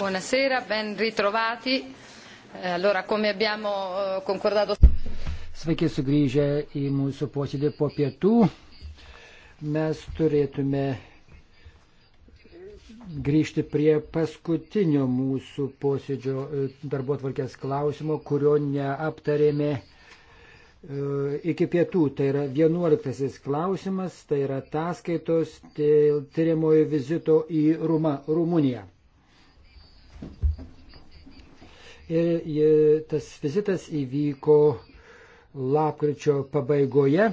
Buonasera, ben ritrovati. Eh, allora, come abbiamo eh, concordato. Sveiki sugrįžę į mūsų posėdį po pietų. Mes turėtume grįžti prie paskutinio mūsų posėdžio eh, darbo tvarkės klausimo, kurio neaptarėme iki pietų. Tai yra vienuoliktasis klausimas, tai yra ataskaitos dėl tyriamojo vizito į Ruma, Rumuniją. Ir tas vizitas įvyko lapkričio pabaigoje.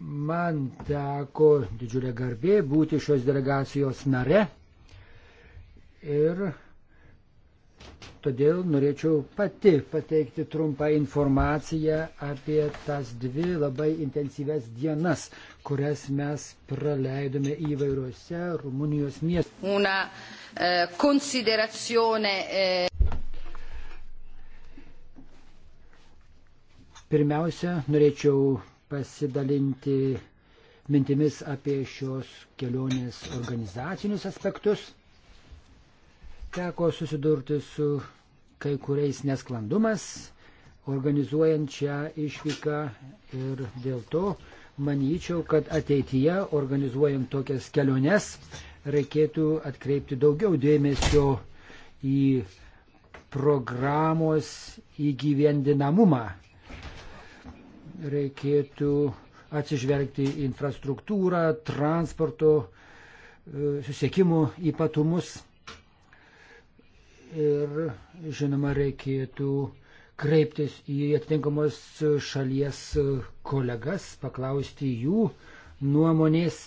Man teko didžiulė garbė būti šios delegacijos nare ir todėl norėčiau pati pateikti trumpą informaciją apie tas dvi labai intensyves dienas, kurias mes praleidome įvairiuose Rumunijos miestuose. Una eh, considerazione. Eh... Pirmiausia, norėčiau pasidalinti mintimis apie šios kelionės organizacinius aspektus. Teko susidurti su kai kuriais nesklandumas organizuojant šią išvyką ir dėl to Manyčiau, kad ateityje, organizuojant tokias keliones, reikėtų atkreipti daugiau dėmesio į programos įgyvendinamumą. Reikėtų atsižvelgti į infrastruktūrą, transporto, e, susiekimų ypatumus. Ir, žinoma, reikėtų kreiptis į atitinkamos šalies kolegas, paklausti jų nuomonės.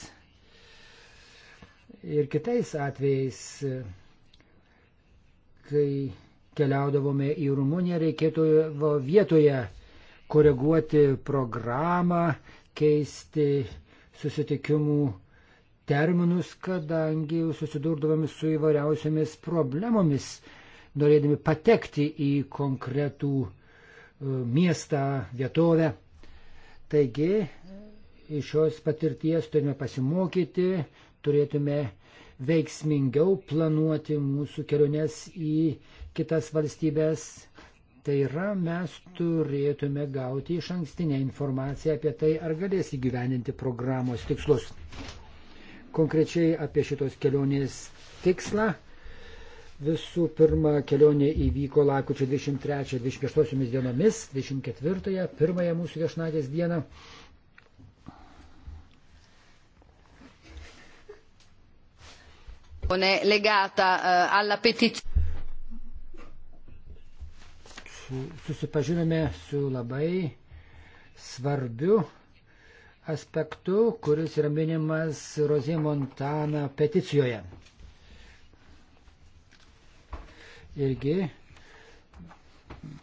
Ir kitais atvejais, kai keliaudavome į Rumuniją, reikėtų vietoje koreguoti programą, keisti susitikimų terminus, kadangi susidurdavome su įvairiausiamis problemomis norėdami patekti į konkretų e, miestą, vietovę. Taigi, e, iš šios patirties turime pasimokyti, turėtume veiksmingiau planuoti mūsų keliones į kitas valstybės. Tai yra, mes turėtume gauti iš ankstinę informaciją apie tai, ar galės įgyveninti programos tikslus. Konkrečiai apie šitos kelionės tikslą Visų pirma, kelionė įvyko lakučio 23-28 dienomis, 24-ąją, pirmąją mūsų viešnagės dieną. legata eh, alla petizione. Susipažinome su labai svarbiu aspektu, kuris yra minimas Rozė Montana peticijoje irgi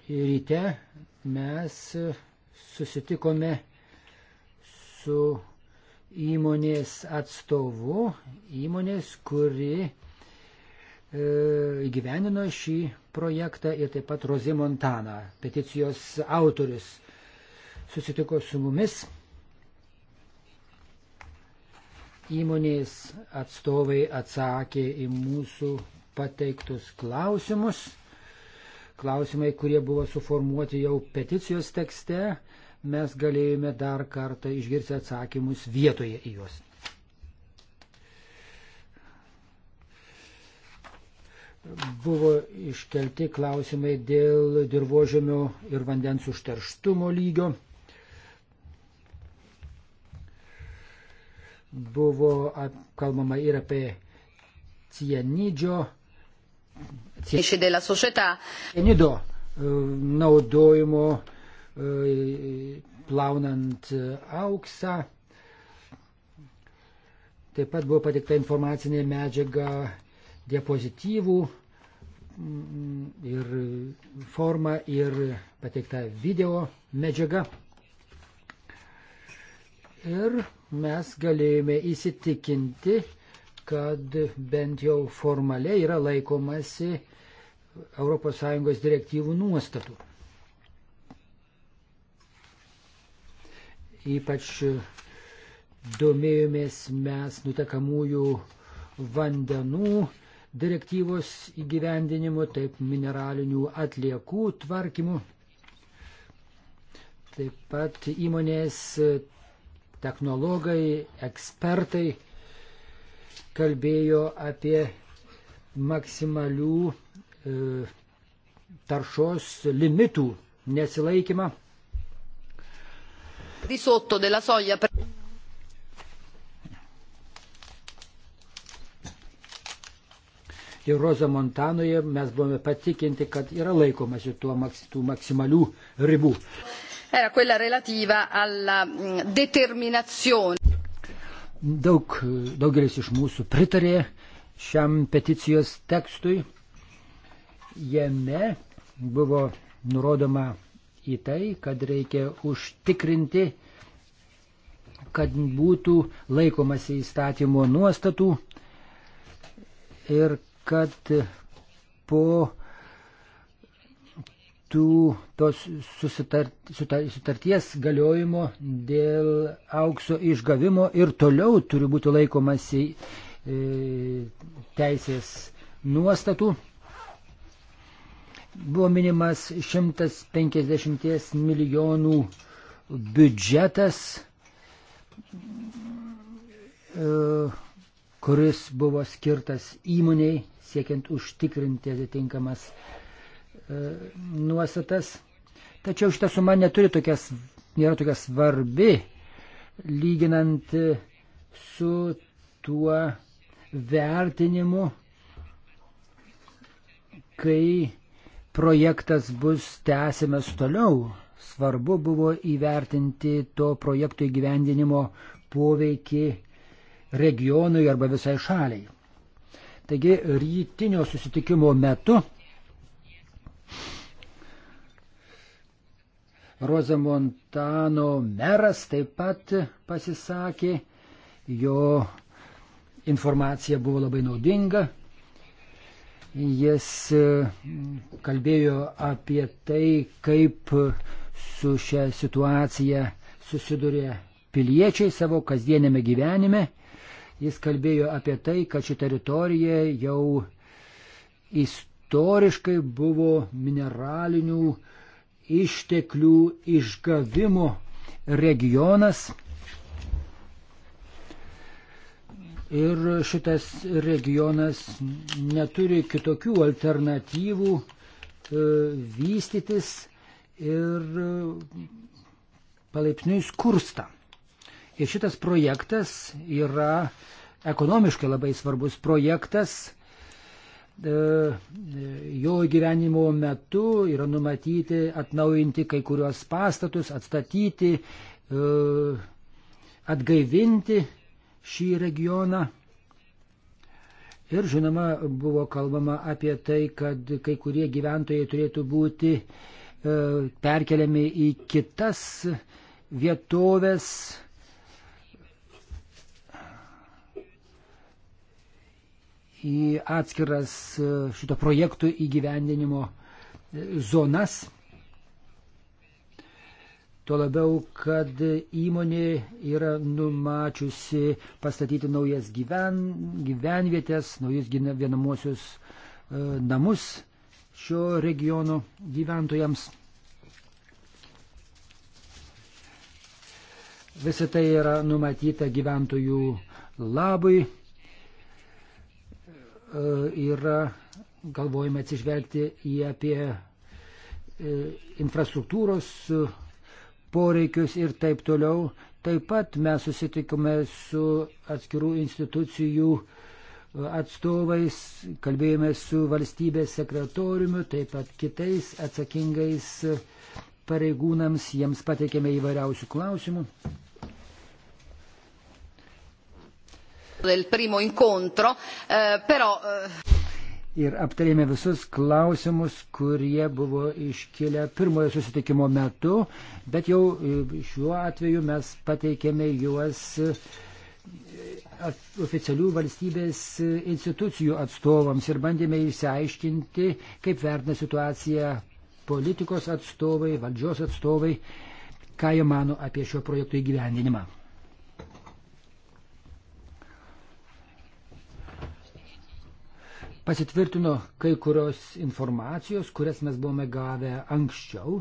ryte mes susitikome su įmonės atstovu, įmonės, kuri e, įgyvenino šį projektą ir taip pat Rozi Montana, peticijos autorius, susitiko su mumis. Įmonės atstovai atsakė į mūsų pateiktus klausimus. Klausimai, kurie buvo suformuoti jau peticijos tekste, mes galėjome dar kartą išgirsti atsakymus vietoje į juos. Buvo iškelti klausimai dėl dirbožėmio ir vandens užterštumo lygio. Buvo kalbama ir apie cienidžio Cienido eh, naudojimo eh, plaunant eh, auksą. Taip pat buvo patikta informacinė medžiaga diapozityvų mm, ir forma ir pateikta video medžiaga. Ir mes galėjome įsitikinti, kad bent jau formaliai yra laikomasi ES direktyvų nuostatų. Ypač domėjomės mes nutekamųjų vandenų direktyvos įgyvendinimu, taip mineralinių atliekų tvarkymu. Taip pat įmonės technologai, ekspertai kalbėjo apie maksimalių e, taršos limitų nesilaikymą. Ir Roza Montanoje mes buvome patikinti, kad yra laikomasi tų maksimalių ribų. Era quella relativa alla mm, determinazione. Daug, daugelis iš mūsų pritarė šiam peticijos tekstui. Jame buvo nurodoma į tai, kad reikia užtikrinti, kad būtų laikomasi įstatymo nuostatų ir kad po tų tos susitart, sutarties galiojimo dėl aukso išgavimo ir toliau turi būti laikomasi e, teisės nuostatų. Buvo minimas 150 milijonų biudžetas, e, kuris buvo skirtas įmoniai siekiant užtikrinti atitinkamas E, nuostatas. Tačiau šita suma neturi tokias, nėra tokia svarbi, lyginant su tuo vertinimu, kai projektas bus tęsiamas toliau. Svarbu buvo įvertinti to projekto įgyvendinimo poveikį regionui arba visai šaliai. Taigi rytinio susitikimo metu Rozamontano meras taip pat pasisakė, jo informacija buvo labai naudinga. Jis mm, kalbėjo apie tai, kaip su šia situacija susiduria piliečiai savo kasdienėme gyvenime. Jis kalbėjo apie tai, kad ši teritorija jau istoriškai buvo mineralinių uh, išteklių išgavimo regionas. Ir šitas regionas neturi kitokių alternatyvų e, vystytis ir e, palaipsniui skursta. Ir šitas projektas yra ekonomiškai labai svarbus projektas, E, jo gyvenimo metu yra numatyti atnaujinti kai kuriuos pastatus, atstatyti, e, atgaivinti šį regioną. Ir žinoma, buvo kalbama apie tai, kad kai kurie gyventojai turėtų būti e, perkeliami į kitas vietovės, į atskiras e, šito projektų įgyvendinimo e, zonas. Tuo labiau, kad įmonė yra numačiusi pastatyti naujas gyven, gyvenvietės, naujus gyvenamosius e, namus šio regiono gyventojams. Visą tai yra numatyta gyventojų labui E, yra galvojame atsižvelgti į apie e, infrastruktūros poreikius ir taip toliau. Taip pat mes susitikome su atskirų institucijų atstovais, kalbėjome su valstybės sekretoriumi, taip pat kitais atsakingais pareigūnams, jiems pateikėme įvairiausių klausimų. del primo incontro, eh, però. Eh, ir aptarėme visus klausimus, kurie buvo iškilę pirmojo susitikimo metu, bet jau e, šiuo atveju mes pateikėme juos e, oficialių valstybės e, institucijų atstovams ir bandėme išsiaiškinti, kaip vertina situaciją politikos atstovai, valdžios atstovai, ką jie mano apie šio projekto įgyvendinimą. pasitvirtino kai kurios informacijos, kurias mes buvome gavę anksčiau.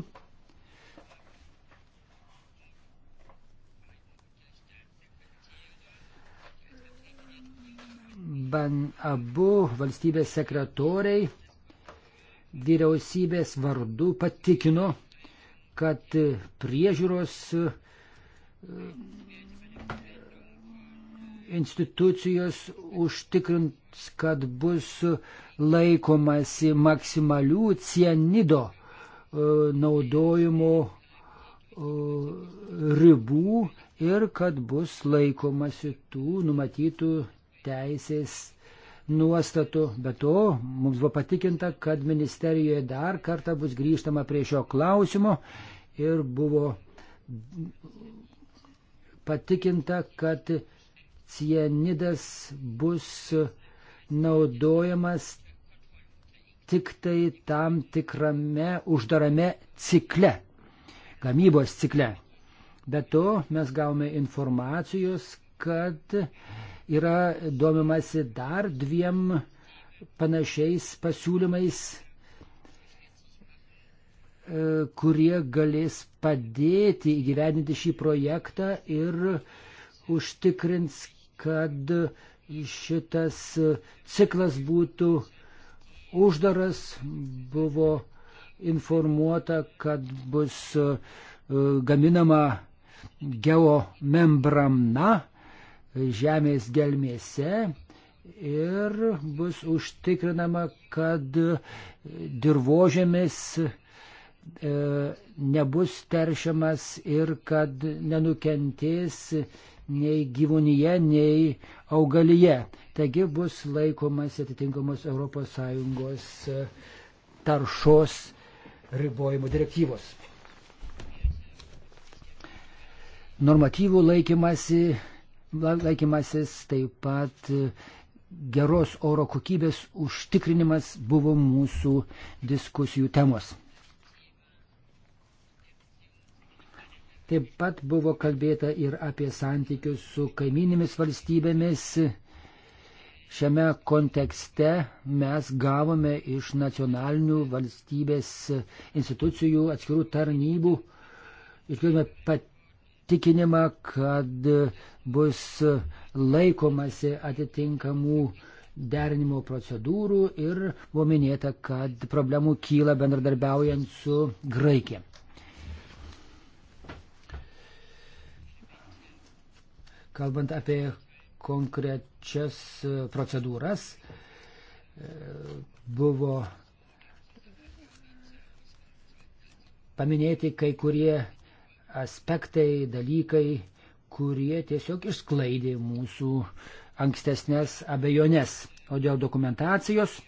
Ban abu valstybės sekretoriai vyriausybės vardu patikino, kad priežiūros institucijos užtikrins, kad bus laikomasi maksimalių cienido e, naudojimo e, ribų ir kad bus laikomasi tų numatytų teisės nuostatų. Be to, mums buvo patikinta, kad ministerijoje dar kartą bus grįžtama prie šio klausimo ir buvo patikinta, kad cienidas bus naudojamas tik tai tam tikrame uždarame cikle, gamybos cikle. Be to mes gavome informacijos, kad yra domimasi dar dviem panašiais pasiūlymais, e, kurie galės padėti įgyvendinti šį projektą ir užtikrins kad šitas ciklas būtų uždaras, buvo informuota, kad bus e, gaminama geomembrana žemės gelmėse ir bus užtikrinama, kad dirbožėmis e, nebus teršiamas ir kad nenukentės nei gyvūnyje, nei augalyje. Taigi bus laikomas atitinkamos ES e, taršos ribojimo direktyvos. Normatyvų laikymasi, laikymasis taip pat e, geros oro kokybės užtikrinimas buvo mūsų diskusijų temos. Taip pat buvo kalbėta ir apie santykius su kaiminimis valstybėmis. Šiame kontekste mes gavome iš nacionalinių valstybės institucijų atskirų tarnybų, išgirdome patikinimą, kad bus laikomasi atitinkamų derinimo procedūrų ir buvo minėta, kad problemų kyla bendradarbiaujant su Graikija. kalbant apie konkrečias e, procedūras, e, buvo paminėti kai kurie aspektai, dalykai, kurie tiesiog išsklaidė mūsų ankstesnės abejonės. O dėl dokumentacijos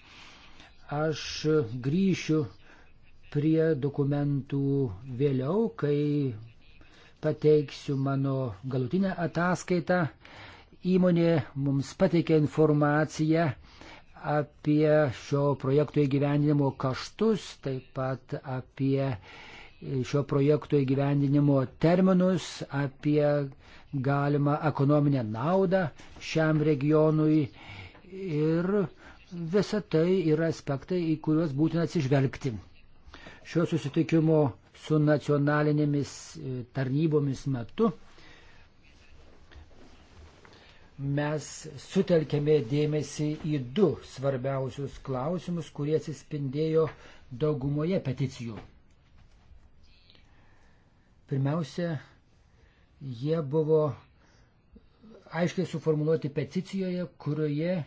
aš grįšiu prie dokumentų vėliau, kai pateiksiu mano galutinę ataskaitą. Įmonė mums pateikė informaciją apie šio projekto įgyvendinimo kaštus, taip pat apie šio projekto įgyvendinimo terminus, apie galimą ekonominę naudą šiam regionui ir visa tai yra aspektai, į kuriuos būtina atsižvelgti. Šio susitikimo su nacionalinėmis e, tarnybomis metu mes sutelkėme dėmesį į du svarbiausius klausimus, kurie atsispindėjo daugumoje peticijų. Pirmiausia, jie buvo aiškiai suformuoluoti peticijoje, kurioje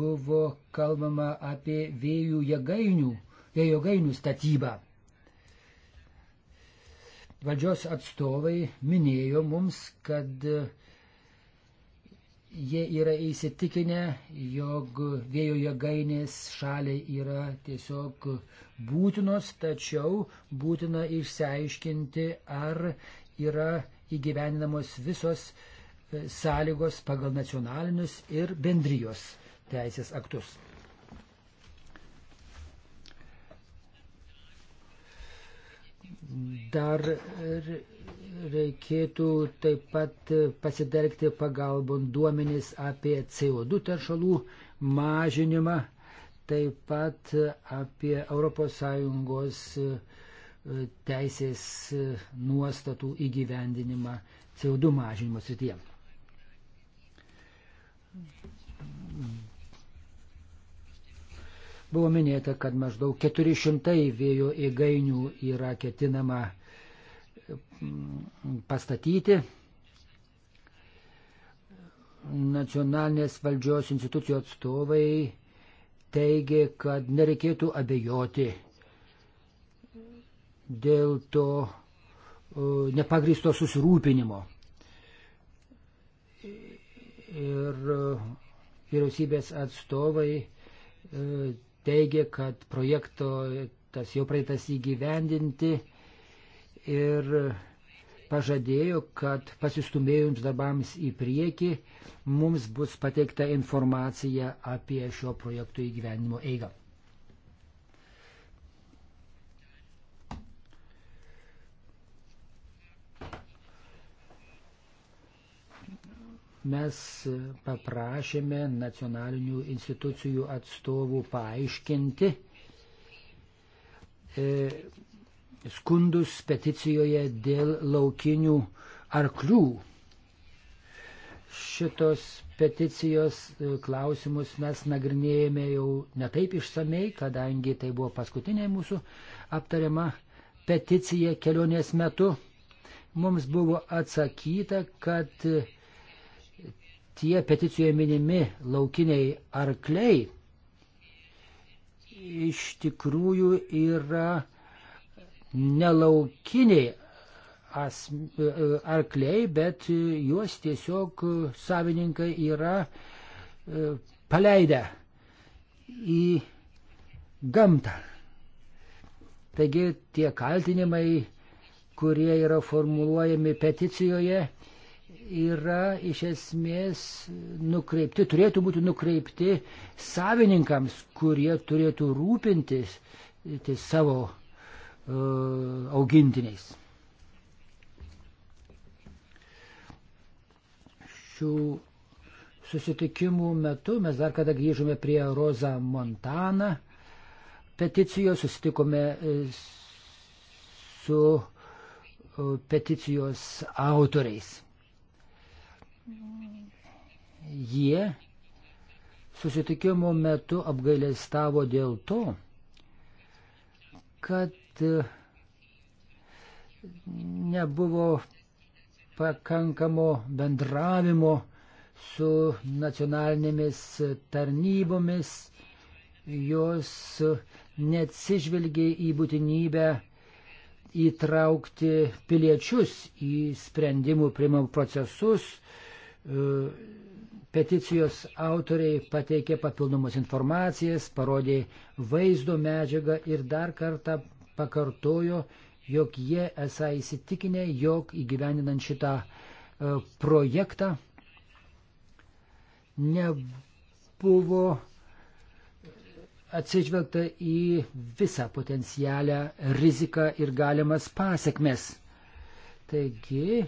buvo kalbama apie vėjų jėgainių, vėjo jėgainių statybą valdžios atstovai minėjo mums, kad jie yra įsitikinę, jog vėjo jėgainės šaliai yra tiesiog būtinos, tačiau būtina išsiaiškinti, ar yra įgyveninamos visos e, sąlygos pagal nacionalinius ir bendrijos teisės aktus. Dar reikėtų taip pat pasidelgti pagalbon duomenys apie CO2 teršalų mažinimą, taip pat apie ES e, teisės e, nuostatų įgyvendinimą CO2 mažinimo srityje. Buvo minėta, kad maždaug 400 vėjo įgainių yra ketinama mm, pastatyti. Nacionalinės valdžios institucijų atstovai teigia, kad nereikėtų abejoti dėl to e, nepagristo susirūpinimo. Ir e, vyriausybės atstovai e, teigia, kad projekto tas jau praeitas įgyvendinti ir pažadėjo, kad pasistumėjus darbams į priekį mums bus pateikta informacija apie šio projekto įgyvenimo eigą. mes paprašėme nacionalinių institucijų atstovų paaiškinti e, skundus peticijoje dėl laukinių arklių. Šitos peticijos e, klausimus mes nagrinėjame jau netaip išsamei, kadangi tai buvo paskutinė mūsų aptariama peticija kelionės metu. Mums buvo atsakyta, kad tie peticijoje minimi laukiniai arkliai iš tikrųjų yra nelaukiniai e, arkliai, bet juos tiesiog savininkai yra e, paleidę į gamtą. Taigi tie kaltinimai, kurie yra formuluojami peticijoje, yra iš esmės nukreipti, turėtų būti nukreipti savininkams, kurie turėtų rūpintis tai savo uh, augintiniais. Šių susitikimų metu mes dar kada grįžome prie Roza Montana peticijos, susitikome e, su e, peticijos autoriais. Jie susitikimo metu apgailestavo dėl to, kad e, nebuvo pakankamo bendravimo su nacionalinėmis tarnybomis, jos neatsižvelgė į būtinybę įtraukti piliečius į sprendimų priimamų procesus, peticijos autoriai pateikė papildomus informacijas, parodė vaizdo medžiagą ir dar kartą pakartojo, jog jie esą įsitikinę, jog įgyvendinant šitą e, projektą nebuvo atsižvelgta į visą potencialią riziką ir galimas pasiekmes. Taigi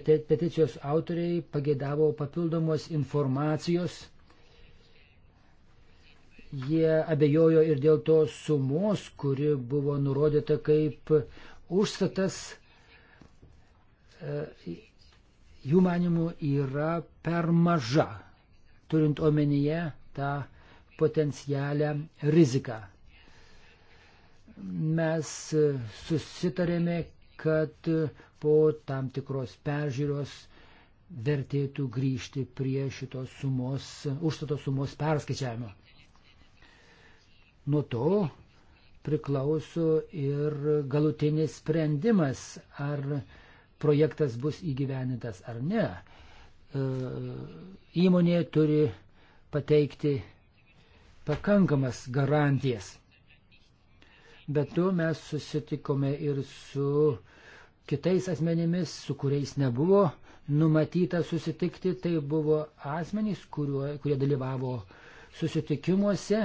peticijos autoriai pagėdavo papildomos informacijos. Jie abejojo ir dėl to sumos, kuri buvo nurodyta kaip užstatas, e, jų manimų yra per maža, turint omenyje tą potencialią riziką. Mes susitarėme, kad po tam tikros peržiūros vertėtų grįžti prie šitos sumos, užstato sumos perskaičiavimo. Nuo to priklauso ir galutinis sprendimas, ar projektas bus įgyvenintas ar ne. E, įmonė turi pateikti pakankamas garantijas bet tu mes susitikome ir su kitais asmenimis, su kuriais nebuvo numatyta susitikti. Tai buvo asmenys, kuriuo, kurie dalyvavo susitikimuose,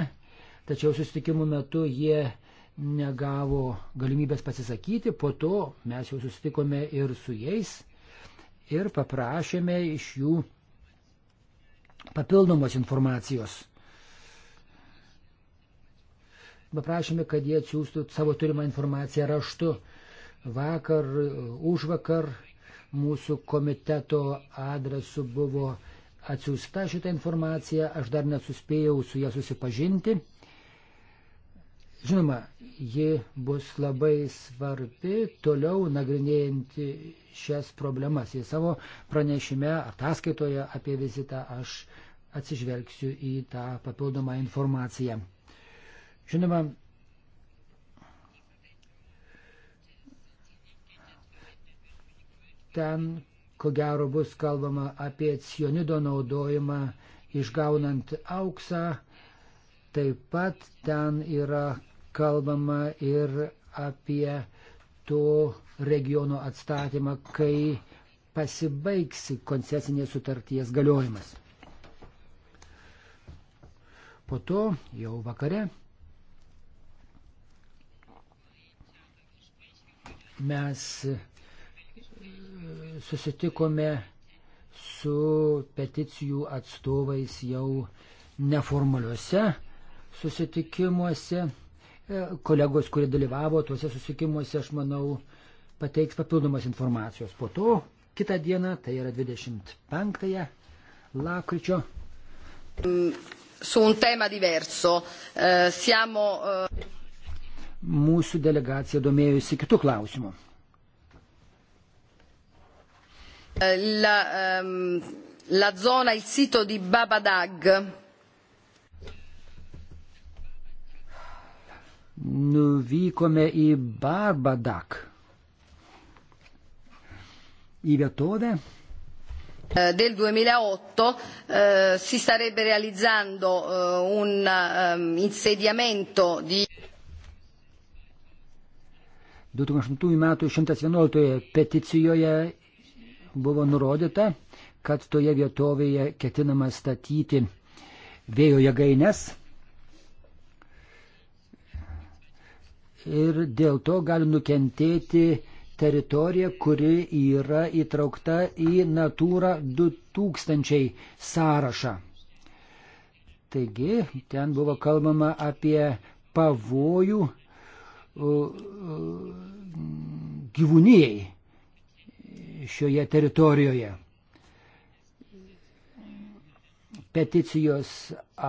tačiau susitikimų metu jie negavo galimybės pasisakyti, po to mes jau susitikome ir su jais ir paprašėme iš jų papildomos informacijos paprašėme, kad jie atsiųstų savo turimą informaciją raštu. Vakar, už vakar mūsų komiteto adresu buvo atsiųsta šitą informaciją, aš dar nesuspėjau su ją susipažinti. Žinoma, ji bus labai svarbi toliau nagrinėjant šias problemas. Į savo pranešime, ataskaitoje apie vizitą aš atsižvelgsiu į tą papildomą informaciją. Žinoma, ten, ko gero, bus kalbama apie cionido naudojimą išgaunant auksą. Taip pat ten yra kalbama ir apie to regiono atstatymą, kai pasibaigsi koncesinės sutarties galiojimas. Po to jau vakare mes e, susitikome su peticijų atstovais jau neformaliuose susitikimuose. E, kolegos, kurie dalyvavo tuose susitikimuose, aš manau, pateiks papildomas informacijos. Po to kitą dieną, tai yra 25 lakryčio. Su un tema diverso. Uh, siamo, uh mūsų delegacija domėjusi kitų klausimų. La, um, la zona, il sito di Babadag. Nuvykome į Barbadak, į vietovę, eh, del duemilaotto eh, si starebbe realizzando eh, un um, insediamento di 2008 m. 111 peticijoje buvo nurodyta, kad toje vietovėje ketinama statyti vėjo jėgaines. Ir dėl to gali nukentėti teritorija, kuri yra įtraukta į Natūra 2000 sąrašą. Taigi, ten buvo kalbama apie pavojų E, gyvūnijai šioje teritorijoje. Peticijos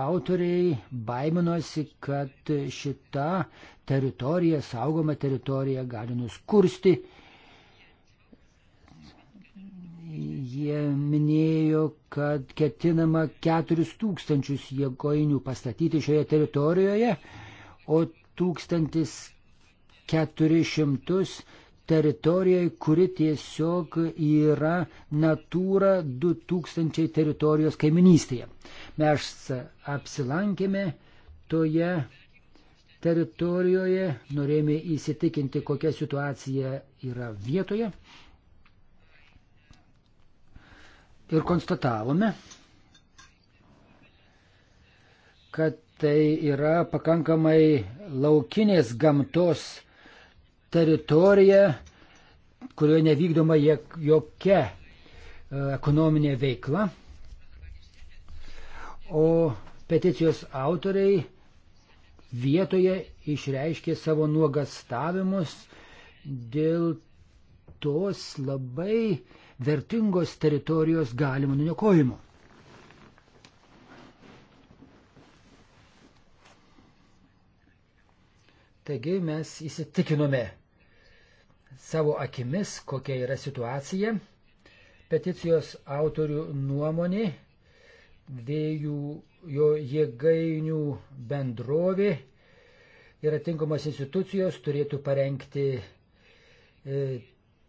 autoriai baiminosi, kad šita teritorija, saugoma teritorija gali nuskursti. Jie minėjo, kad ketinama 4000 jėgoinių pastatyti šioje teritorijoje, o 1000 400 teritorijai, kuri tiesiog yra Natūra 2000 teritorijos kaiminystėje. Mes apsilankėme toje teritorijoje, norėjome įsitikinti, kokia situacija yra vietoje. Ir konstatavome, kad tai yra pakankamai laukinės gamtos teritorija, kurioje nevykdoma jokia e, ekonominė veikla. O peticijos autoriai vietoje išreiškė savo nuogastavimus dėl tos labai vertingos teritorijos galimo nuniokojimo. Taigi mes įsitikinome, savo akimis, kokia yra situacija. Peticijos autorių nuomonė vėjų jo jėgainių bendrovė ir atinkamos institucijos turėtų parengti e,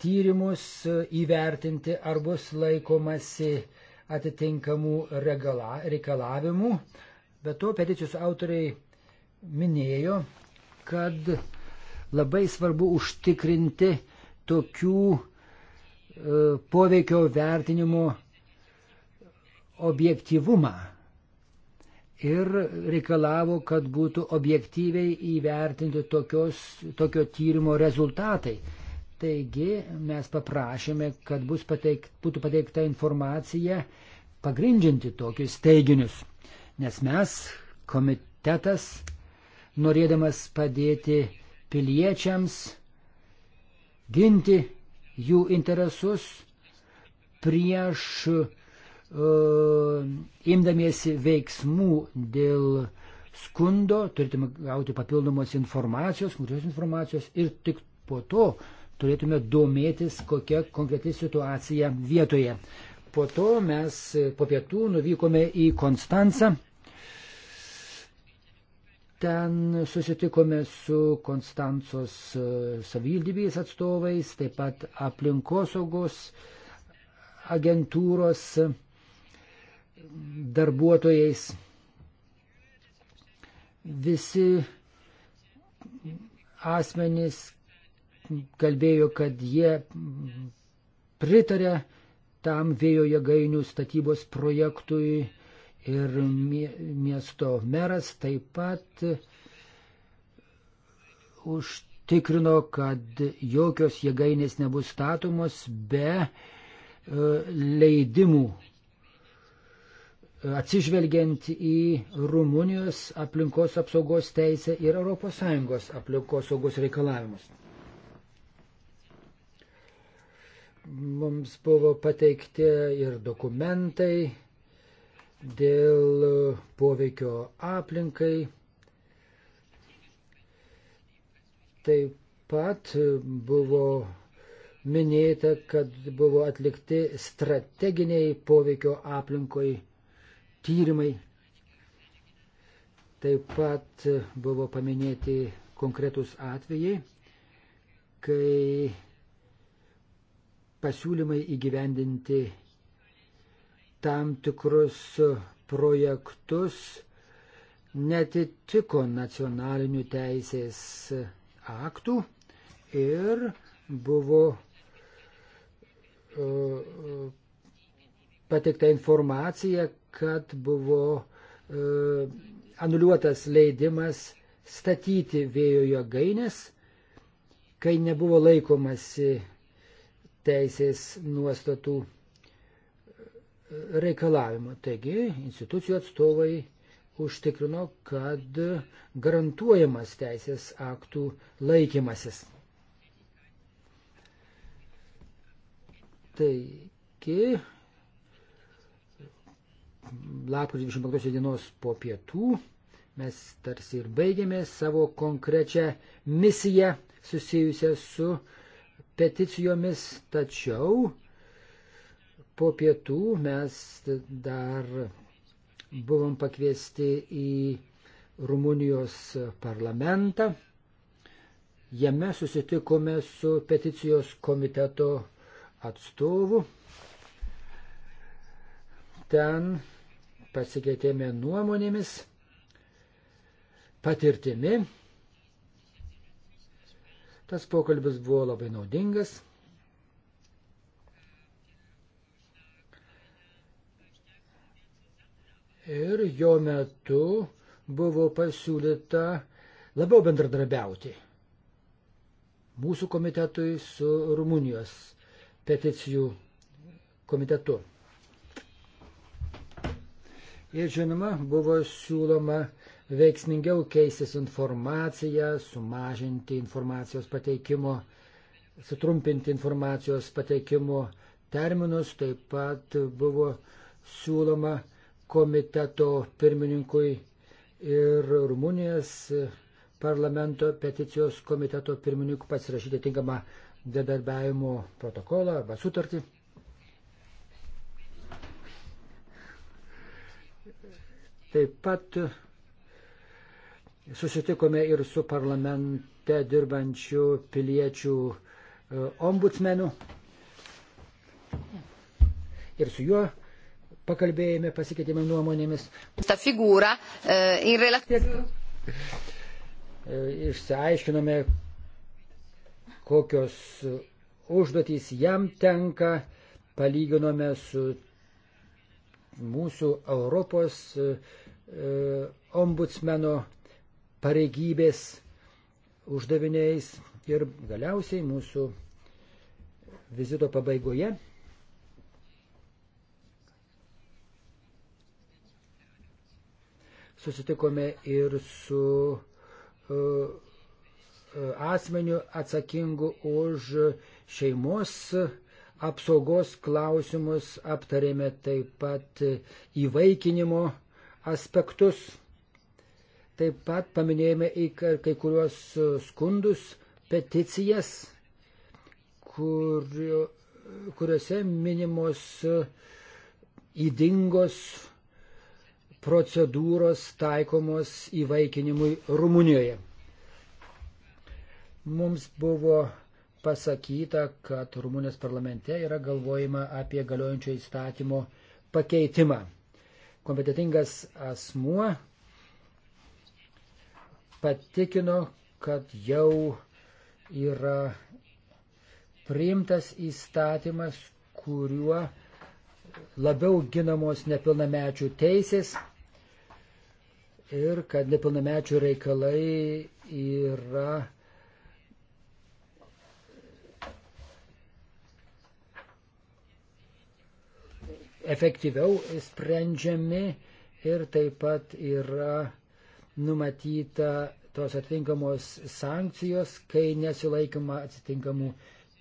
tyrimus, e, įvertinti, ar bus laikomasi atitinkamų regala, reikalavimų. Bet to peticijos autoriai minėjo, kad Labai svarbu užtikrinti tokių e, poveikio vertinimo objektivumą. Ir reikalavo, kad būtų objektyviai įvertinti tokios, tokio tyrimo rezultatai. Taigi mes paprašėme, kad pateik, būtų pateikta informacija pagrindžinti tokius teiginius. Nes mes, komitetas, norėdamas padėti piliečiams ginti jų interesus prieš uh, imdamiesi veiksmų dėl skundo, turėtume gauti papildomos informacijos, konkrečios informacijos ir tik po to turėtume domėtis, kokia konkreti situacija vietoje. Po to mes po pietų nuvykome į Konstancą Ten susitikome su Konstancos e, savivaldybės atstovais, taip pat aplinkosaugos agentūros darbuotojais. Visi asmenys kalbėjo, kad jie pritarė tam vėjo jėgainių statybos projektui ir miesto meras taip pat užtikrino, kad jokios jėgainės nebus statomos be e, leidimų atsižvelgiant į Rumunijos aplinkos apsaugos teisę ir ES aplinkos saugos reikalavimus. Mums buvo pateikti ir dokumentai, dėl e, poveikio aplinkai. Taip pat buvo minėta, kad buvo atlikti strateginiai poveikio aplinkoj tyrimai. Taip pat buvo paminėti konkretus atvejai, kai pasiūlymai įgyvendinti tam tikrus projektus netitiko nacionalinių teisės aktų ir buvo e, pateikta informacija, kad buvo e, anuliuotas leidimas statyti vėjo jėgainės, kai nebuvo laikomasi teisės nuostatų reikalavimų. Taigi institucijų atstovai užtikrino, kad garantuojamas teisės aktų laikymasis. Taigi, lapkričio 25 dienos po pietų mes tarsi ir baigėme savo konkrečią misiją susijusią su peticijomis, tačiau po pietų mes dar buvom pakviesti į Rumunijos parlamentą. Jame susitikome su peticijos komiteto atstovu. Ten pasikeitėme nuomonėmis, patirtimi. Tas pokalbis buvo labai naudingas. ir jo metu buvo pasiūlyta labiau bendradarbiauti mūsų komitetui su Rumunijos peticijų komitetu. Ir žinoma, buvo siūloma veiksmingiau keistis informaciją, sumažinti informacijos pateikimo, sutrumpinti informacijos pateikimo terminus, taip pat buvo siūloma komiteto pirmininkui ir Rumunijos parlamento peticijos komiteto pirmininkui pasirašyti tinkamą dedarbiavimo protokolą arba sutartį. Taip pat susitikome ir su parlamente dirbančių piliečių e, ombudsmenu ir su juo pakalbėjome, pasikeitėme nuomonėmis. Ta figūra eh, e, in relacijų. Išsiaiškinome, kokios užduotys jam tenka, palyginome su mūsų Europos e, e ombudsmeno pareigybės uždaviniais ir galiausiai mūsų vizito pabaigoje susitikome ir su e, e, asmeniu atsakingu už šeimos apsaugos klausimus, aptarėme taip pat įvaikinimo aspektus, taip pat paminėjome į kai kuriuos skundus, peticijas, kur, kuriuose minimos įdingos procedūros taikomos įvaikinimui Rumunijoje. Mums buvo pasakyta, kad Rumunijos parlamente yra galvojama apie galiojančio įstatymo pakeitimą. Kompetitingas asmuo patikino, kad jau yra priimtas įstatymas, kuriuo labiau ginamos nepilnamečių teisės ir kad nepilnamečių reikalai yra efektyviau sprendžiami ir taip pat yra numatyta tos atitinkamos sankcijos, kai nesilaikoma atitinkamų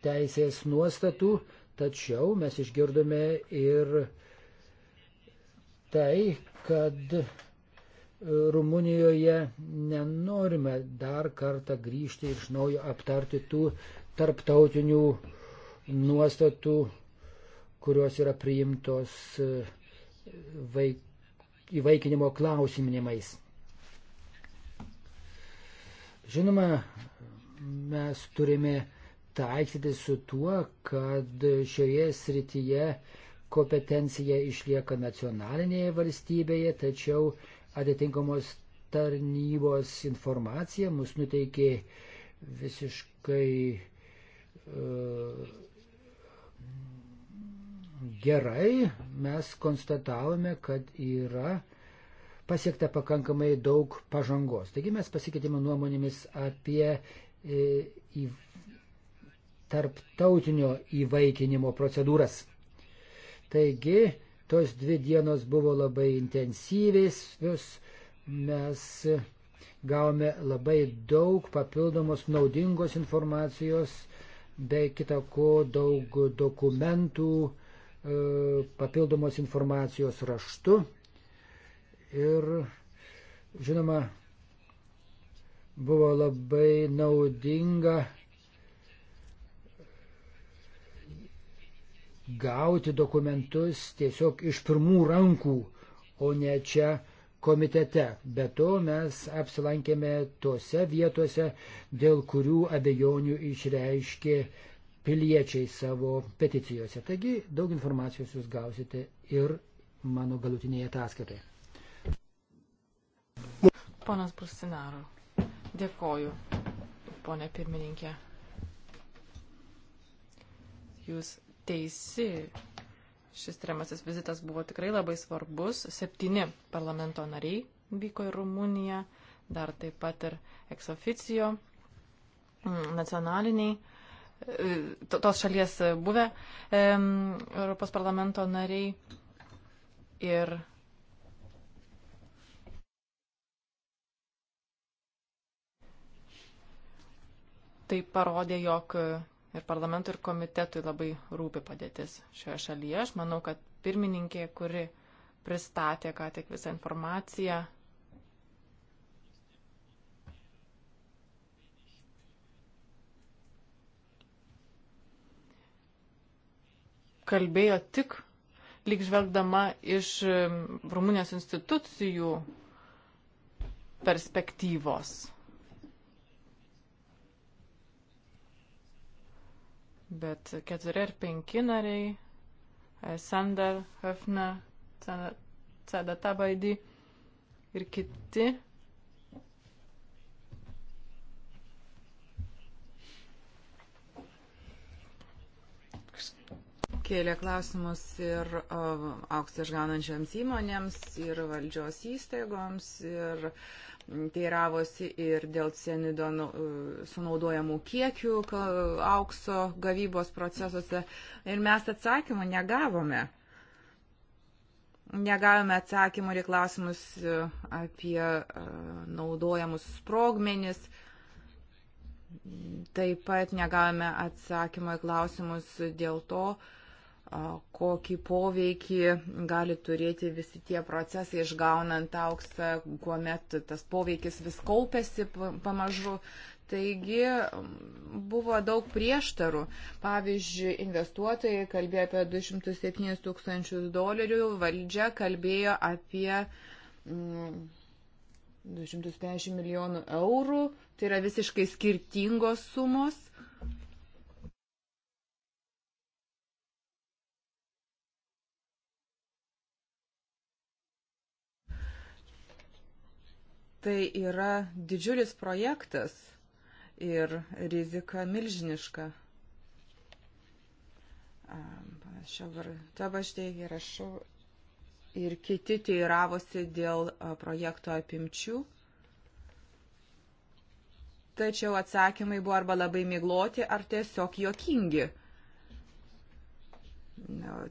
teisės nuostatų, tačiau mes išgirdome ir tai, kad Rumunijoje nenorime dar kartą grįžti ir iš naujo aptarti tų tarptautinių nuostatų, kurios yra priimtos e, vaik, įvaikinimo klausimimais. Žinoma, mes turime taikyti su tuo, kad šioje srityje kompetencija išlieka nacionalinėje valstybėje, tačiau atitinkamos tarnybos informacija mus nuteikė visiškai uh, gerai. Mes konstatavome, kad yra pasiekta pakankamai daug pažangos. Taigi mes pasikeitėme nuomonėmis apie e, į, tarptautinio įvaikinimo procedūras. Taigi Tos dvi dienos buvo labai intensyvės, mes gavome labai daug papildomos naudingos informacijos, be kita ko daug dokumentų, e, papildomos informacijos raštu. Ir žinoma, buvo labai naudinga gauti dokumentus tiesiog iš pirmų rankų, o ne čia komitete. Be to mes apsilankėme tose vietose, dėl kurių abejonių išreiškė piliečiai savo peticijose. Taigi daug informacijos jūs gausite ir mano galutinėje ataskaitoje. Ponas Brustinaru, dėkoju, ponė pirmininkė. Jūs teisi. Šis tremasis vizitas buvo tikrai labai svarbus. Septyni parlamento nariai vyko į Rumuniją, dar taip pat ir eksoficijo mm, nacionaliniai, e, tos šalies buvę Europos parlamento nariai. Ir tai parodė, jog ir parlamentui, ir komitetui labai rūpi padėtis šioje šalyje. Aš manau, kad pirmininkė, kuri pristatė ką tik visą informaciją, kalbėjo tik, lyg žvelgdama iš um, Rumunijos institucijų perspektyvos. bet keturi ar penki nariai e, - Sander, Höfner, Cadata Baidy ir kiti. Kėlė klausimus ir auksą išgaunančiams įmonėms, ir valdžios įstaigoms, ir uh, teiravosi ir dėl cianido nu, sunaudojamų kiekių aukso gavybos procesuose ir mes atsakymų negavome. Negavome atsakymų ir klausimus e, apie e, naudojamus sprogmenis. Taip pat negavome atsakymą į klausimus dėl to, uh, kokį poveikį gali turėti visi tie procesai išgaunant auksą, kuomet tas poveikis vis kaupėsi pamažu. Taigi buvo daug prieštarų. Pavyzdžiui, investuotojai kalbėjo apie 207 tūkstančius dolerių, valdžia kalbėjo apie mm, 250 milijonų eurų. Tai yra visiškai skirtingos sumos. Tai yra didžiulis projektas ir rizika milžiniška. Tabaždėgi rašau ir kiti teiravosi dėl projekto apimčių. Tačiau atsakymai buvo arba labai migloti, ar tiesiog jokingi.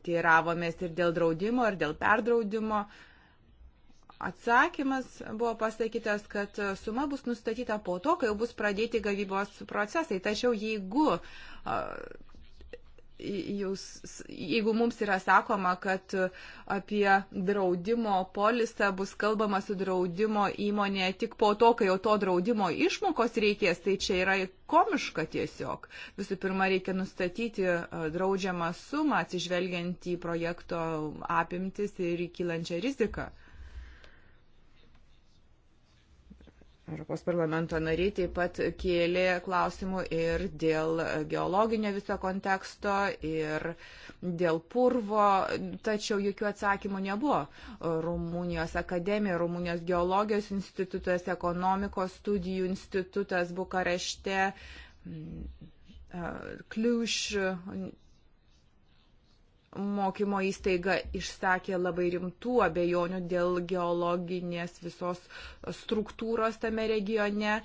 Teiravomės ir dėl draudimo, ir dėl perdraudimo. Uh, Atsakymas buvo pasakytas, kad suma bus nustatyta po to, kai jau bus pradėti gavybos procesai. Tačiau jeigu, jūs, jeigu mums yra sakoma, kad apie draudimo polisą bus kalbama su draudimo įmonė tik po to, kai jau to draudimo išmokos reikės, tai čia yra komiška tiesiog. Visų pirma, reikia nustatyti draudžiamą sumą atsižvelgiant į projekto apimtis ir į kylančią riziką. Europos parlamento nariai taip pat kėlė klausimų ir dėl geologinio viso konteksto, ir dėl purvo, tačiau jokių atsakymų nebuvo. Rumunijos akademija, Rumunijos geologijos institutas, ekonomikos studijų institutas Bukarešte, Kliūš mokymo įstaiga išsakė labai rimtų abejonių dėl geologinės visos struktūros tame regione,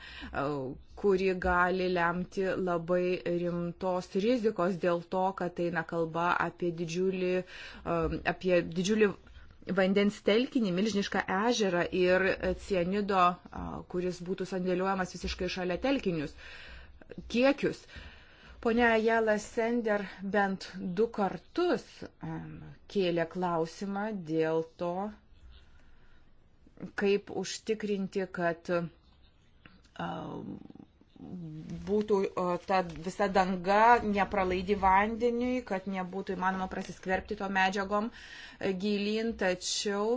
kuri gali lemti labai rimtos rizikos dėl to, kad eina kalba apie didžiulį, um, apie didžiulį vandens telkinį, milžinišką ežerą ir cienido, uh, kuris būtų sandėliuojamas visiškai šalia telkinius, kiekius. Pone Jala Sender bent du kartus um, kėlė klausimą dėl to, kaip užtikrinti, kad um, būtų uh, ta visa danga nepralaidi vandeniui, kad nebūtų įmanoma prasiskverbti to medžiagom uh, gilin, tačiau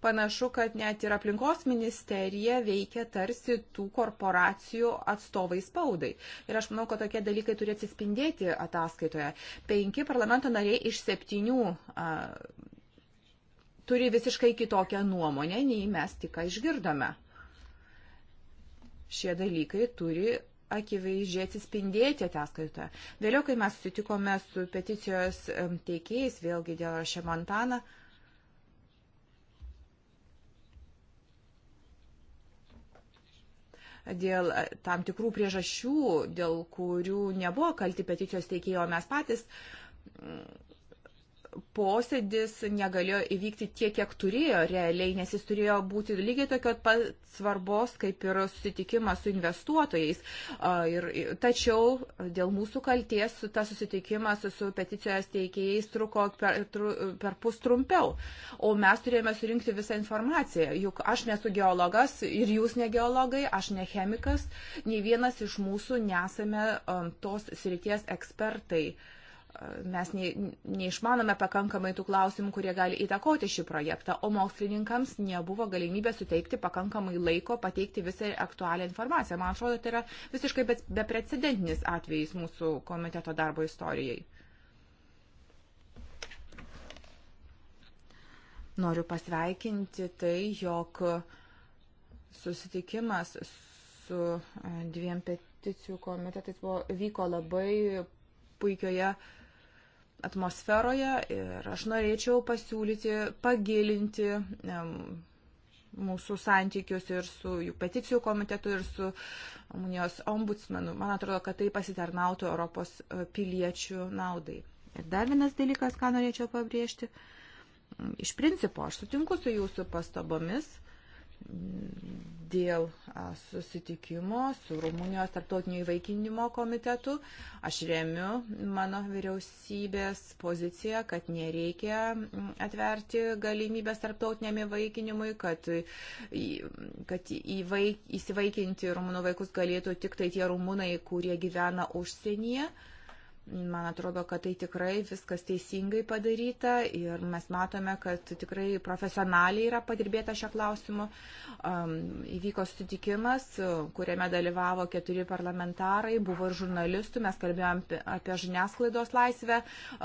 panašu, kad net ir aplinkos ministerija veikia tarsi tų korporacijų atstovai spaudai. Ir aš manau, kad tokie dalykai turi atsispindėti ataskaitoje. Penki parlamento nariai iš septynių a, turi visiškai kitokią nuomonę, nei mes tik išgirdome. Šie dalykai turi akivaizdžiai atsispindėti ataskaitoje. Vėliau, kai mes sutikome su peticijos teikėjais, vėlgi dėl Rašė Montana, uh, dėl e, tam tikrų priežasčių, dėl kurių nebuvo kalti peticijos teikėjo, mes patys mm, posėdis negalėjo įvykti tiek, kiek turėjo realiai, nes jis turėjo būti lygiai tokio pat svarbos, kaip ir susitikimas su investuotojais. Ir, tačiau dėl mūsų kalties tas susitikimas su peticijos teikėjais truko per, per pus trumpiau. O mes turėjome surinkti visą informaciją. Juk aš nesu geologas ir jūs ne geologai, aš ne chemikas, nei vienas iš mūsų nesame tos srities ekspertai. Uh, mes neišmanome pakankamai tų klausimų, kurie gali įtakoti šį projektą, o mokslininkams nebuvo galimybė suteikti pakankamai laiko pateikti visą aktualią informaciją. Man atrodo, tai yra visiškai beprecedentinis atvejis mūsų komiteto darbo istorijai. Noriu pasveikinti tai, jog susitikimas su e, dviem peticijų komitetais buvo, vyko labai puikioje uh, atmosferoje ir aš norėčiau pasiūlyti pagilinti mūsų santykius ir su jų peticijų komitetu, ir su Unijos ombudsmenu. Man atrodo, kad tai pasitarnautų Europos e, piliečių naudai. Ir dar vienas dalykas, ką norėčiau pabrėžti. Iš principo, aš sutinku su jūsų pastabomis dėl susitikimo su Rumunijos tarptautinio įvaikinimo komitetu. Aš remiu mano vyriausybės poziciją, kad nereikia atverti galimybės tarptautiniam įvaikinimui, kad, kad įvaik, įsivaikinti rumunų vaikus galėtų tik tai tie rumunai, kurie gyvena užsienyje. Uh, Man atrodo, kad tai tikrai viskas teisingai padaryta ir mes matome, kad tikrai profesionaliai yra padirbėta šio klausimu. Um, įvyko sutikimas, kuriame dalyvavo keturi parlamentarai, buvo ir žurnalistų, mes kalbėjom apie žiniasklaidos laisvę.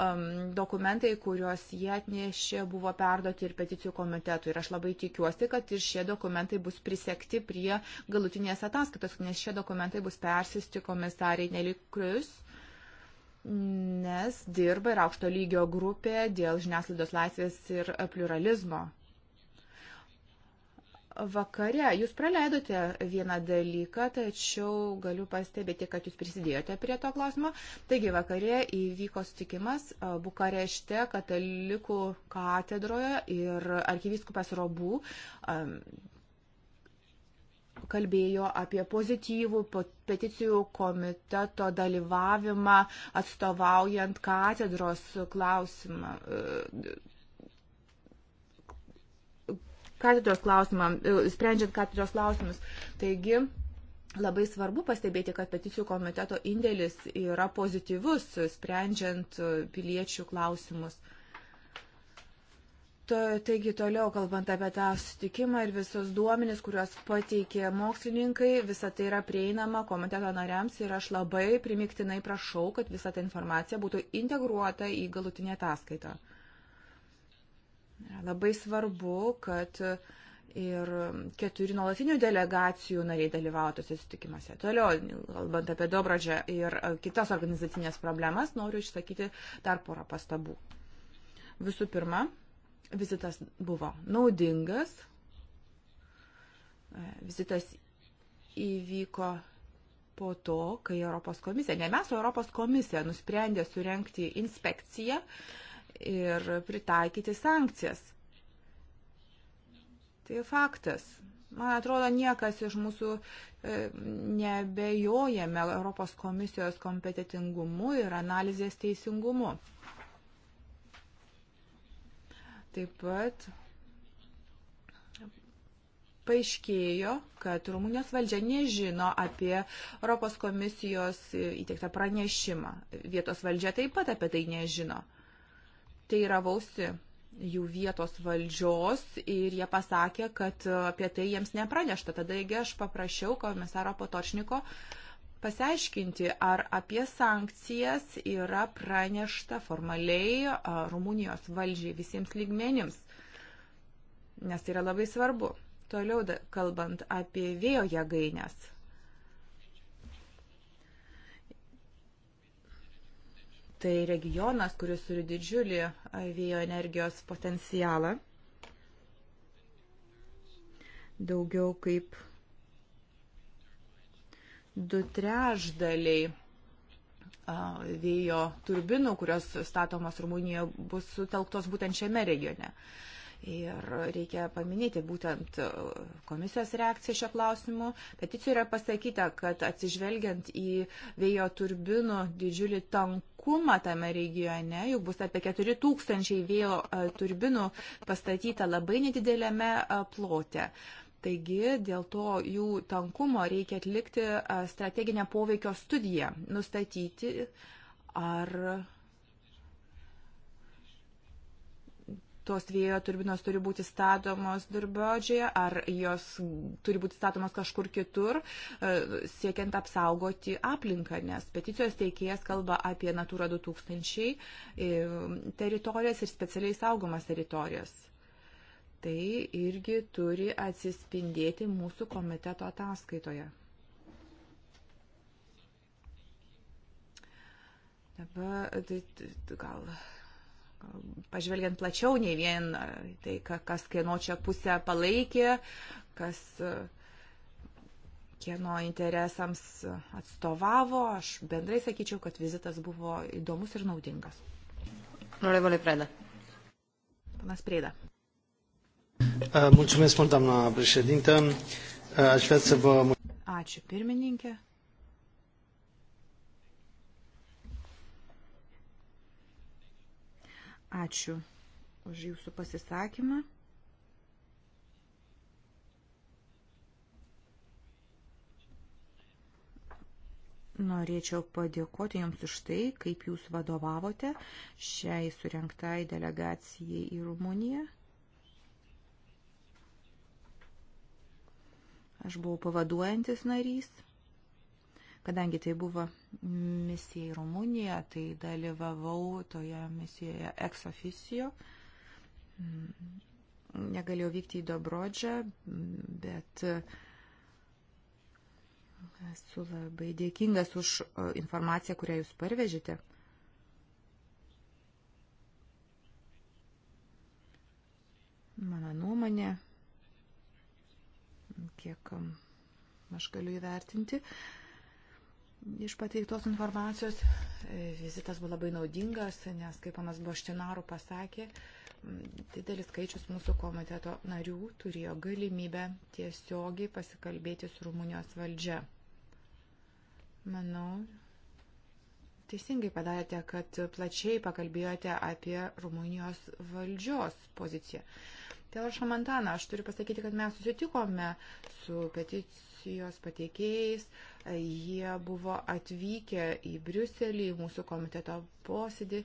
Um, dokumentai, kuriuos jie atnešė, buvo perduoti ir peticijų komitetui. Ir aš labai tikiuosi, kad ir šie dokumentai bus prisekti prie galutinės ataskaitos, nes šie dokumentai bus persisti komisariai Nelikrius nes dirba ir aukšto lygio grupė dėl žiniasklaidos laisvės ir pluralizmo. Vakare jūs praleidote vieną dalyką, tačiau galiu pastebėti, kad jūs prisidėjote prie to klausimo. Taigi vakare įvyko sutikimas Bukarešte katalikų katedroje ir arkivyskupas Robų kalbėjo apie pozityvų peticijų komiteto dalyvavimą atstovaujant katedros klausimą. E, katedros klausimą, e, sprendžiant katedros klausimus. Taigi, labai svarbu pastebėti, kad peticijų komiteto indėlis yra pozityvus, sprendžiant piliečių klausimus. Taigi toliau, kalbant apie tą sutikimą ir visus duomenis, kuriuos pateikė mokslininkai, visa tai yra prieinama komiteto nariams ir aš labai primiktinai prašau, kad visa ta informacija būtų integruota į galutinę ataskaitą. Labai svarbu, kad ir keturi nuolatinių delegacijų nariai dalyvautųsi sutikimuose. Toliau, kalbant apie Dobrodžią ir kitas organizacinės problemas, noriu išsakyti dar porą pastabų. Visų pirma, Vizitas buvo naudingas. E, vizitas įvyko po to, kai Europos komisija, ne mes, o Europos komisija nusprendė surenkti inspekciją ir pritaikyti sankcijas. Tai faktas. Man atrodo, niekas iš mūsų e, nebejojame Europos komisijos kompetitingumu ir analizės teisingumu. Taip pat paaiškėjo, kad Rumunijos valdžia nežino apie Europos komisijos įteiktą pranešimą. Vietos valdžia taip pat apie tai nežino. Tai yra vausi jų vietos valdžios ir jie pasakė, kad apie tai jiems nepranešta. Tada, jeigu aš paprašiau komisaro Potočniko, uh, pasiaiškinti, ar apie sankcijas yra pranešta formaliai Rumunijos valdžiai visiems lygmenims, nes tai yra labai svarbu. Toliau kalbant apie vėjo jėgainės. Tai regionas, kuris turi didžiulį vėjo energijos potencialą. Daugiau kaip du trešdaliai vėjo turbinų, kurios statomos Rumunijoje, bus sutelktos būtent šiame regione. Ir reikia paminėti būtent komisijos reakciją šio klausimu. Peticijoje yra pasakyta, kad atsižvelgiant į vėjo turbinų didžiulį tankumą tame regione, juk bus apie 4000 vėjo turbinų pastatyta labai nedidelėme plote. Uh, Taigi dėl to jų tankumo reikia atlikti strateginę poveikio studiją, nustatyti, ar tos vėjo turbinos turi būti statomos Durbodžioje, ar jos turi būti statomos kažkur kitur, siekiant apsaugoti aplinką, nes peticijos teikėjas kalba apie Natūra 2000 e, teritorijas ir specialiai saugomas teritorijas. Tai irgi turi atsispindėti mūsų komiteto ataskaitoje. Dabar tai, tai, tai gal, gal pažvelgiant plačiau, ne vien tai, kas kieno čia pusę palaikė, kas kieno interesams atstovavo, aš bendrai sakyčiau, kad vizitas buvo įdomus ir naudingas. Norėjau prėda. Panas Prėda. Uh, mulțumesc mult, doamna președintă. Uh, aș vrea să vă... Ačiū pirmininkė. Ačiū už jūsų pasisakymą. Norėčiau padėkoti Jums už tai, kaip Jūs vadovavote šiai surinktai delegacijai į Rumuniją. Aš buvau pavaduojantis narys, kadangi tai buvo misija į Rumuniją, tai dalyvavau toje misijoje ex officio. Negalėjau vykti į Dobrodžą, bet esu labai dėkingas už informaciją, kurią jūs parvežite. Mano nuomonė, kiek um, aš galiu įvertinti. Iš pateiktos informacijos e, vizitas buvo labai naudingas, nes, kaip panas Boštinaru pasakė, didelis skaičius mūsų komiteto narių turėjo galimybę tiesiogiai pasikalbėti su Rumunijos valdžia. Manau, teisingai padarėte, kad plačiai pakalbėjote apie Rumunijos valdžios poziciją. Dėl Šamantano aš turiu pasakyti, kad mes susitikome su peticijos pateikėjais. Jie buvo atvykę į Briuselį, į mūsų komiteto posėdį.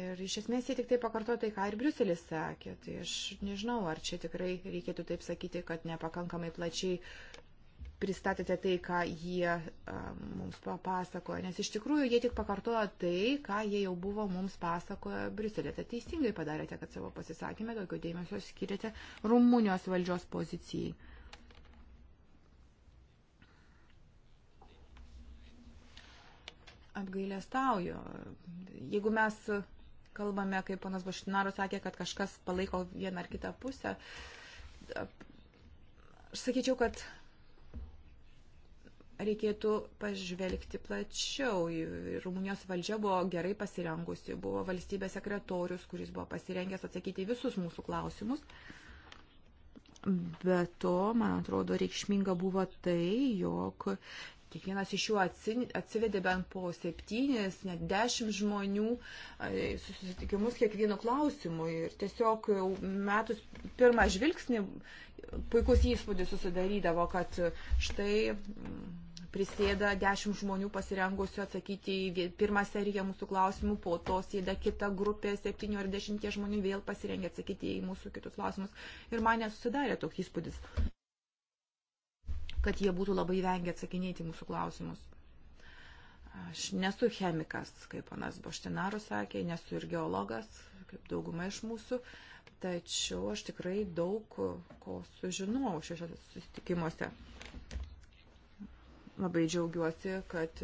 Ir iš esmės jie tik tai pakartojo tai, ką ir Briuselis sakė. Tai aš nežinau, ar čia tikrai reikėtų taip sakyti, kad nepakankamai plačiai pristatėte tai, ką jie mums papasakojo, nes iš tikrųjų jie tik pakartojo tai, ką jie jau buvo mums pasakojo Briuselė. Tai teisingai padarėte, kad savo pasisakymę daugiau dėmesio skiriate Rumunijos valdžios pozicijai. Apgailėstauju. Jeigu mes kalbame, kaip ponas Baštinaro sakė, kad kažkas palaiko vieną ar kitą pusę, aš sakyčiau, kad reikėtų pažvelgti plačiau. Rumunijos valdžia buvo gerai pasirengusi, buvo valstybės sekretorius, kuris buvo pasirengęs atsakyti visus mūsų klausimus. Be to, man atrodo, reikšminga buvo tai, jog kiekvienas iš jų atsivedė bent po septynis, net dešimt žmonių susitikimus kiekvienu klausimu. Ir tiesiog metus pirmą žvilgsnį puikus įspūdis susidarydavo, kad štai prisėda dešimt žmonių pasirengusių atsakyti į pirmą seriją mūsų klausimų, po to sėda kita grupė septynių ar dešimties žmonių vėl pasirengia atsakyti į mūsų kitus klausimus. Ir man nesusidarė toks įspūdis, kad jie būtų labai vengę atsakinėti mūsų klausimus. Aš nesu chemikas, kaip panas Boštinarus sakė, nesu ir geologas, kaip dauguma iš mūsų, tačiau aš tikrai daug ko sužinojau šiuose susitikimuose. Labai džiaugiuosi, kad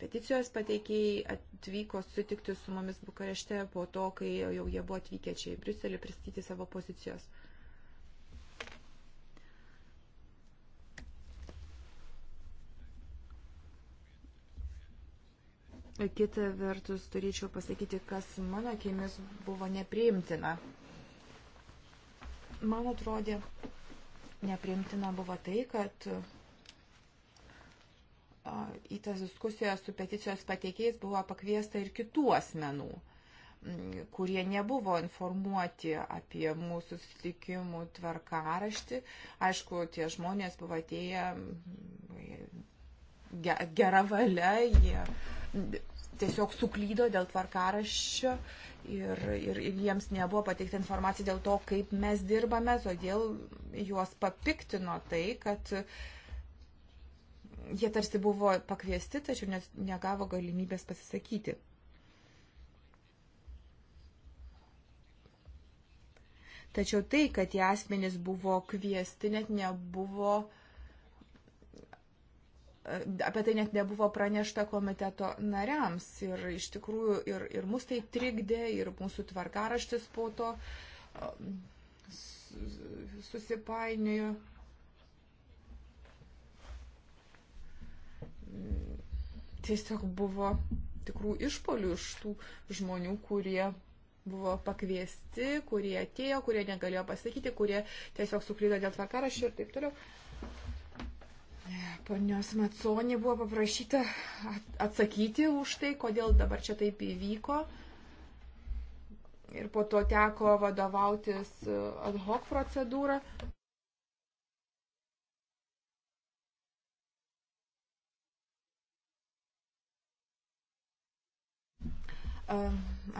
peticijos pateikėjai atvyko susitikti su mumis Bukarešte po to, kai jau jie buvo atvykę čia į Briuselį pristatyti savo pozicijos. Kita vertus, turėčiau pasakyti, kas mano akimis buvo nepriimtina. Man atrodė, nepriimtina buvo tai, kad į tas diskusijas su peticijos pateikėjais buvo pakviesta ir kitų asmenų kurie nebuvo informuoti apie mūsų susitikimų tvarkaraštį. Aišku, tie žmonės buvo atėję gera valia, jie tiesiog suklydo dėl tvarkaraščio ir, ir, ir jiems nebuvo pateikta informacija dėl to, kaip mes dirbame, todėl juos papiktino tai, kad uh, jie tarsi buvo pakviesti, tačiau negavo galimybės pasisakyti. Tačiau tai, kad tie asmenys buvo kviesti, net nebuvo, apie tai net nebuvo pranešta komiteto nariams. Ir iš tikrųjų ir, ir mus tai trikdė, ir mūsų tvarkaraštis po to um, susipainiojo. tiesiog buvo tikrų išpolių iš tų žmonių, kurie buvo pakviesti, kurie atėjo, kurie negalėjo pasakyti, kurie tiesiog suklydo dėl tvarkaraščių ir taip toliau. Ponios Matsonė buvo paprašyta atsakyti už tai, kodėl dabar čia taip įvyko. Ir po to teko vadovautis uh, ad hoc procedūrą.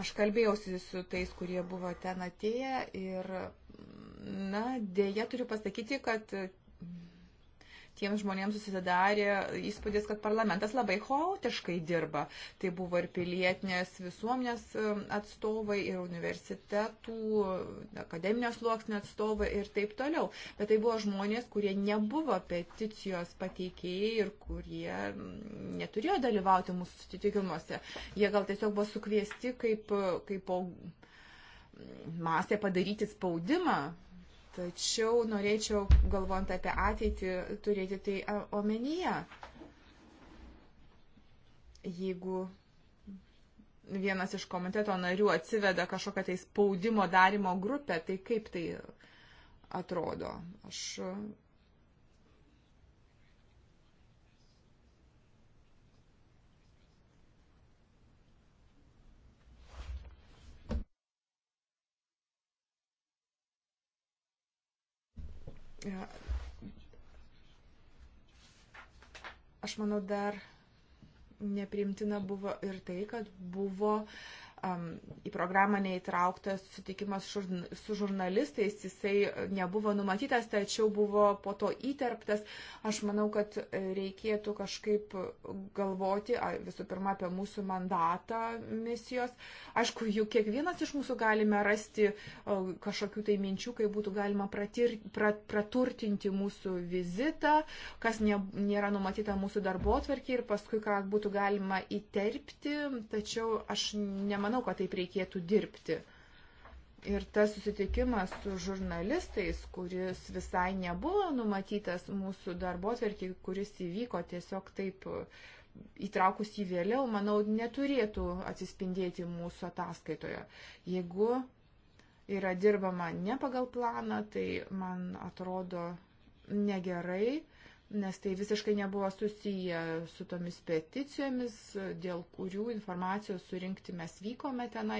Aš kalbėjausi su tais, kurie buvo ten atėję ir, na, dėja turiu pasakyti, kad tiems žmonėms susidarė įspūdis, kad parlamentas labai chaotiškai dirba. Tai buvo ir pilietinės visuomenės um, atstovai, ir universitetų, akademinio sluoksnio atstovai ir taip toliau. Bet tai buvo žmonės, kurie nebuvo peticijos pateikėjai ir kurie mm, neturėjo dalyvauti mūsų susitikimuose. Jie gal tiesiog buvo sukviesti kaip, kaip masė padaryti spaudimą Tačiau norėčiau, galvojant apie ateitį, turėti tai omenyje. Jeigu vienas iš komiteto narių atsiveda kažkokią tai spaudimo darimo grupę, tai kaip tai atrodo? Aš Aš manau, dar nepriimtina buvo ir tai, kad buvo uh, į programą neįtrauktas sutikimas su žurnalistais, jisai nebuvo numatytas, tačiau buvo po to įterptas. Aš manau, kad reikėtų kažkaip galvoti visų pirma apie mūsų mandatą misijos. Aišku, juk kiekvienas iš mūsų galime rasti kažkokių tai minčių, kaip būtų galima pratir, prat, praturtinti mūsų vizitą, kas ne, nėra numatyta mūsų darbo atverkiai ir paskui, ką būtų galima įterpti. Tačiau aš nemanau, nemanau, kad taip reikėtų dirbti. Ir tas susitikimas su žurnalistais, kuris visai nebuvo numatytas mūsų darbo atverkį, kuris įvyko tiesiog taip įtraukus į vėliau, manau, neturėtų atsispindėti mūsų ataskaitoje. Jeigu yra dirbama ne pagal planą, tai man atrodo negerai nes tai visiškai nebuvo susiję su tomis peticijomis, dėl kurių informacijos surinkti mes vykome tenai.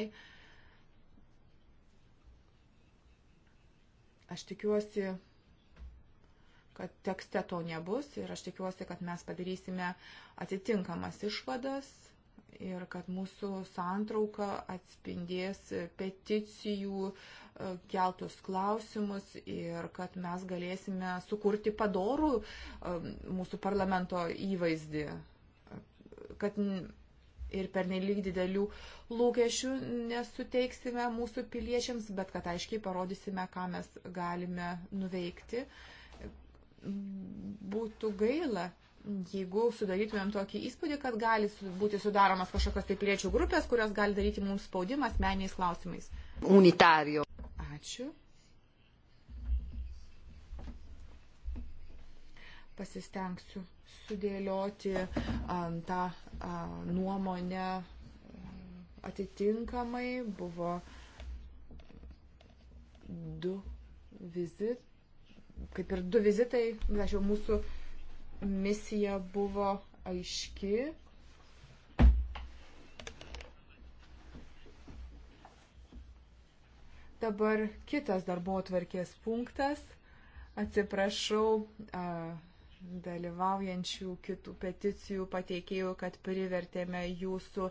Aš tikiuosi, kad tekste to nebus ir aš tikiuosi, kad mes padarysime atitinkamas išvadas ir kad mūsų santrauka atspindės peticijų e, keltus klausimus ir kad mes galėsime sukurti padorų e, mūsų parlamento įvaizdį, kad ir pernelyg didelių lūkesčių nesuteiksime mūsų piliečiams, bet kad aiškiai parodysime, ką mes galime nuveikti. Būtų gaila, jeigu sudarytumėm tokį įspūdį, kad gali būti sudaromas kažkokios tai piliečių grupės, kurios gali daryti mums spaudimą asmeniais klausimais. Unitario. Ačiū. Pasistengsiu sudėlioti um, tą uh, nuomonę atitinkamai. Buvo du vizitai, kaip ir du vizitai, aš jau mūsų uh, misija buvo aiški. Dabar kitas darbo atvarkės punktas. Atsiprašau a, dalyvaujančių kitų peticijų pateikėjų, kad privertėme jūsų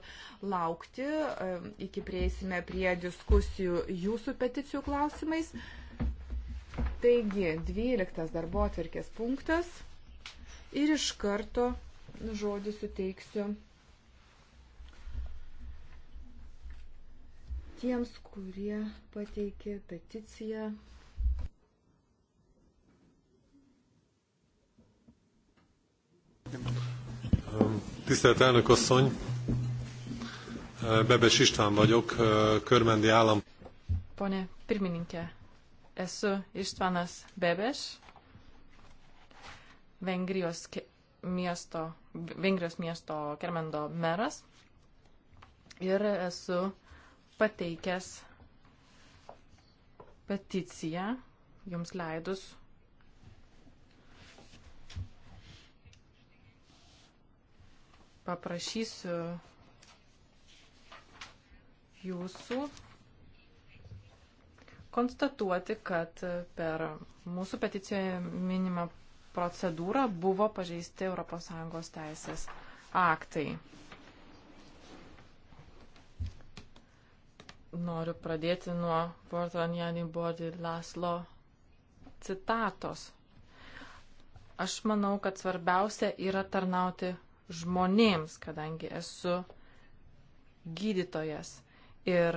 laukti. A, iki prieisime prie diskusijų jūsų peticijų klausimais. Taigi, 12 darbo atvarkės punktas ir iš karto žodį suteiksiu tiems, kurie pateikė peticiją. Tisztelt elnök asszony, Bebes István vagyok, Körmendi állam. Pone pirmininkė, esu Istvanas Bebes, Vengrijos miesto, Vengrijos miesto Kermendo meras ir esu pateikęs peticiją jums leidus paprašysiu jūsų konstatuoti, kad per mūsų peticijoje minimą procedūrą buvo pažeisti ES teisės aktai. Noriu pradėti nuo Portranjani Bodi Laslo citatos. Aš manau, kad svarbiausia yra tarnauti žmonėms, kadangi esu gydytojas. Ir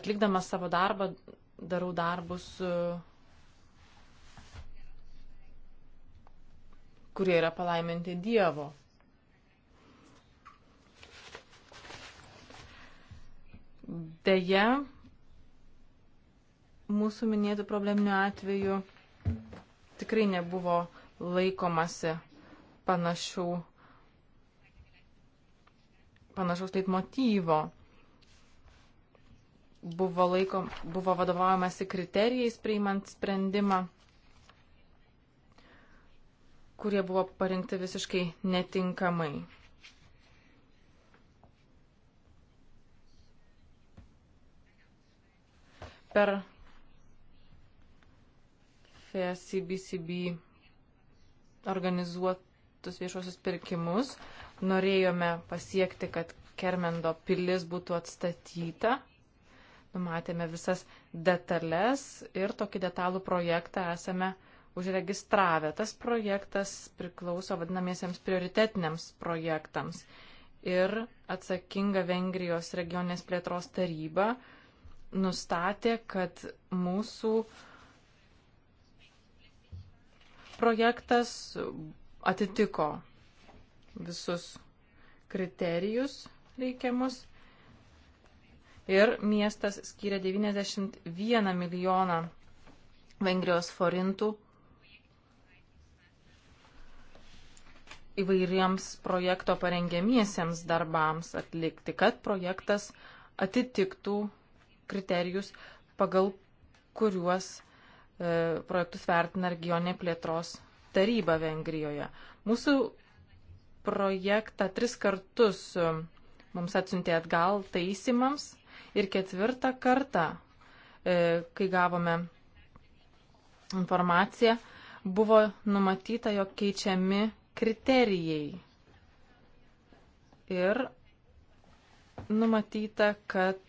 atlikdamas savo darbą darau darbus kurie yra palaiminti Dievo. Deja, mūsų minėtų probleminių atvejų tikrai nebuvo laikomasi panašių, panašaus leitmotyvo. Buvo, laikom, buvo vadovaujamasi kriterijais priimant sprendimą kurie buvo parengti visiškai netinkamai. Per FECBCB organizuotus viešuosius pirkimus norėjome pasiekti, kad Kermendo pilis būtų atstatyta. Numatėme visas detalės ir tokį detalų projektą esame užregistravę. Tas projektas priklauso vadinamiesiems prioritetiniams projektams. Ir atsakinga Vengrijos regionės plėtros taryba nustatė, kad mūsų projektas atitiko visus kriterijus reikiamus ir miestas skyrė 91 milijoną Vengrijos forintų įvairiems projekto parengiamiesiems darbams atlikti, kad projektas atitiktų kriterijus, pagal kuriuos e, projektus vertina regionė plėtros taryba Vengrijoje. Mūsų projektą tris kartus e, mums atsiuntė atgal taisimams ir ketvirtą kartą, e, kai gavome informaciją, buvo numatyta, jog keičiami kriterijai. Ir numatyta, kad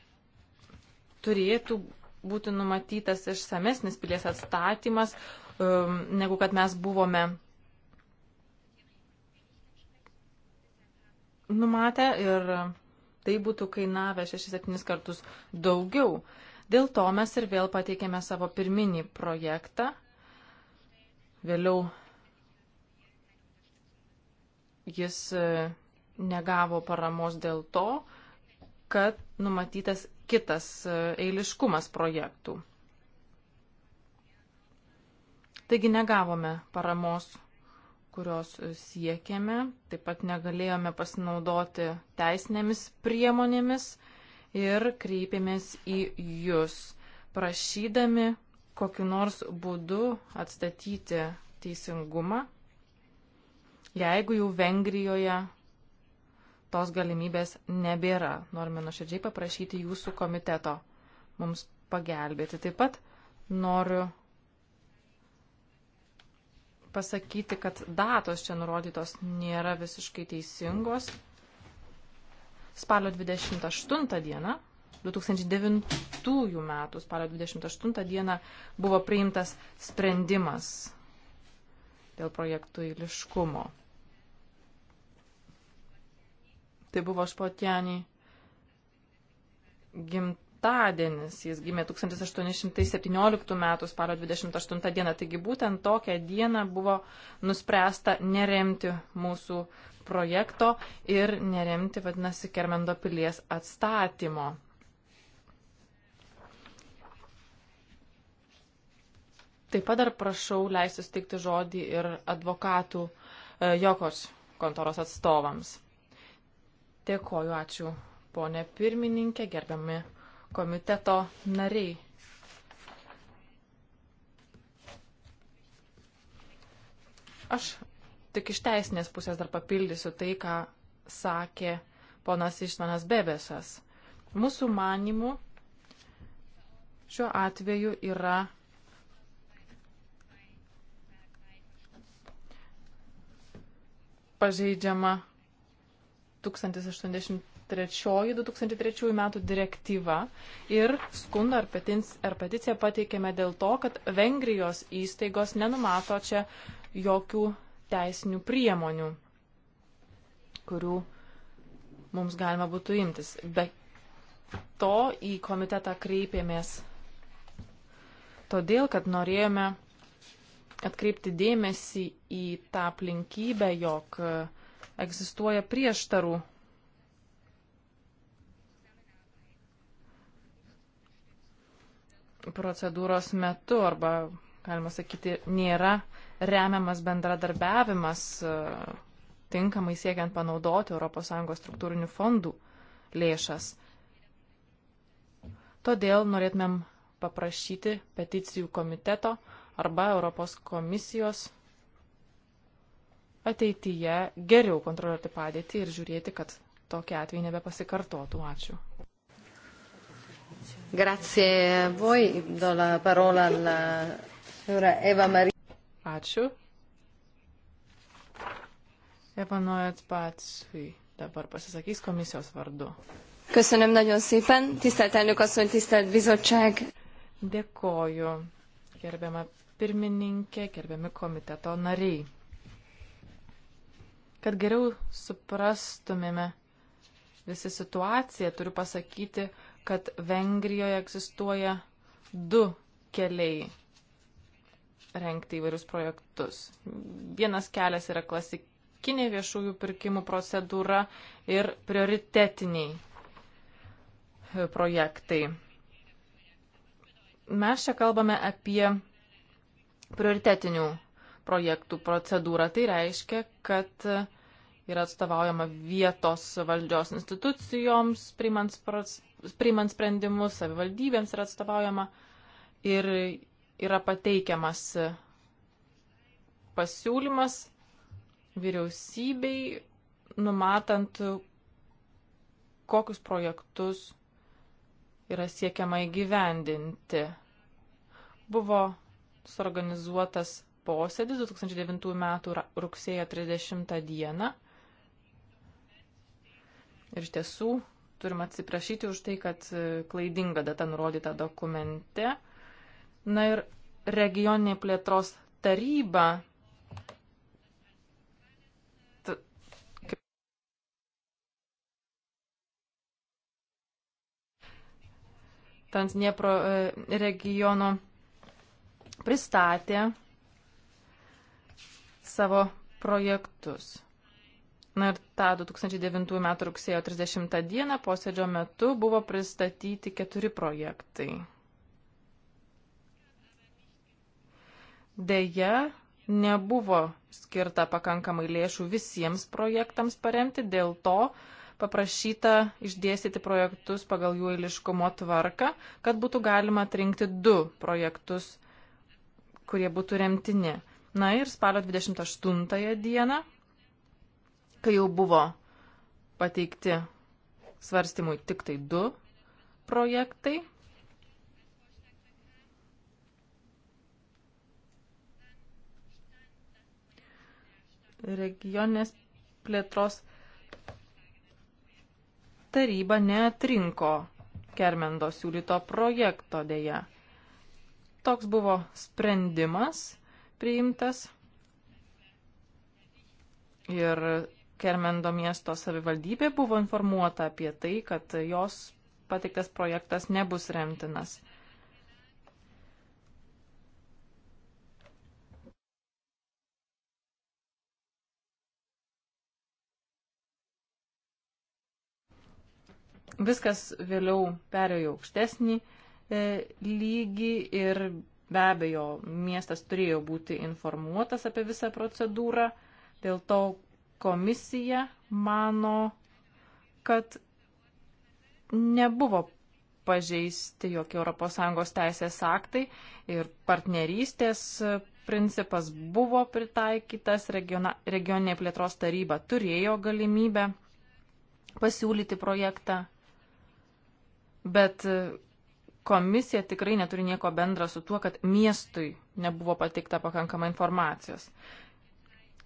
turėtų būti numatytas išsamesnis pilies atstatymas, um, negu kad mes buvome numatę ir tai būtų kainavę 6-7 kartus daugiau. Dėl to mes ir vėl pateikėme savo pirminį projektą. Vėliau jis e, negavo paramos dėl to, kad numatytas kitas e, eiliškumas projektų. Taigi negavome paramos, kurios e, siekėme, taip pat negalėjome pasinaudoti teisinėmis priemonėmis ir kreipėmės į jūs, prašydami kokiu nors būdu atstatyti teisingumą jeigu jau Vengrijoje tos galimybės nebėra. Norime nuoširdžiai paprašyti jūsų komiteto mums pagelbėti. Taip pat noriu pasakyti, kad datos čia nurodytos nėra visiškai teisingos. Spalio 28 diena, 2009 metų spalio 28 diena buvo priimtas sprendimas dėl projektų įliškumo. Tai buvo Špotianį gimtadienis. Jis gimė 1817 m. spalio 28 d. Taigi būtent tokią dieną buvo nuspręsta neremti mūsų projekto ir neremti, vadinasi, Kermendo pilies atstatymo. Taip pat dar prašau leisti steigti žodį ir advokatų e, Jokos kontoros atstovams. Dėkoju, ačiū, ponė pirmininkė, gerbiami komiteto nariai. Aš tik iš teisinės pusės dar papildysiu tai, ką sakė ponas Ištvanas Bebesas. Mūsų manimų šiuo atveju yra pažeidžiama 1083-2003 metų direktyva ir skundą ar, petins, ar peticiją pateikėme dėl to, kad Vengrijos įstaigos nenumato čia jokių teisinių priemonių, kurių mums galima būtų imtis. Be to į komitetą kreipėmės todėl, kad norėjome atkreipti dėmesį į tą aplinkybę, jog uh, egzistuoja prieštarų. Procedūros metu arba, galima sakyti, nėra remiamas bendradarbiavimas e, tinkamai siekiant panaudoti ES struktūrinių fondų lėšas. Todėl norėtumėm paprašyti peticijų komiteto arba Europos komisijos ateityje geriau kontroliuoti padėtį ir žiūrėti, kad tokie atvejai nebepasikartotų. Ačiū. Grazie a voi, do la parola alla signora Eva Maria. Ačiū. Eva Noet Patsui dabar pasisakys komisijos vardu. Köszönöm nagyon szépen, tisztelt elnök asszony, tisztelt bizottság. Dėkoju, gerbiama pirmininkė, gerbiami komiteto nariai. Kad geriau suprastumėme visą situaciją, turiu pasakyti, kad Vengrijoje egzistuoja du keliai renkti įvairius projektus. Vienas kelias yra klasikinė viešųjų pirkimų procedūra ir prioritetiniai e, projektai. Mes čia kalbame apie prioritetinių projektų procedūrą. Tai reiškia, kad yra atstovaujama vietos valdžios institucijoms, priimant, priimant sprendimus, savivaldybėms yra atstovaujama ir yra pateikiamas pasiūlymas vyriausybei, numatant, kokius projektus yra siekiama įgyvendinti. Buvo suorganizuotas posėdis 2009 m. rugsėjo 30 d. Ir iš tiesų turim atsiprašyti už tai, kad e, klaidinga data nurodyta dokumente. Na ir regioninė plėtros taryba. Transniepro e, regiono pristatė savo projektus. Na ir tą 2009 m. rugsėjo 30 d. posėdžio metu buvo pristatyti keturi projektai. Deja, nebuvo skirta pakankamai lėšų visiems projektams paremti, dėl to paprašyta išdėstyti projektus pagal jų eiliškumo tvarką, kad būtų galima atrinkti du projektus, kurie būtų remtini. Na ir spalio 28 dieną kai jau buvo pateikti svarstymui tik tai du projektai. Regioninės plėtros taryba neatrinko Kermendo siūlyto projekto dėja. Toks buvo sprendimas priimtas ir Kermendo miesto savivaldybė buvo informuota apie tai, kad jos pateiktas projektas nebus remtinas. Viskas vėliau perėjo aukštesnį e, lygį ir be abejo miestas turėjo būti informuotas apie visą procedūrą. Dėl to komisija mano, kad nebuvo pažeisti jokie ES teisės aktai ir partnerystės principas buvo pritaikytas, regiona, regioninė plėtros taryba turėjo galimybę pasiūlyti projektą, bet komisija tikrai neturi nieko bendra su tuo, kad miestui nebuvo pateikta pakankama informacijos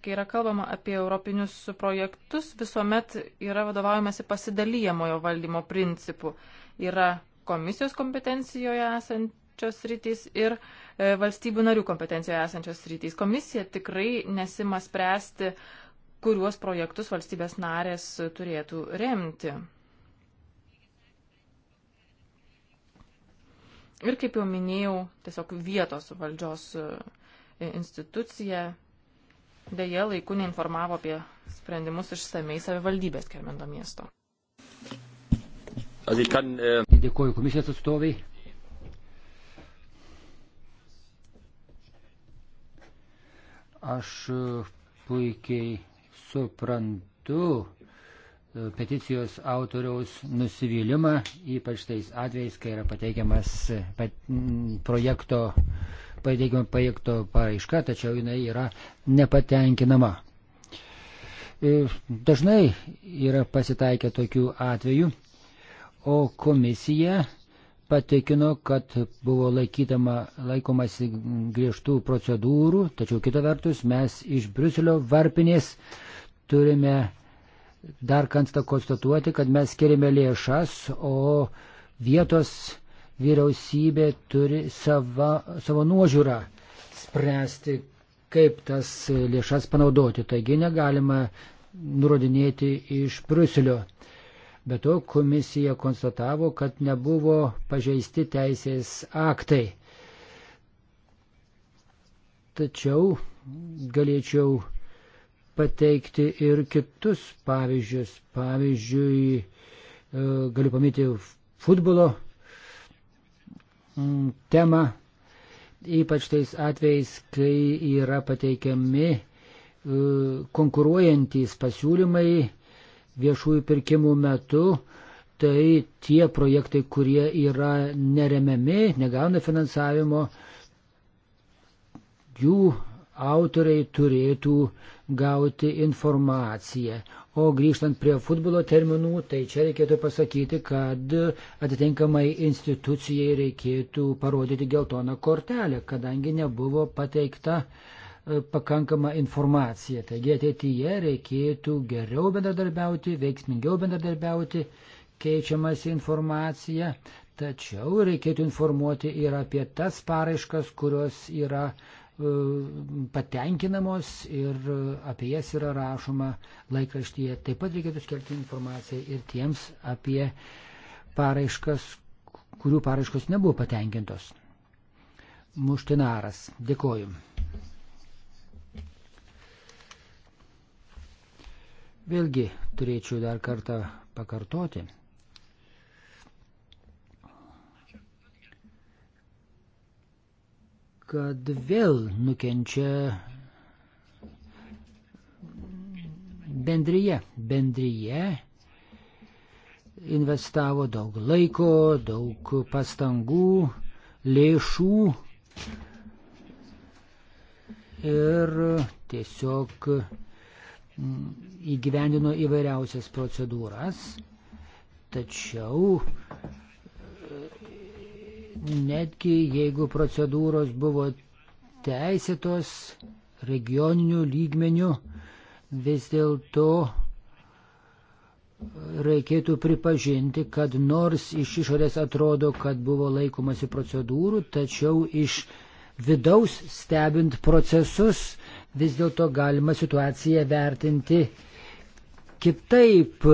kai yra kalbama apie europinius projektus, visuomet yra vadovaujamasi pasidalyjamojo valdymo principu. Yra komisijos kompetencijoje esančios rytys ir e, valstybių narių kompetencijoje esančios rytys. Komisija tikrai nesima spręsti, kuriuos projektus valstybės narės turėtų remti. Ir kaip jau minėjau, tiesiog vietos valdžios e, institucija dėje laiku neinformavo apie sprendimus išsamei savivaldybės Kermendo miesto. Äh, Dėkuoju komisijos atstoviai. Aš e, puikiai suprantu e, peticijos autoriaus nusivylimą, ypač tais atvejais, kai yra pateikiamas e, pat, projekto uh, pateikimo pajėgto paraiška, tačiau jinai yra nepatenkinama. E, dažnai yra pasitaikę tokių atvejų, o komisija patikino, kad buvo laikydama, laikomasi griežtų procedūrų, tačiau kita vertus mes iš Bruselio varpinės turime dar kansta konstatuoti, kad mes skiriame lėšas, o vietos vyriausybė turi sava, savo nuožiūrą spręsti, kaip tas lėšas panaudoti. Taigi negalima nurodinėti iš Bruselio. Be to komisija konstatavo, kad nebuvo pažeisti teisės aktai. Tačiau galėčiau pateikti ir kitus pavyzdžius. Pavyzdžiui, e, galiu paminėti futbolo Mm, temą, ypač tais atvejais, kai yra pateikiami e, konkuruojantys pasiūlymai viešųjų pirkimų metu, tai tie projektai, kurie yra neremiami, negauna finansavimo, jų autoriai turėtų gauti informaciją, O grįžtant prie futbolo terminų, tai čia reikėtų pasakyti, kad atitinkamai institucijai reikėtų parodyti geltoną kortelę, kadangi nebuvo pateikta e, pakankama informacija. Taigi ateityje reikėtų geriau bendradarbiauti, veiksmingiau bendradarbiauti, keičiamas informacija, tačiau reikėtų informuoti ir apie tas paraiškas, kurios yra patenkinamos ir apie jas yra rašoma laikraštyje. Taip pat reikėtų skelbti informaciją ir tiems apie paraiškas, kurių paraiškos nebuvo patenkintos. Muštinaras, dėkoju. Vėlgi turėčiau dar kartą pakartoti kad vėl nukenčia bendryje. Bendryje investavo daug laiko, daug pastangų, lėšų ir tiesiog mm, įgyvendino įvairiausias procedūras, tačiau netgi jeigu procedūros buvo teisėtos regioninių lygmenių, vis dėlto reikėtų pripažinti, kad nors iš išorės atrodo, kad buvo laikomasi procedūrų, tačiau iš vidaus stebint procesus vis dėlto galima situaciją vertinti kitaip.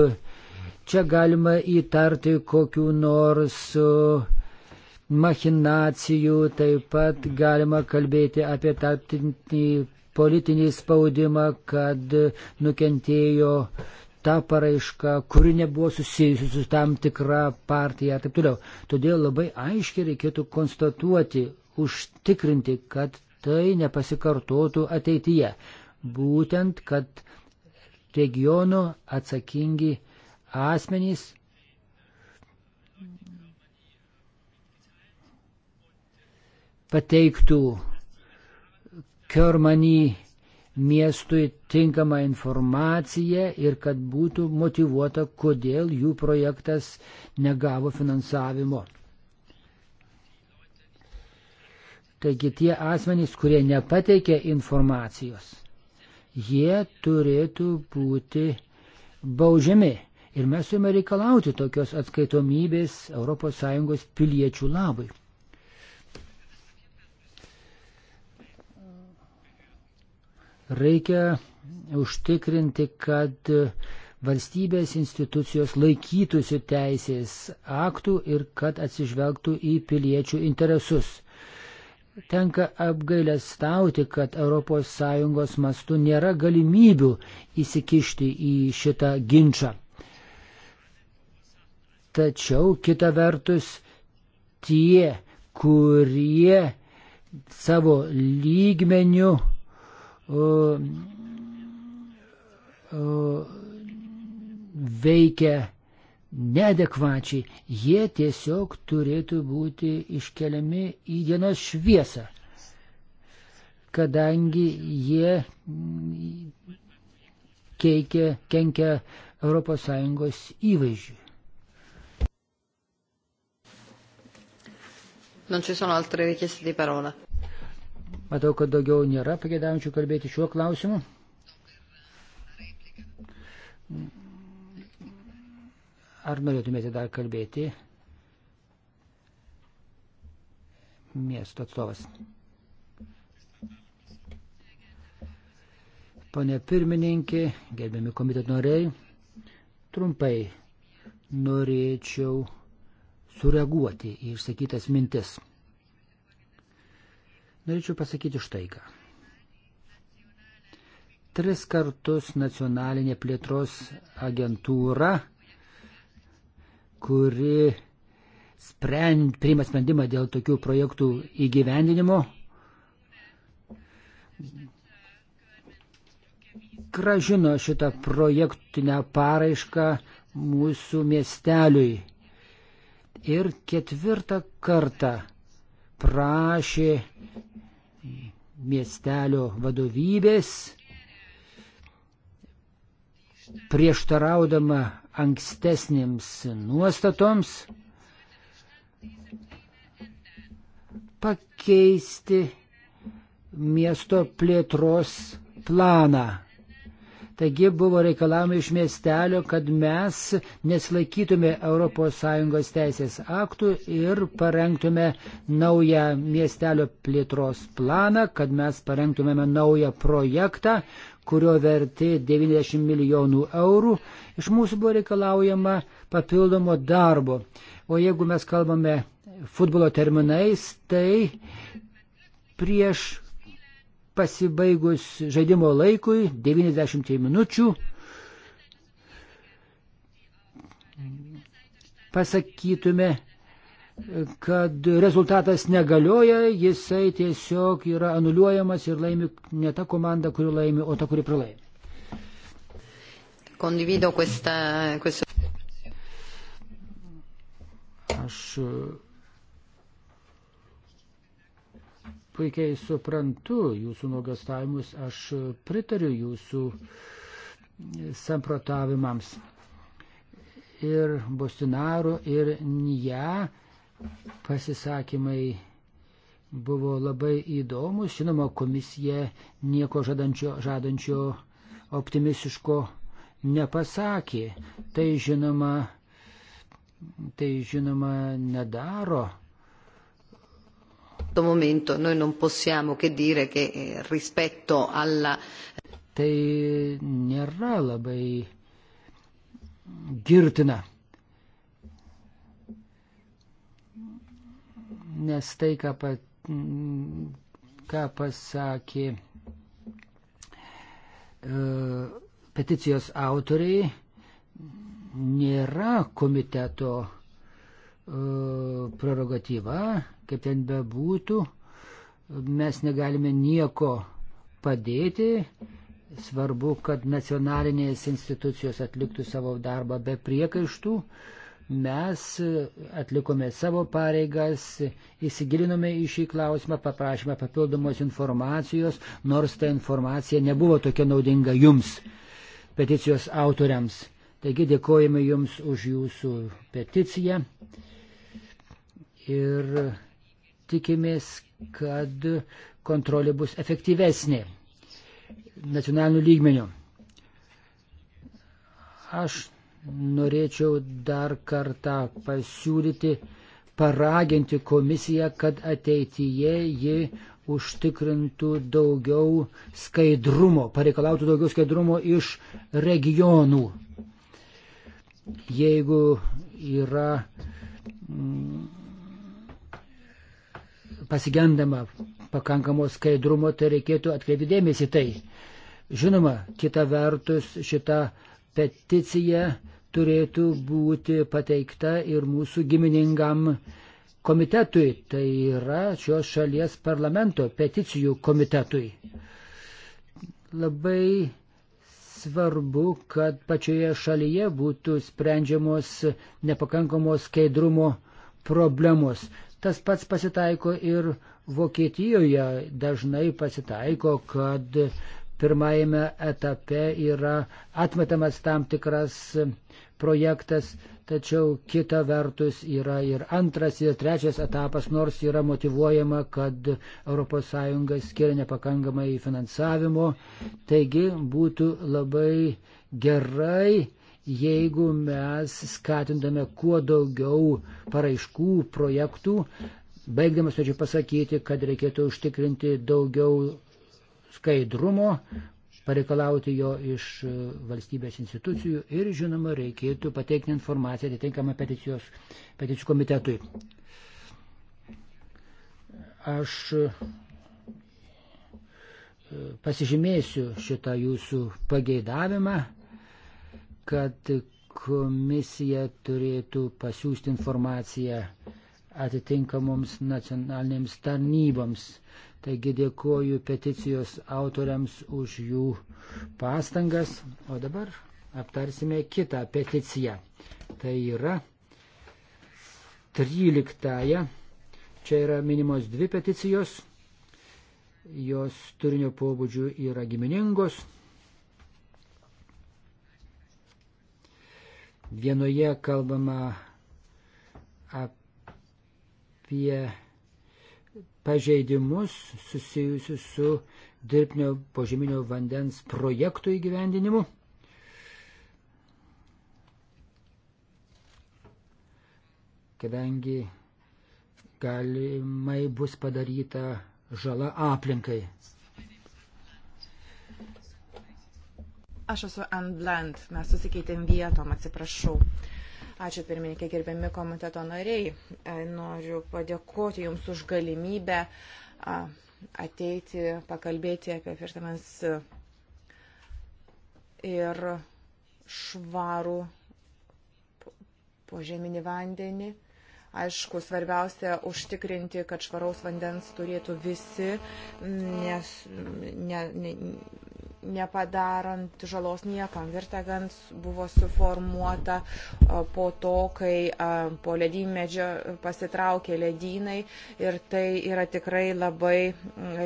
Čia galima įtarti kokiu nors uh, machinacijų, taip pat galima kalbėti apie tarptinį politinį spaudimą, kad nukentėjo ta paraiška, kuri nebuvo susijusi su tam tikra partija ir taip toliau. Todėl labai aiškiai reikėtų konstatuoti, užtikrinti, kad tai nepasikartotų ateityje. Būtent, kad regiono atsakingi asmenys pateiktų Kermanį miestui tinkamą informaciją ir kad būtų motivuota, kodėl jų projektas negavo finansavimo. Taigi tie asmenys, kurie nepateikė informacijos, jie turėtų būti baudžiami. Ir mes turime reikalauti tokios atskaitomybės ES piliečių labui. Reikia užtikrinti, kad valstybės institucijos laikytųsi teisės aktų ir kad atsižvelgtų į piliečių interesus. Tenka apgailę stauti, kad ES mastu nėra galimybių įsikišti į šitą ginčą. Tačiau kita vertus tie, kurie savo lygmenių veikia neadekvačiai, jie tiesiog turėtų būti iškeliami į dienos šviesą, kadangi jie keikia, kenkia ES įvaizdžiui. Non ci sono altre richieste di parola. Matau, kad daugiau nėra pagėdaujančių kalbėti šiuo klausimu. Ar norėtumėte dar kalbėti? Miesto atstovas. Pone pirmininkė, gerbiami komiteto noriai, trumpai norėčiau sureaguoti į išsakytas mintis. Norėčiau pasakyti štai ką. Tris kartus nacionalinė plėtros agentūra, kuri sprend, priima sprendimą dėl tokių projektų įgyvendinimo, gražino šitą projektinę paraišką mūsų miesteliui. Ir ketvirtą kartą prašė miestelio vadovybės, prieštaraudama ankstesnėms nuostatoms, pakeisti miesto plėtros planą. Taigi buvo reikalavimai iš miestelio, kad mes neslaikytume ES teisės aktų ir parengtume naują miestelio plėtros planą, kad mes parengtumėme naują projektą, kurio verti 90 milijonų eurų. Iš mūsų buvo reikalaujama papildomo darbo. O jeigu mes kalbame futbolo terminais, tai prieš pasibaigus žaidimo laikui 90 minučių pasakytume, kad rezultatas negalioja, jisai tiesiog yra anuliuojamas ir laimi ne ta komanda, kuri laimi, o ta, kuri pralaimi. Condivido questa, questo. Aš puikiai suprantu jūsų nuogastavimus, aš pritariu jūsų samprotavimams. Ir Bostinaro, ir Nija pasisakymai buvo labai įdomus. Žinoma, komisija nieko žadančio, žadančio optimistiško nepasakė. Tai žinoma, tai žinoma nedaro questo momento noi non possiamo che dire che eh, rispetto alla. Tai nėra labai girtina. Nes tai, ką, pa, ką pasakė e, peticijos autoriai, nėra komiteto e, prerogatyva, Kaip ten bebūtų, mes negalime nieko padėti. Svarbu, kad nacionalinės institucijos atliktų savo darbą be priekaištų. Mes atlikome savo pareigas, įsigilinome į šį klausimą, paprašėme papildomos informacijos, nors ta informacija nebuvo tokia naudinga jums, peticijos autoriams. Taigi dėkojame jums už jūsų peticiją. Ir tikimės, kad kontrolė bus efektyvesnė nacionalinių lygmenių. Aš norėčiau dar kartą pasiūlyti, paraginti komisiją, kad ateityje ji užtikrintų daugiau skaidrumo, pareikalautų daugiau skaidrumo iš regionų. Jeigu yra mm, pasigendama pakankamo skaidrumo, tai reikėtų atkreipti dėmesį tai. Žinoma, kita vertus šita peticija turėtų būti pateikta ir mūsų giminingam komitetui, tai yra šios šalies parlamento peticijų komitetui. Labai svarbu, kad pačioje šalyje būtų sprendžiamos nepakankamos skaidrumo problemos. Tas pats pasitaiko ir Vokietijoje. Dažnai pasitaiko, kad pirmajame etape yra atmetamas tam tikras projektas, tačiau kita vertus yra ir antras, ir trečias etapas, nors yra motivuojama, kad ES skiria nepakankamai finansavimo. Taigi būtų labai gerai jeigu mes skatindame kuo daugiau paraiškų, projektų, baigdamas norėčiau pasakyti, kad reikėtų užtikrinti daugiau skaidrumo, pareikalauti jo iš e, valstybės institucijų ir, žinoma, reikėtų pateikti informaciją atitinkamą peticijos, peticijų komitetui. Aš e, pasižymėsiu šitą jūsų pageidavimą kad komisija turėtų pasiūsti informaciją atitinkamoms nacionalinėms tarnyboms. Taigi dėkoju peticijos autoriams už jų pastangas. O dabar aptarsime kitą peticiją. Tai yra 13. Čia yra minimos dvi peticijos. Jos turinio pobūdžių yra giminingos. Vienoje kalbama apie pažeidimus susijusius su dirbtinio požeminio vandens projektų įgyvendinimu. Kadangi galimai bus padaryta žala aplinkai. Aš esu Ann Bland, mes susikeitėm vietom, atsiprašau. Ačiū pirmininkė, gerbiami komiteto nariai. E, noriu padėkoti Jums už galimybę ateiti, pakalbėti apie firtamas ir švarų požeminį vandenį. Aišku, svarbiausia užtikrinti, kad švaraus vandens turėtų visi, nes ne, ne, nepadarant žalos niekam. Virtagans buvo suformuota po to, kai po ledynmedžio pasitraukė ledynai ir tai yra tikrai labai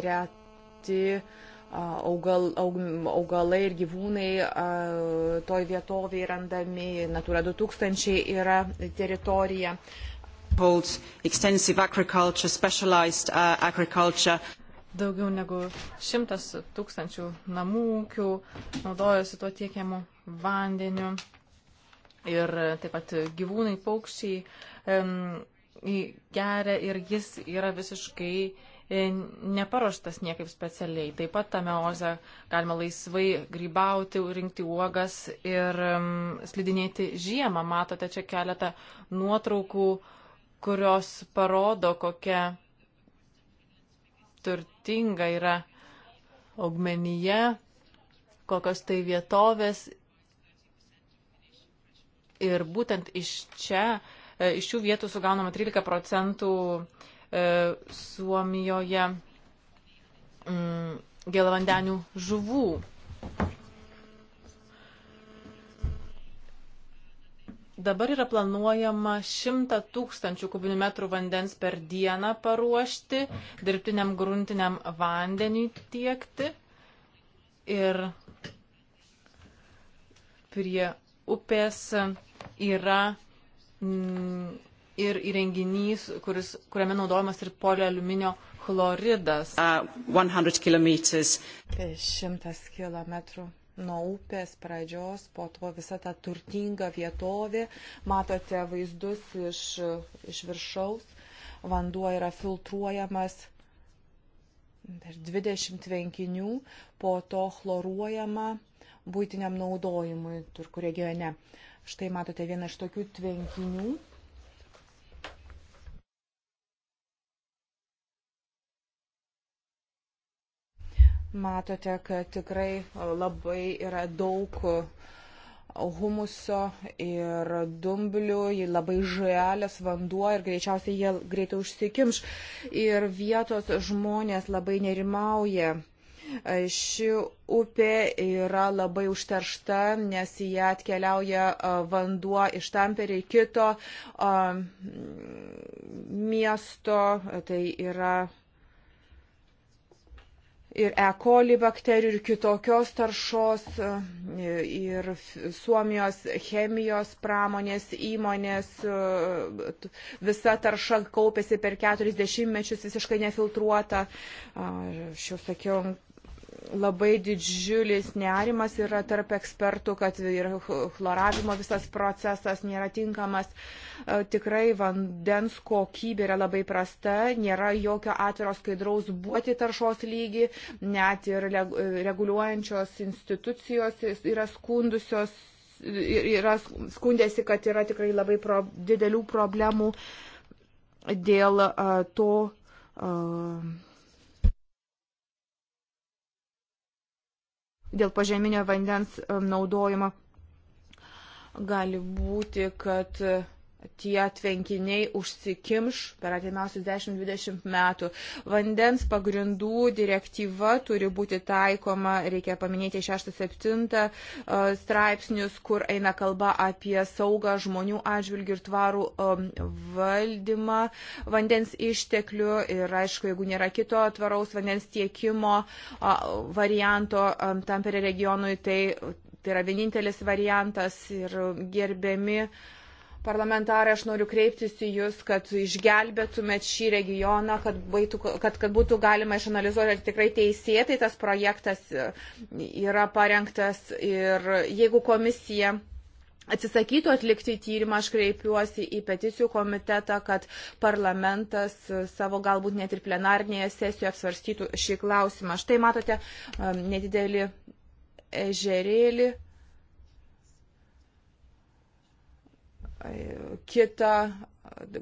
reti augal, aug, augalai ir gyvūnai toj vietoviai randami. Natura 2000 yra teritorija holds extensive agriculture, specialised uh, agriculture. Daugiau negu šimtas tūkstančių namų ūkių naudojasi tuo tiekiamu vandeniu. Ir taip pat gyvūnai, paukščiai geria ir jis yra visiškai e, neparuoštas niekaip specialiai. Taip pat tame oze galima laisvai grybauti, rinkti uogas ir um, slidinėti žiemą. Matote čia keletą nuotraukų, kurios parodo, kokia tur ypatinga yra augmenyje, kokios tai vietovės. Ir būtent iš čia, e, iš šių vietų sugaunama 13 procentų e, Suomijoje mm, gėlavandenių žuvų. Dabar yra planuojama 100 tūkstančių kubinių metrų vandens per dieną paruošti, dirbtiniam gruntiniam vandeniui tiekti. Ir prie upės yra mm, ir įrenginys, kuris, kuriame naudojamas ir polialuminio chloridas. Uh, 100 km. Tai 100 km nuo upės pradžios, po to visa ta turtinga vietovė. Matote vaizdus iš, iš viršaus, vanduo yra filtruojamas per 20 tvenkinių, po to chloruojama būtiniam naudojimui Turkų regione. Štai matote vieną iš tokių tvenkinių Matote, kad tikrai e, labai yra daug e, humuso ir dumblių, jį labai žalias vanduo ir greičiausiai jie greitai užsikimš. Ir vietos žmonės labai nerimauja. E, ši upė yra labai užteršta, nes į ją atkeliauja vanduo iš tamperiai kito miesto, tai yra ir E. coli bakterijų, ir kitokios taršos, e, ir Suomijos chemijos pramonės įmonės, e, visa tarša kaupėsi per 40 mečius visiškai nefiltruota. Aš jau sakiau labai didžiulis nerimas yra tarp ekspertų, kad ir chloravimo visas procesas nėra tinkamas. E, tikrai vandens kokybė yra labai prasta, nėra jokio atviro skaidraus būti taršos lygį, net ir reguliuojančios institucijos yra skundusios, yra skundėsi, kad yra tikrai labai pro, didelių problemų dėl uh, to. Uh, dėl pažeminio vandens um, naudojimo. Gali būti, kad tie tvenkiniai užsikimš per atimiausius 10-20 metų. Vandens pagrindų direktyva turi būti taikoma, reikia paminėti 6-7 e, straipsnius, kur eina kalba apie saugą žmonių atžvilgių ir tvarų e, valdymą vandens išteklių ir aišku, jeigu nėra kito tvaraus vandens tiekimo e, varianto tam per regionui, tai tai yra vienintelis variantas ir gerbiami uh, parlamentarai, aš noriu kreiptis į Jūs, kad išgelbėtumėt šį regioną, kad, baitų, kad, kad būtų galima išanalizuoti, ar tikrai teisėtai tas projektas e, yra parengtas. Ir jeigu komisija atsisakytų atlikti tyrimą, aš kreipiuosi į peticijų komitetą, kad parlamentas e, savo galbūt net ir plenarnėje sesijoje apsvarstytų šį klausimą. Štai matote e, nedidelį ežerėlį kitą,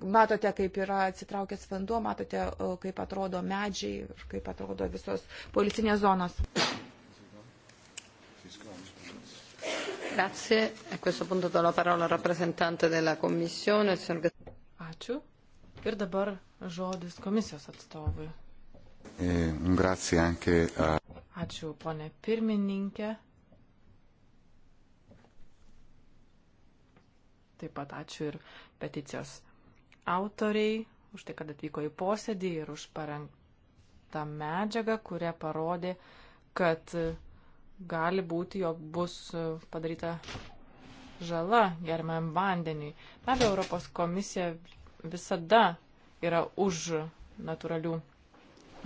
matote, kaip yra atsitraukęs vanduo, matote, kaip atrodo medžiai ir kaip atrodo visos policinės zonos. Grazie. A questo punto do la parola al rappresentante della Commissione, il signor Ačiū. Ir dabar žodis komisijos atstovui. Eh, grazie anche. Ačiū, ponė pirmininkė. Taip pat ačiū ir peticijos autoriai už tai, kad atvyko į posėdį ir už parengtą medžiagą, kurią parodė, kad gali būti, jog bus padaryta žala germam vandeniui. Be abejo, Europos komisija visada yra už natūralių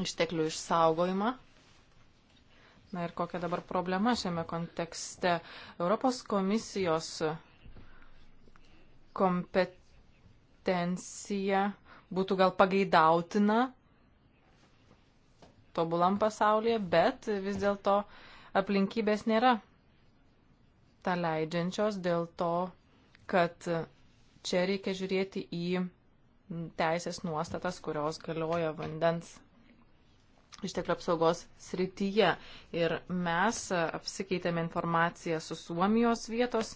išteklių išsaugojimą. Na ir kokia dabar problema šiame kontekste? Europos komisijos kompetencija būtų gal pageidautina tobulam pasaulyje, bet vis dėlto aplinkybės nėra tą leidžiančios dėl to, kad čia reikia žiūrėti į teisės nuostatas, kurios galioja vandens išteklių apsaugos srityje. Ir mes apsikeitėme informaciją su Suomijos vietos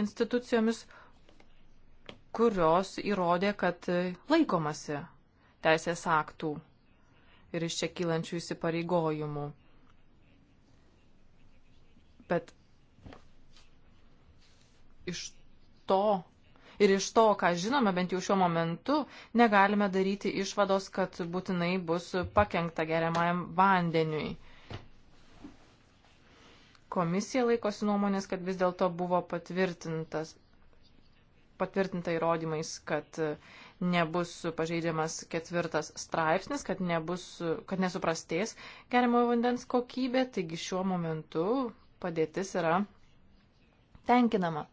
institucijomis, kurios įrodė, kad laikomasi teisės aktų ir iš čia kylančių įsipareigojimų. Bet iš to ir iš to, ką žinome bent jau šiuo momentu, negalime daryti išvados, kad būtinai bus pakengta geriamajam vandeniui. Komisija laikosi nuomonės, kad vis dėlto buvo patvirtintas patvirtinta įrodymais, kad nebus pažeidžiamas ketvirtas straipsnis, kad, nebus, kad nesuprastės geriamojo vandens kokybė, taigi šiuo momentu padėtis yra tenkinama.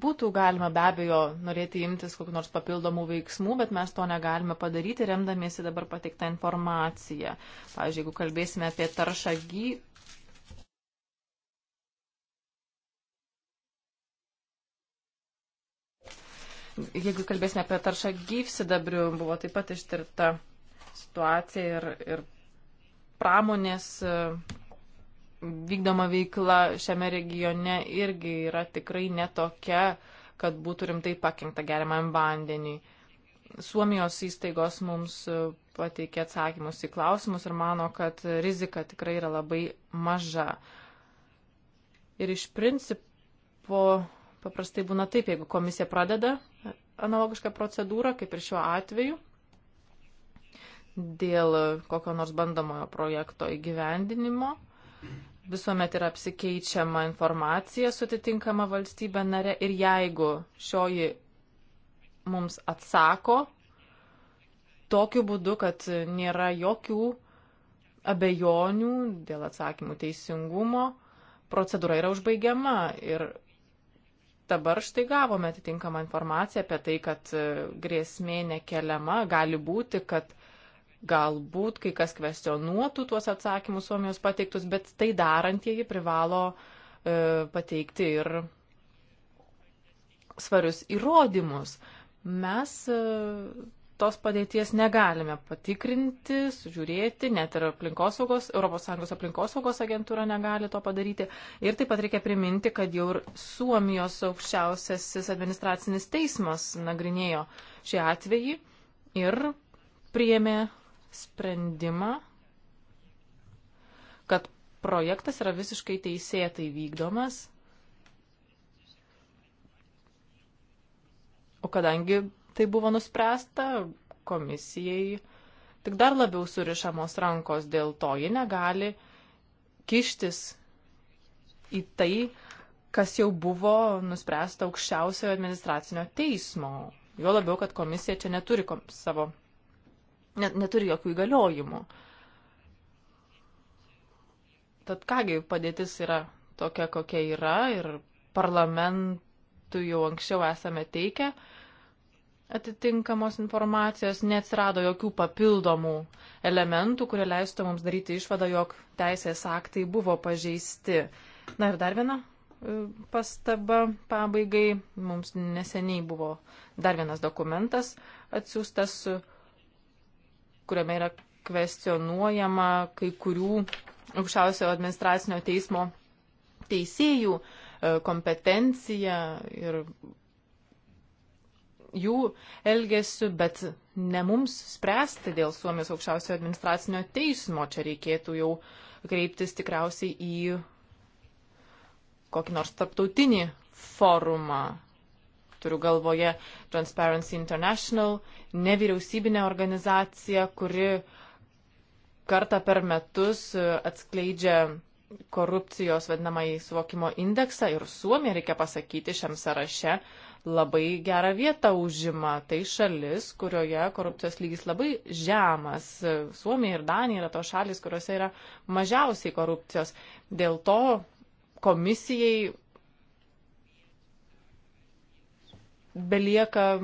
Būtų galima be abejo norėti imtis kokiu nors papildomų veiksmų, bet mes to negalime padaryti, remdamiesi dabar pateiktą informaciją. Pavyzdžiui, jeigu kalbėsime apie taršą gy... Jeigu kalbėsime apie taršą gyvsidabrių, buvo taip pat ištirta situacija ir, ir pramonės vykdoma veikla šiame regione irgi yra tikrai netokia, kad būtų rimtai pakengta geriamam vandeniui. Suomijos įstaigos mums pateikė atsakymus į klausimus ir mano, kad rizika tikrai yra labai maža. Ir iš principo paprastai būna taip, jeigu komisija pradeda analogišką procedūrą, kaip ir šiuo atveju, dėl kokio nors bandomojo projekto įgyvendinimo, visuomet yra apsikeičiama informacija su atitinkama valstybė nare ir jeigu šioji mums atsako tokiu būdu, kad nėra jokių abejonių dėl atsakymų teisingumo, procedūra yra užbaigiama. Ir dabar štai gavome atitinkamą informaciją apie tai, kad e, grėsmė nekeliama, gali būti, kad Galbūt kai kas kvestionuotų tuos atsakymus Suomijos pateiktus, bet tai darantieji privalo e, pateikti ir svarius įrodymus. Mes e, tos padėties negalime patikrinti, sužiūrėti, net ir aplinkosaugos, ES aplinkosaugos agentūra negali to padaryti. Ir taip pat reikia priminti, kad jau ir Suomijos aukščiausiasis administracinis teismas nagrinėjo šį atvejį ir priėmė sprendimą, kad projektas yra visiškai teisėtai vykdomas, o kadangi tai buvo nuspręsta, komisijai tik dar labiau surišamos rankos dėl to, ji negali kištis į tai, kas jau buvo nuspręsta aukščiausiojo administracinio teismo. Jo labiau, kad komisija čia neturi kom savo net, neturi jokių įgaliojimų. Tad kągi padėtis yra tokia, kokia yra ir parlamentui jau anksčiau esame teikę atitinkamos informacijos, neatsirado jokių papildomų elementų, kurie leistų mums daryti išvadą, jog teisės aktai buvo pažeisti. Na ir dar viena e, pastaba pabaigai. Mums neseniai buvo dar vienas dokumentas atsiųstas kuriame yra kvestionuojama kai kurių aukščiausiojo administracinio teismo teisėjų e, kompetencija ir jų elgesiu, bet ne mums spręsti dėl Suomijos aukščiausiojo administracinio teismo. Čia reikėtų jau kreiptis tikriausiai į kokį nors tarptautinį forumą, Turiu galvoje Transparency International, nevyriausybinę organizaciją, kuri kartą per metus e, atskleidžia korupcijos vadinamąjį suvokimo indeksą ir Suomija, reikia pasakyti, šiam sąraše labai gerą vietą užima. Tai šalis, kurioje korupcijos lygis labai žemas. E, Suomija ir Danija yra tos šalis, kuriuose yra mažiausiai korupcijos. Dėl to komisijai belieka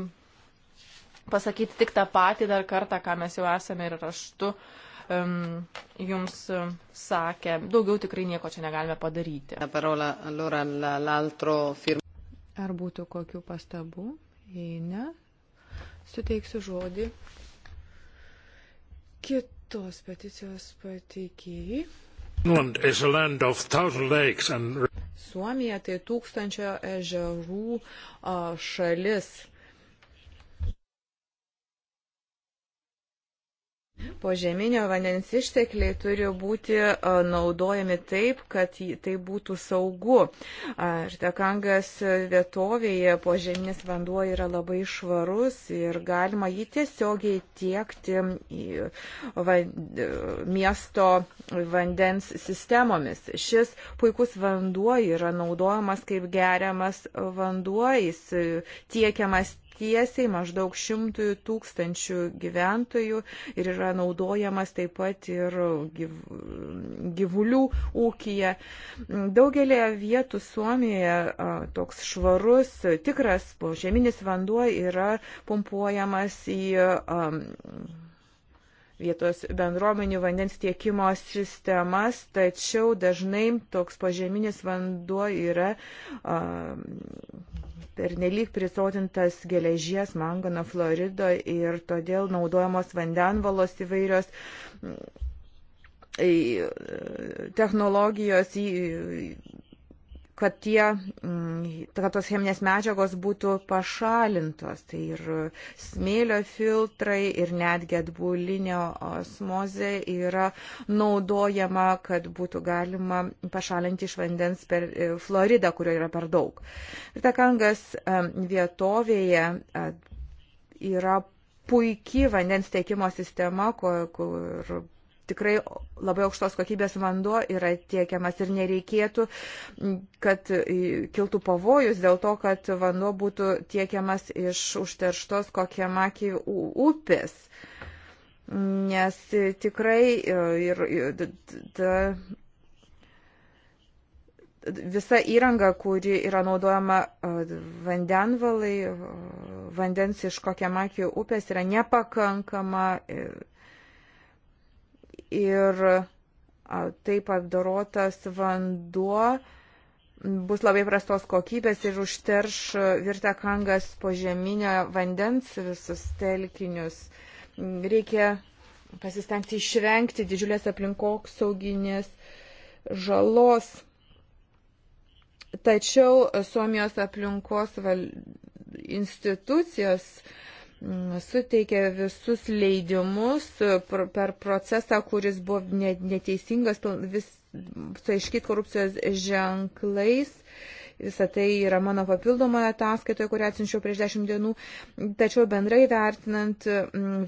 pasakyti tik tą patį dar kartą, ką mes jau esame ir raštu um, jums sakę. Daugiau tikrai nieko čia negalime padaryti. Ar būtų kokių pastabų? Jei ne, suteiksiu žodį kitos peticijos pateikėjai. Suomija tai tūkstančio ežerų šalis. Požeminio vandens ištekliai turi būti naudojami taip, kad tai būtų saugu. Štakangas vietovėje požeminis vanduo yra labai švarus ir galima jį tiesiogiai tiekti į van, miesto vandens sistemomis. Šis puikus vanduo yra naudojamas kaip geriamas vanduo, jis tiekiamas tiesiai maždaug šimtui tūkstančių gyventojų ir yra naudojamas taip pat ir gyv... gyvulių ūkija. Daugelėje vietų Suomijoje toks švarus, tikras požeminis vanduo yra pumpuojamas į um, vietos bendruomenių vandens tiekimo sistemas, tačiau dažnai toks požeminis vanduo yra a, pernelyg prisotintas geležies, mangano, florido ir todėl naudojamos vandenvalos įvairios mm, technologijos kad, tie, mm, kad tos cheminės medžiagos būtų pašalintos. Tai ir smėlio filtrai, ir netgi atbulinio osmozė yra naudojama, kad būtų galima pašalinti iš vandens per e, Floridą, kurio yra per daug. Ir takangas e, vietovėje e, yra puikiai vandens tiekimo sistema, kur tikrai labai aukštos kokybės vanduo yra tiekiamas ir nereikėtų, kad e, kiltų pavojus dėl to, kad vanduo būtų tiekiamas iš užterštos kokiamakį upės. Nes e, tikrai e, ir, ir ta, visa įranga, kuri yra naudojama vandenvalai, vandens iš kokiamakį upės yra nepakankama. Ir, ir taip apdorotas vanduo bus labai prastos kokybės ir užterš virtę kangas požeminio vandens visus telkinius. Reikia pasistengti išvengti didžiulės aplinkosauginės žalos. Tačiau Suomijos aplinkos val... institucijos uh, suteikė visus leidimus per procesą, kuris buvo neteisingas, vis su aiškiai korupcijos ženklais. Visą tai yra mano papildomoje ataskaitoje, kurią atsinčiau prieš dešimt dienų. Tačiau bendrai vertinant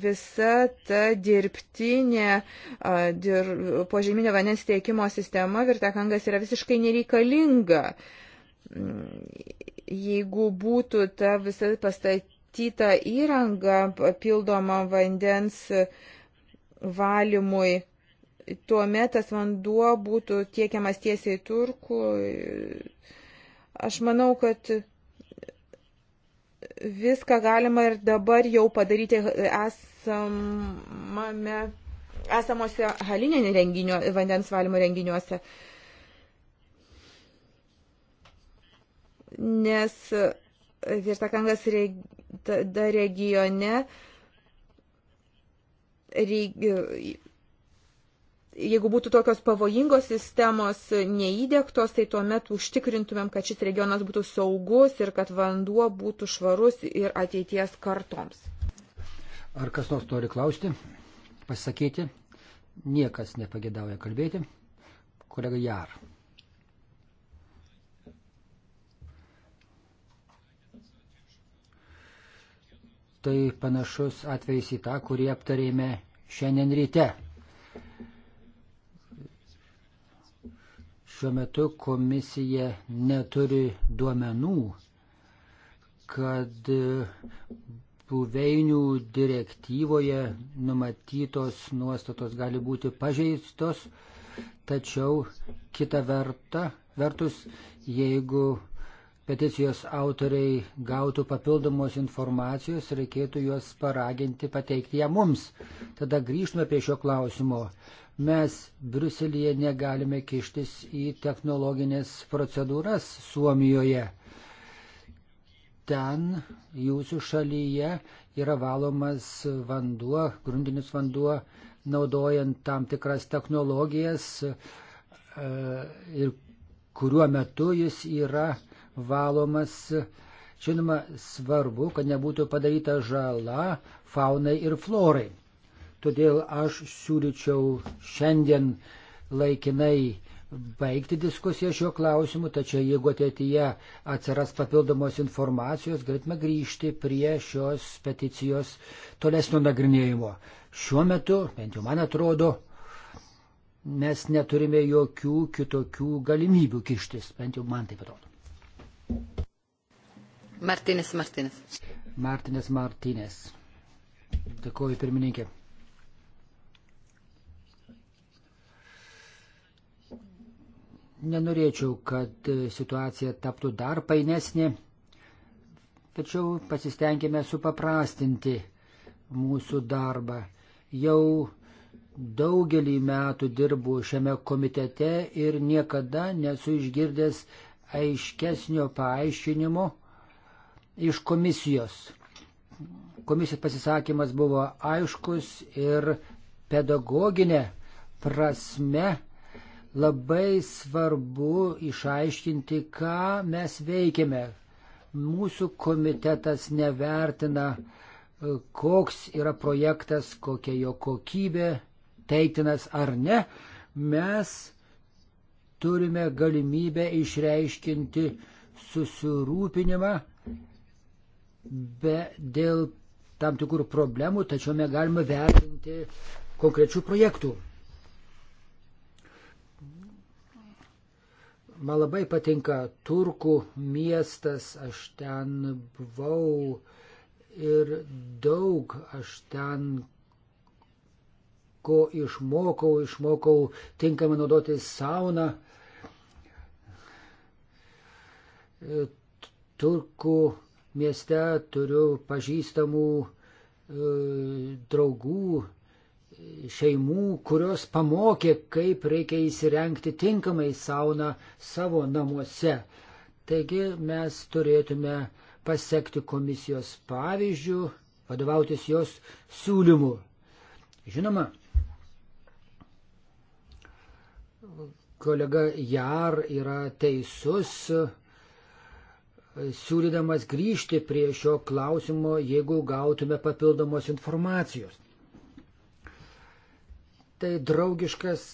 visa ta dirbtinė dir, požeminio vandens tiekimo sistema, Virtakangas yra visiškai nereikalinga. Jeigu būtų ta visa pastatyta numatyta įranga papildoma vandens valymui. Tuomet tas vanduo būtų tiekiamas tiesiai turkų. Aš manau, kad viską galima ir dabar jau padaryti esamame, esamose halinėnio renginio, vandens valymo renginiuose. Nes Virtakangas regione, jeigu būtų tokios pavojingos sistemos neįdėktos, tai tuomet užtikrintumėm, kad šis regionas būtų saugus ir kad vanduo būtų švarus ir ateities kartoms. Ar kas nors nori klausti, pasakyti? Niekas nepagėdauja kalbėti. Kolega Jar. tai panašus atvejs į tą, kurį aptarėme šiandien ryte. Šiuo metu komisija neturi duomenų, kad buveinių direktyvoje numatytos nuostatos gali būti pažeistos, tačiau kita verta, vertus, jeigu peticijos autoriai gautų papildomos informacijos, reikėtų juos paraginti pateikti ją mums. Tada grįžtume prie šio klausimo. Mes Bruselėje negalime kištis į technologinės procedūras Suomijoje. Ten jūsų šalyje yra valomas vanduo, grundinis vanduo, naudojant tam tikras technologijas e, ir kuriuo metu jis yra valomas. Žinoma, svarbu, kad nebūtų padaryta žala faunai ir florai. Todėl aš siūlyčiau šiandien laikinai baigti diskusiją šiuo klausimu, tačiau jeigu ateityje atsiras papildomos informacijos, galėtume grįžti prie šios peticijos tolesnio nagrinėjimo. Šiuo metu, bent jau man atrodo, mes neturime jokių kitokių galimybių kištis, bent jau man taip atrodo. Martinės Martinės. Martinės Martinės. Dėkuoju pirmininkė. Nenorėčiau, kad situacija taptų dar painesnė, tačiau pasistengėme supaprastinti mūsų darbą. Jau daugelį metų dirbu šiame komitete ir niekada nesu išgirdęs aiškesnio paaiškinimo iš komisijos. Komisijos pasisakymas buvo aiškus ir pedagoginė prasme labai svarbu išaiškinti, ką mes veikiame. Mūsų komitetas nevertina, e, koks yra projektas, kokia jo kokybė, teitinas ar ne. Mes turime galimybę išreiškinti susirūpinimą be, dėl tam tikrų problemų, tačiau negalima vertinti konkrečių projektų. Man labai patinka Turkų miestas, aš ten buvau ir daug aš ten ko išmokau, išmokau tinkamai naudotis sauną. E, turkų mieste, turiu pažįstamų e, draugų, šeimų, kurios pamokė, kaip reikia įsirengti tinkamai sauną savo namuose. Taigi mes turėtume pasiekti komisijos pavyzdžių, vadovautis jos siūlymu. Žinoma, kolega Jar yra teisus, siūlydamas grįžti prie šio klausimo, jeigu gautume papildomos informacijos. Tai draugiškas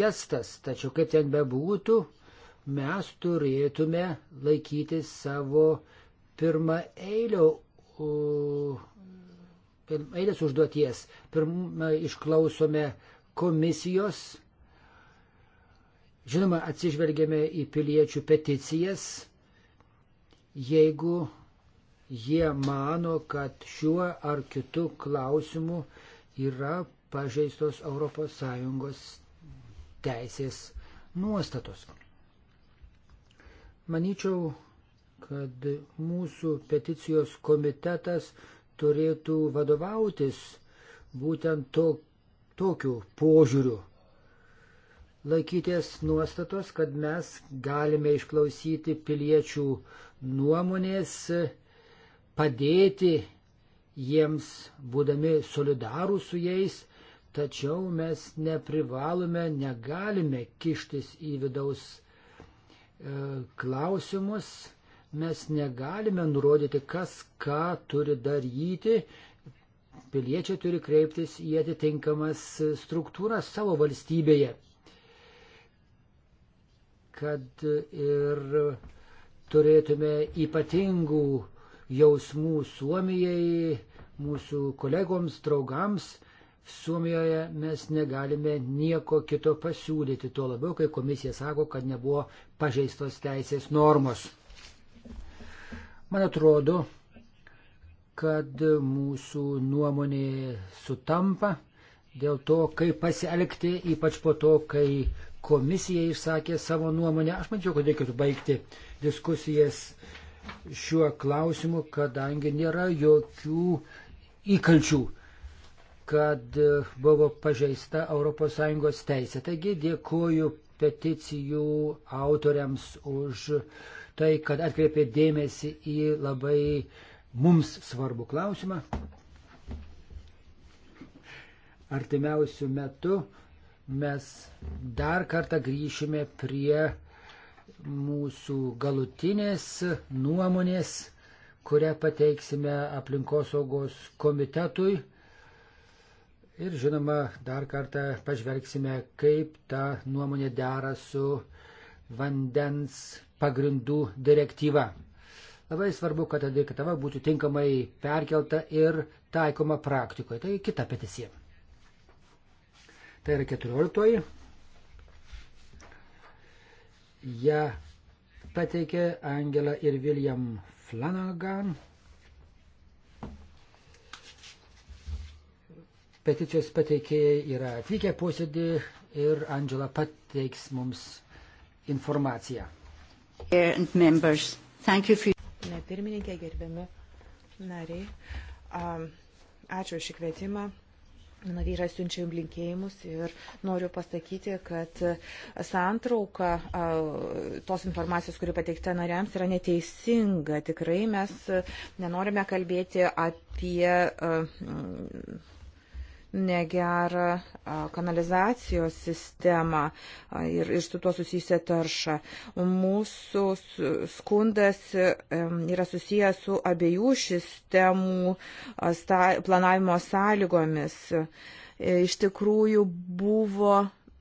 gestas, tačiau kaip ten bebūtų, mes turėtume laikyti savo pirmą eilio, eilės užduoties. Pirmą išklausome komisijos, žinoma, atsižvelgėme į piliečių peticijas jeigu jie mano, kad šiuo ar kitu klausimu yra pažeistos ES teisės nuostatos. Maničiau, kad mūsų peticijos komitetas turėtų vadovautis būtent to, tokiu požiūriu. Laikytis nuostatos, kad mes galime išklausyti piliečių nuomonės padėti jiems, būdami solidarų su jais, tačiau mes neprivalome, negalime kištis į vidaus e, klausimus, mes negalime nurodyti, kas ką turi daryti. Piliečiai turi kreiptis į atitinkamas struktūras savo valstybėje. Kad ir turėtume ypatingų jausmų Suomijai, mūsų kolegoms, draugams. Suomijoje mes negalime nieko kito pasiūlyti, tuo labiau, kai komisija sako, kad nebuvo pažeistos teisės normos. Man atrodo, kad mūsų nuomonė sutampa dėl to, kaip pasielgti, ypač po to, kai komisija išsakė savo nuomonę. Aš mačiau, kad reikėtų baigti diskusijas šiuo klausimu, kadangi nėra jokių įkalčių, kad buvo pažeista ES teisė. Taigi dėkuoju peticijų autoriams už tai, kad atkreipė dėmesį į labai mums svarbų klausimą. Artimiausių metų mes dar kartą grįšime prie mūsų galutinės nuomonės, kurią pateiksime aplinkosaugos komitetui. Ir žinoma, dar kartą pažvelgsime, kaip ta nuomonė dera su vandens pagrindų direktyva. Labai svarbu, kad ta direktyva būtų tinkamai perkelta ir taikoma praktikoje. Tai kita peticija. Tai yra keturioliktoji. Ja pateikė Angela ir William Flanagan. Peticijos pateikėjai yra atvykę posėdį ir Angela pateiks mums informaciją. Ne pirmininkė, gerbiami nariai. Ačiū iš įkvietimą Mano vyras siunčia jums linkėjimus ir noriu pasakyti, kad santrauka tos informacijos, kuri pateikta nariams, yra neteisinga. Tikrai mes nenorime kalbėti apie negerą kanalizacijos sistemą ir, ir su tuo susijusią taršą. Mūsų skundas yra susijęs su abiejų sistemų planavimo sąlygomis. E, iš tikrųjų buvo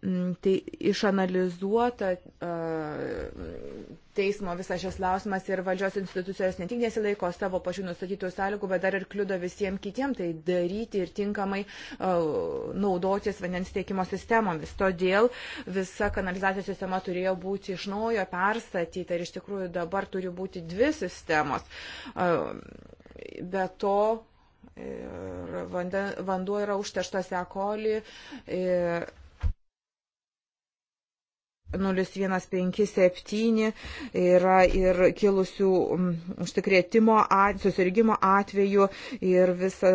Mm, tai išanalizuota teismo visas šis klausimas ir valdžios institucijos ne tik nesilaiko savo pačių nustatytų sąlygų, bet dar ir kliudo visiems kitiems tai daryti ir tinkamai naudotis vandens tiekimo sistemomis. Todėl visa kanalizacijos sistema turėjo būti iš naujo perstatyta ir iš tikrųjų dabar turi būti dvi sistemos. Be to, vanduo yra užterštas ekoli. Ir 0157 yra ir kilusių mm, užtikrėtimo, susirgymo atveju ir visa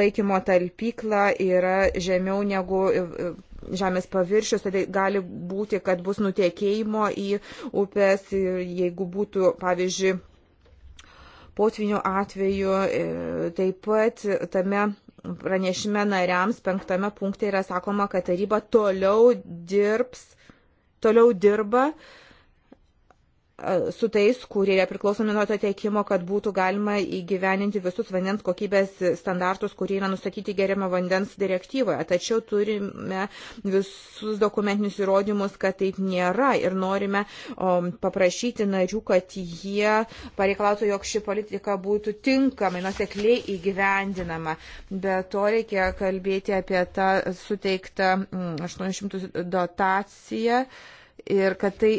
laikymo talpykla yra žemiau negu e, e, žemės paviršius, tai gali būti, kad bus nutiekėjimo į upės, jeigu būtų, pavyzdžiui, potvinio atveju, e, taip pat tame pranešime nariams penktame punkte yra sakoma, kad taryba toliau dirbs toliau dirba su tais, kurie priklausomi nuo to teikimo, kad būtų galima įgyveninti visus vandens kokybės standartus, kurie yra nustatyti geriamo vandens direktyvoje. Tačiau turime visus dokumentinius įrodymus, kad taip nėra ir norime o, paprašyti narių, kad jie pareikalautų, jog ši politika būtų tinkamai, nusekliai įgyvendinama. Be to reikia kalbėti apie tą suteiktą 800 mm, dotaciją ir kad tai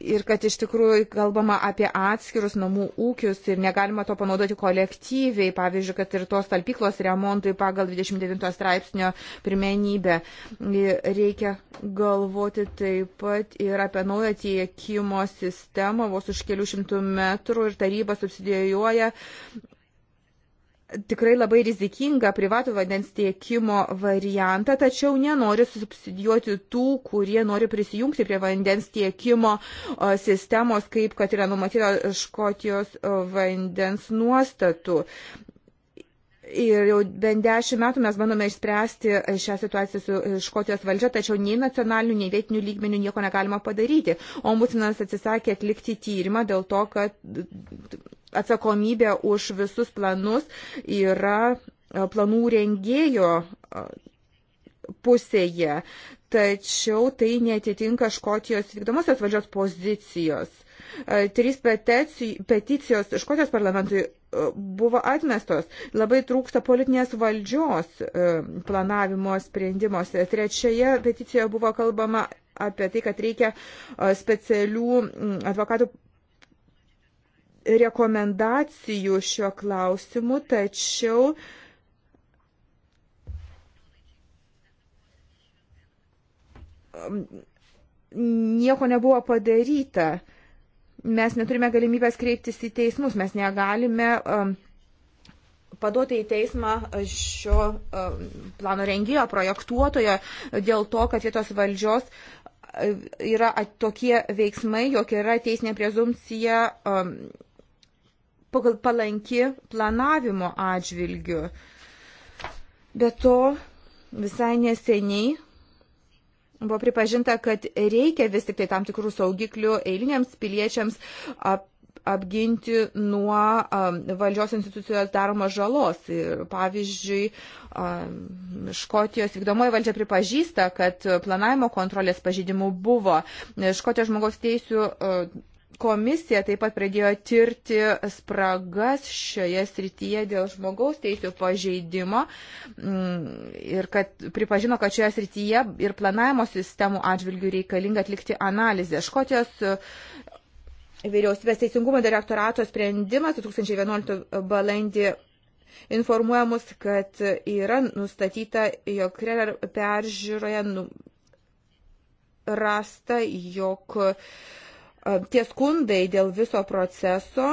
ir kad iš tikrųjų kalbama apie atskirus namų ūkius ir negalima to panaudoti kolektyviai, pavyzdžiui, kad ir tos talpyklos remontui pagal 29 straipsnio pirmenybę. Reikia galvoti taip pat ir apie naują tiekimo sistemą vos už kelių šimtų metrų ir taryba subsidijuoja tikrai labai rizikingą privatų vandens tiekimo variantą, tačiau nenori subsidijuoti tų, kurie nori prisijungti prie vandens tiekimo sistemos, kaip kad yra numatyta Škotijos vandens nuostatų. Ir jau bent dešimt metų mes bandome išspręsti šią situaciją su e, Škotijos valdžia, tačiau nei nacionalinių, nei vietinių lygmenių nieko negalima padaryti. Ombudsmanas atsisakė atlikti tyrimą dėl to, kad atsakomybė už visus planus yra e, planų rengėjo e, pusėje, tačiau tai netitinka Škotijos vykdomosios valdžios pozicijos. E, trys peticijos Škotijos parlamentui buvo atmestos. Labai trūksta politinės valdžios planavimo sprendimuose. Trečioje peticijoje buvo kalbama apie tai, kad reikia specialių advokatų rekomendacijų šiuo klausimu, tačiau um, nieko nebuvo padaryta. Mes neturime galimybės kreiptis į teismus, mes negalime um, paduoti į teismą šio um, plano rengėjo, projektuotojo, dėl to, kad vietos valdžios uh, yra tokie veiksmai, jog yra teisinė prezumcija. Um, pagal palanki planavimo atžvilgiu. Be to, visai neseniai buvo pripažinta, kad reikia vis tik tai tam tikrų saugiklių eiliniams piliečiams ap, apginti nuo um, valdžios institucijos daromos žalos. Ir, pavyzdžiui, um, Škotijos vykdomoji valdžia pripažįsta, kad planavimo kontrolės pažydimų buvo. Škotijos žmogaus teisų uh, Komisija taip pat pradėjo tirti spragas šioje srityje dėl žmogaus teisų pažeidimo mm, ir kad pripažino, kad šioje srityje ir planavimo sistemų atžvilgių reikalinga atlikti analizę. Škotijos e, vyriausybės teisingumo direktorato sprendimas 2011 balandį informuoja mus, kad yra nustatyta, jog Kreller peržiūroje nu, rasta, jog uh, E, tie skundai dėl viso proceso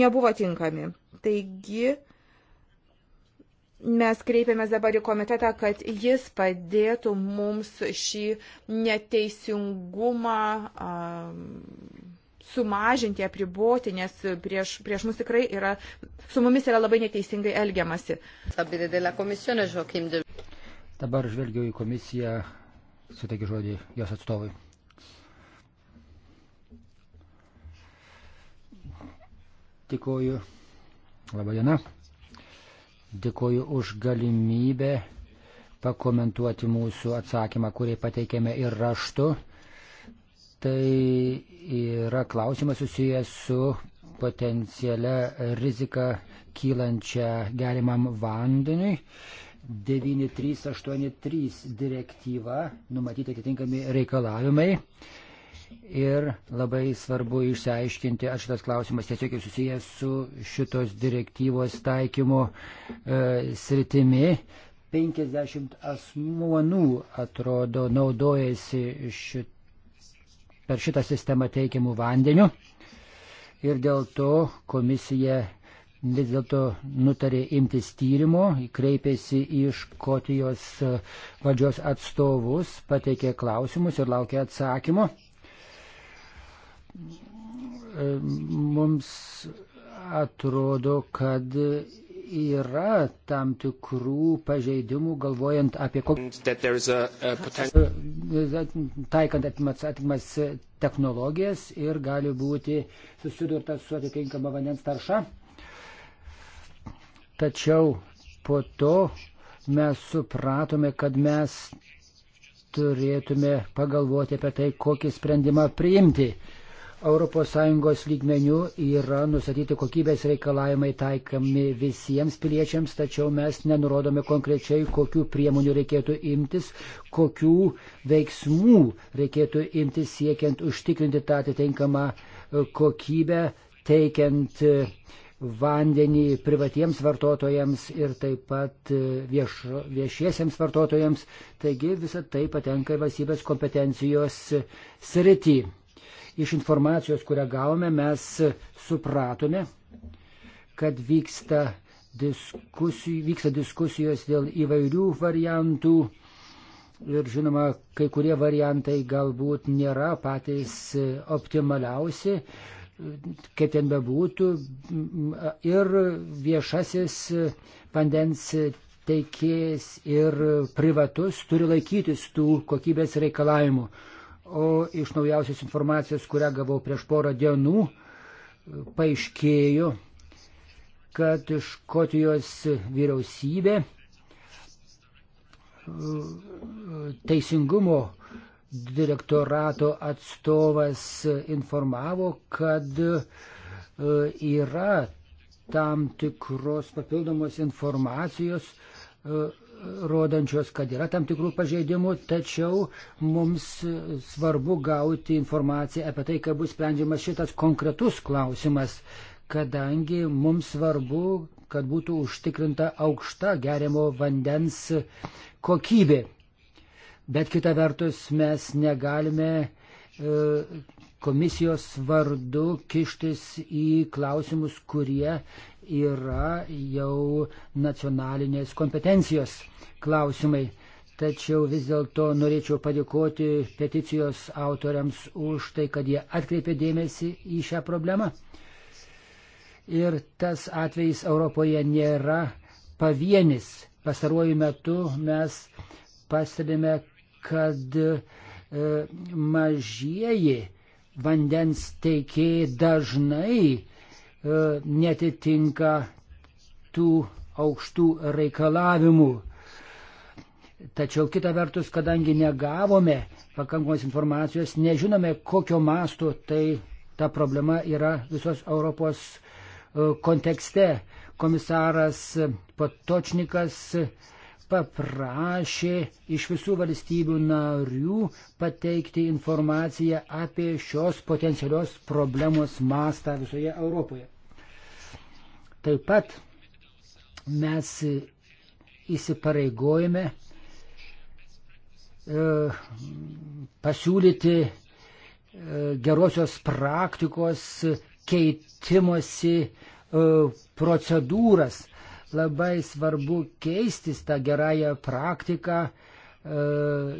nebuvo tinkami. Taigi mes kreipiamės dabar į komitetą, kad jis padėtų mums šį neteisingumą um, sumažinti, apriboti, nes prieš, prieš mus tikrai yra, su mumis yra labai neteisingai elgiamasi. Dabar žvelgiu į komisiją, suteikiu žodį jos atstovui. Dėkuoju. Labadiena. Dėkuoju už galimybę pakomentuoti mūsų atsakymą, kurį pateikėme ir raštu. Tai yra klausimas susijęs su potencialia rizika kylančia gerimam vandeniui. 9383 direktyva numatyti atitinkami reikalavimai ir labai svarbu išsiaiškinti, ar šitas klausimas tiesiog susijęs su šitos direktyvos taikymo e, sritimi. 50 asmuonų atrodo naudojasi šit, per šitą sistemą teikiamų vandenių ir dėl to komisija vis dėlto nutarė imtis tyrimo, kreipėsi į Škotijos valdžios atstovus, pateikė klausimus ir laukė atsakymo mums atrodo, kad yra tam tikrų pažeidimų, galvojant apie taikant atimas technologijas ir gali būti susidurta su atitinkama vandens tarša. Tačiau po to mes supratome, kad mes turėtume pagalvoti apie tai, kokį sprendimą priimti. ES lygmenių yra nustatyti kokybės reikalavimai taikami visiems piliečiams, tačiau mes nenurodome konkrečiai, kokių priemonių reikėtų imtis, kokių veiksmų reikėtų imtis siekiant užtikrinti tą atitinkamą e, kokybę, teikiant e, vandenį privatiems vartotojams ir taip pat e, vieš, viešiesiems vartotojams. Taigi visa tai patenka į valstybės kompetencijos sritį. Iš informacijos, kurią gavome, mes supratome, kad vyksta, diskusijų, vyksta diskusijos dėl įvairių variantų. Ir žinoma, kai kurie variantai galbūt nėra patys optimaliausi, kaip ten bebūtų. Ir viešasis vandens teikėjas ir privatus turi laikytis tų kokybės reikalavimų. O iš naujausios informacijos, kurią gavau prieš porą dienų, paaiškėjo, kad Škotijos vyriausybė teisingumo direktorato atstovas informavo, kad yra tam tikros papildomos informacijos rodančios, kad yra tam tikrų pažeidimų, tačiau mums svarbu gauti informaciją apie tai, kaip bus sprendžiamas šitas konkretus klausimas, kadangi mums svarbu, kad būtų užtikrinta aukšta geriamo vandens kokybė. Bet kita vertus mes negalime e, komisijos vardu kištis į klausimus, kurie yra jau nacionalinės kompetencijos klausimai. Tačiau vis dėlto norėčiau padėkoti peticijos autoriams už tai, kad jie atkreipė dėmesį į šią problemą. Ir tas atvejis Europoje nėra pavienis. Pastaruoju metu mes pastebime, kad e, mažieji vandens teikėjai dažnai E, netitinka tų aukštų reikalavimų. Tačiau kita vertus, kadangi negavome pakankamos informacijos, nežinome, kokio masto tai ta problema yra visos Europos e, kontekste. Komisaras Patočnikas paprašė iš visų valstybių narių pateikti informaciją apie šios potencialios problemos mastą visoje Europoje. Taip pat mes įsipareigojame e, pasiūlyti e, gerosios praktikos keitimosi e, procedūras Labai svarbu keistis tą gerąją praktiką, e,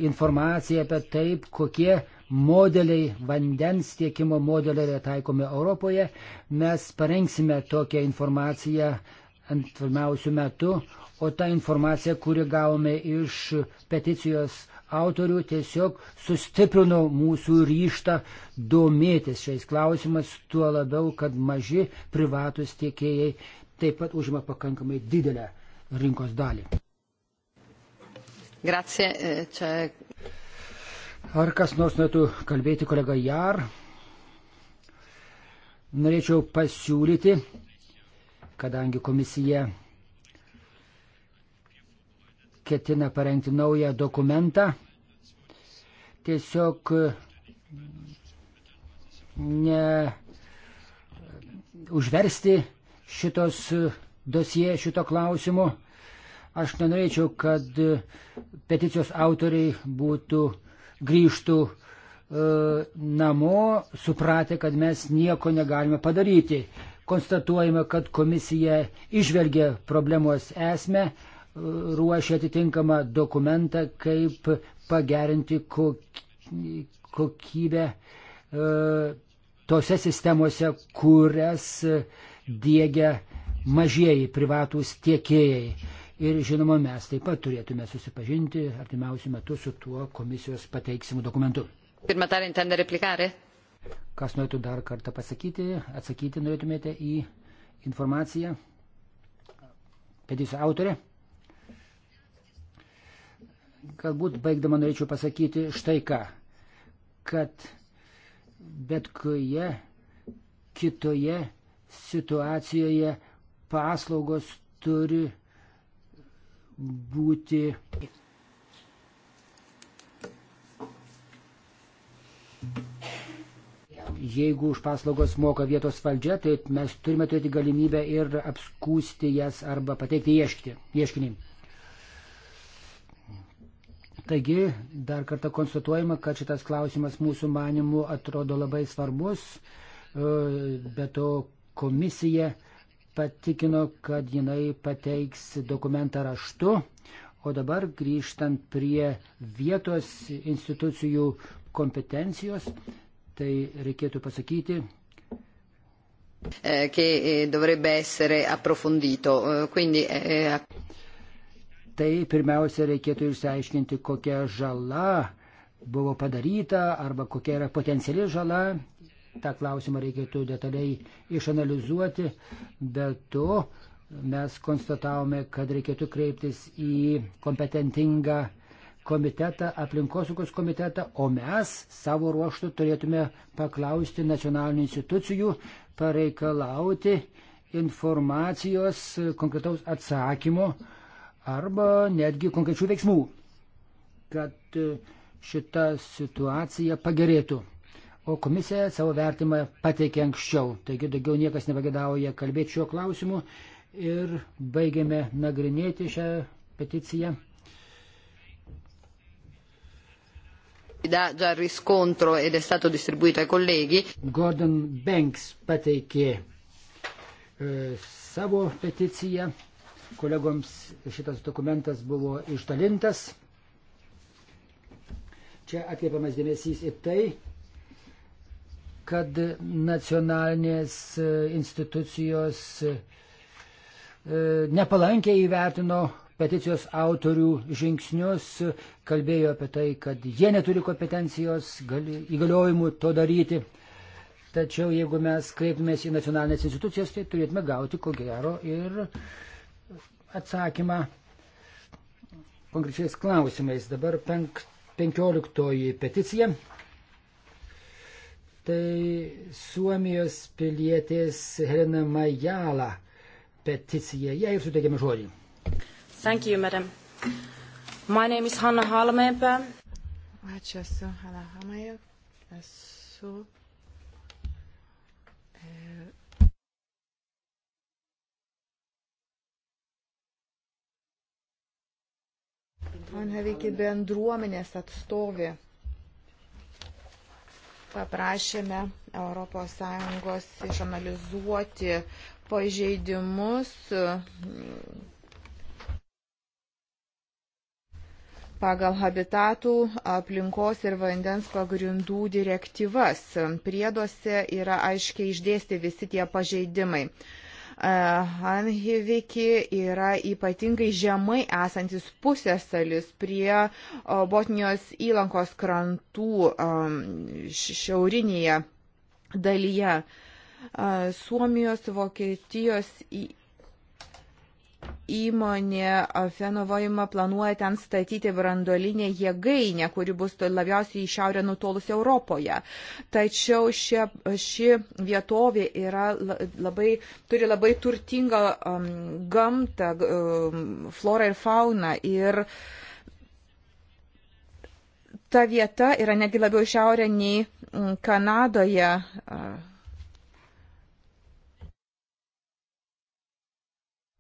informaciją apie taip, kokie modeliai, vandens tiekimo modeliai yra taikomi Europoje. Mes parengsime tokią informaciją ant pirmiausių metų, o ta informacija, kuri gavome iš peticijos autorių, tiesiog sustiprino mūsų ryštą domėtis šiais klausimais, tuo labiau, kad maži privatus tiekėjai taip pat užima pakankamai didelę rinkos dalį. Grazie, čia. Eh, Ar kas nors norėtų kalbėti, kolega Jar? Norėčiau pasiūlyti, kadangi komisija ketina parengti naują dokumentą, tiesiog eh, ne užversti šitos e, dosie, šito klausimo. Aš nenorėčiau, kad e, peticijos autoriai būtų grįžtų e, namo, supratę, kad mes nieko negalime padaryti. Konstatuojame, kad komisija išvelgia problemos esmę, e, ruošia atitinkamą dokumentą, kaip pagerinti kokybę e, tose sistemose, kurias e, dėgia mažieji privatūs tiekėjai. Ir žinoma, mes taip pat turėtume susipažinti artimiausių metų su tuo komisijos pateiksimu dokumentu. Pirmą tarą intende replikare. Kas norėtų dar kartą pasakyti, atsakyti norėtumėte į informaciją? Peticijų autorė. Galbūt baigdama norėčiau pasakyti štai ką, kad bet kurioje kitoje situacijoje paslaugos turi būti. Jeigu už paslaugos moka vietos valdžia, tai mes turime turėti galimybę ir apskūsti jas arba pateikti ieškti, ieškinį. Taigi, dar kartą konstatuojama, kad šitas klausimas mūsų manimų atrodo labai svarbus, e, bet to Komisija patikino, kad jinai pateiks dokumentą raštu, o dabar grįžtant prie vietos institucijų kompetencijos, tai reikėtų pasakyti, eh, che eh, dovrebbe essere approfondito. Eh, quindi, eh... Tai pirmiausia reikėtų išsiaiškinti, kokia žala buvo padaryta arba kokia yra potenciali žala tą klausimą reikėtų detaliai išanalizuoti, bet to mes konstatavome, kad reikėtų kreiptis į kompetentingą komitetą, aplinkosaugos komitetą, o mes savo ruoštų turėtume paklausti nacionalinių institucijų, pareikalauti informacijos konkretaus atsakymo arba netgi konkrečių veiksmų, kad šita situacija pagerėtų o komisija savo vertimą pateikė anksčiau. Taigi daugiau niekas nepagėdauja kalbėti šiuo klausimu ir baigiame nagrinėti šią peticiją. Da, già riscontro ed è stato distribuito ai colleghi. Gordon Banks pateikė e, savo peticiją. Kolegoms šitas dokumentas buvo išdalintas. Čia atkreipiamas dėmesys į tai, kad nacionalinės e, institucijos e, nepalankiai įvertino peticijos autorių žingsnius, kalbėjo apie tai, kad jie neturi kompetencijos, gali, įgaliojimų to daryti. Tačiau jeigu mes kreiptumės į nacionalinės institucijas, tai turėtume gauti, ko gero, ir atsakymą konkrečiais klausimais. Dabar penk, penkioliktoji peticija tai Suomijos pilietės Helena Majala peticija. Jai ir suteikėme žodį. Thank you, madam. My name is Hanna Halmeenpää. Ačiū, esu Hanna Halmeenpää. Esu Man e, reikia bendruomenės atstovė paprašėme ES išanalizuoti pažeidimus pagal habitatų aplinkos ir vandens pagrindų direktyvas. Prieduose yra aiškiai išdėsti visi tie pažeidimai. E, Hanhiviki yra ypatingai žemai esantis pusėsalis prie Botnijos įlankos krantų e, šiaurinėje dalyje. E, Suomijos, Vokietijos įmonė Fenovojima planuoja ten statyti brandolinę jėgainę, kuri bus labiausiai į šiaurę nutolusi Europoje. Tačiau šia, ši vietovė yra labai, turi labai turtingą um, gamtą, um, florą ir fauną. Ir ta vieta yra netgi labiau šiaurė nei mm, Kanadoje. Uh,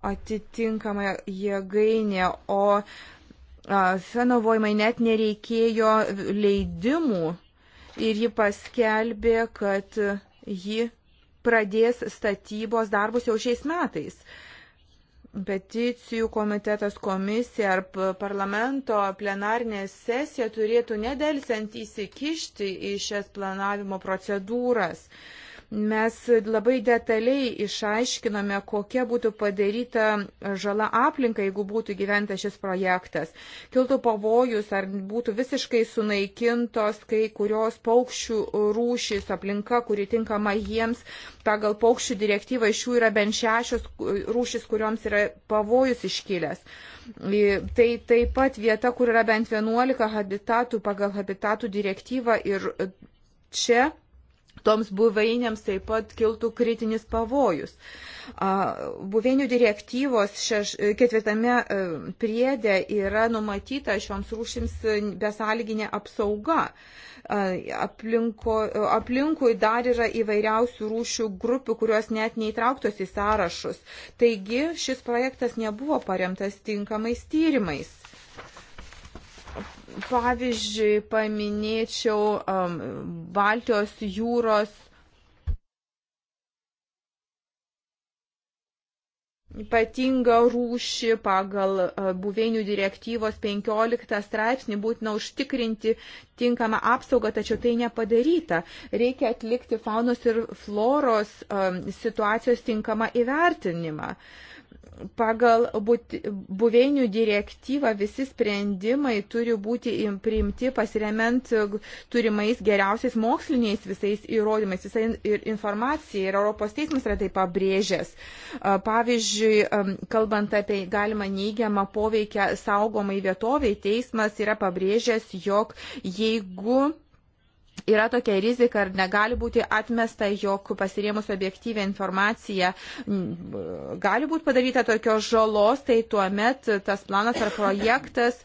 atitinkamą jėgainę, o Fenovojmai net nereikėjo leidimų ir ji paskelbė, kad ji pradės statybos darbus jau šiais metais. Peticijų komitetas, komisija ar parlamento plenarnė sesija turėtų nedelsiant įsikišti į šias planavimo procedūras. Uh, Mes labai detaliai išaiškinome, kokia būtų padaryta žala aplinkai, jeigu būtų gyventa šis projektas. Kiltų pavojus, ar būtų visiškai sunaikintos kai kurios paukščių rūšys, aplinka, kuri tinkama jiems. Pagal paukščių direktyvą iš jų yra bent šešios rūšys, kurioms yra pavojus iškilęs. Tai taip pat vieta, kur yra bent 11 habitatų pagal habitatų direktyvą ir čia toms buveinėms taip pat kiltų kritinis pavojus. Buveinių direktyvos šeš, ketvirtame e, priedė yra numatyta šioms rūšims e, besąlyginė apsauga. Aplinko, e, aplinkui dar yra įvairiausių rūšių grupių, kurios net neįtrauktos į sąrašus. Taigi šis projektas nebuvo paremtas tinkamais tyrimais. Pavyzdžiui, paminėčiau um, Baltijos jūros ypatingą rūšį pagal uh, buveinių direktyvos 15 straipsnį būtina užtikrinti tinkamą apsaugą, tačiau tai nepadaryta. Reikia atlikti faunos ir floros um, situacijos tinkamą įvertinimą pagal buveinių direktyvą visi sprendimai turi būti priimti pasiremiant turimais geriausiais moksliniais visais įrodymais, visai ir informacija. Ir Europos teismas yra tai pabrėžęs. Pavyzdžiui, kalbant apie galimą neigiamą poveikę saugomai vietoviai, teismas yra pabrėžęs, jog jeigu yra tokia rizika ir negali būti atmesta, jog pasirėmus objektyvę informaciją gali būti padaryta tokios žalos, tai tuomet tas planas ar projektas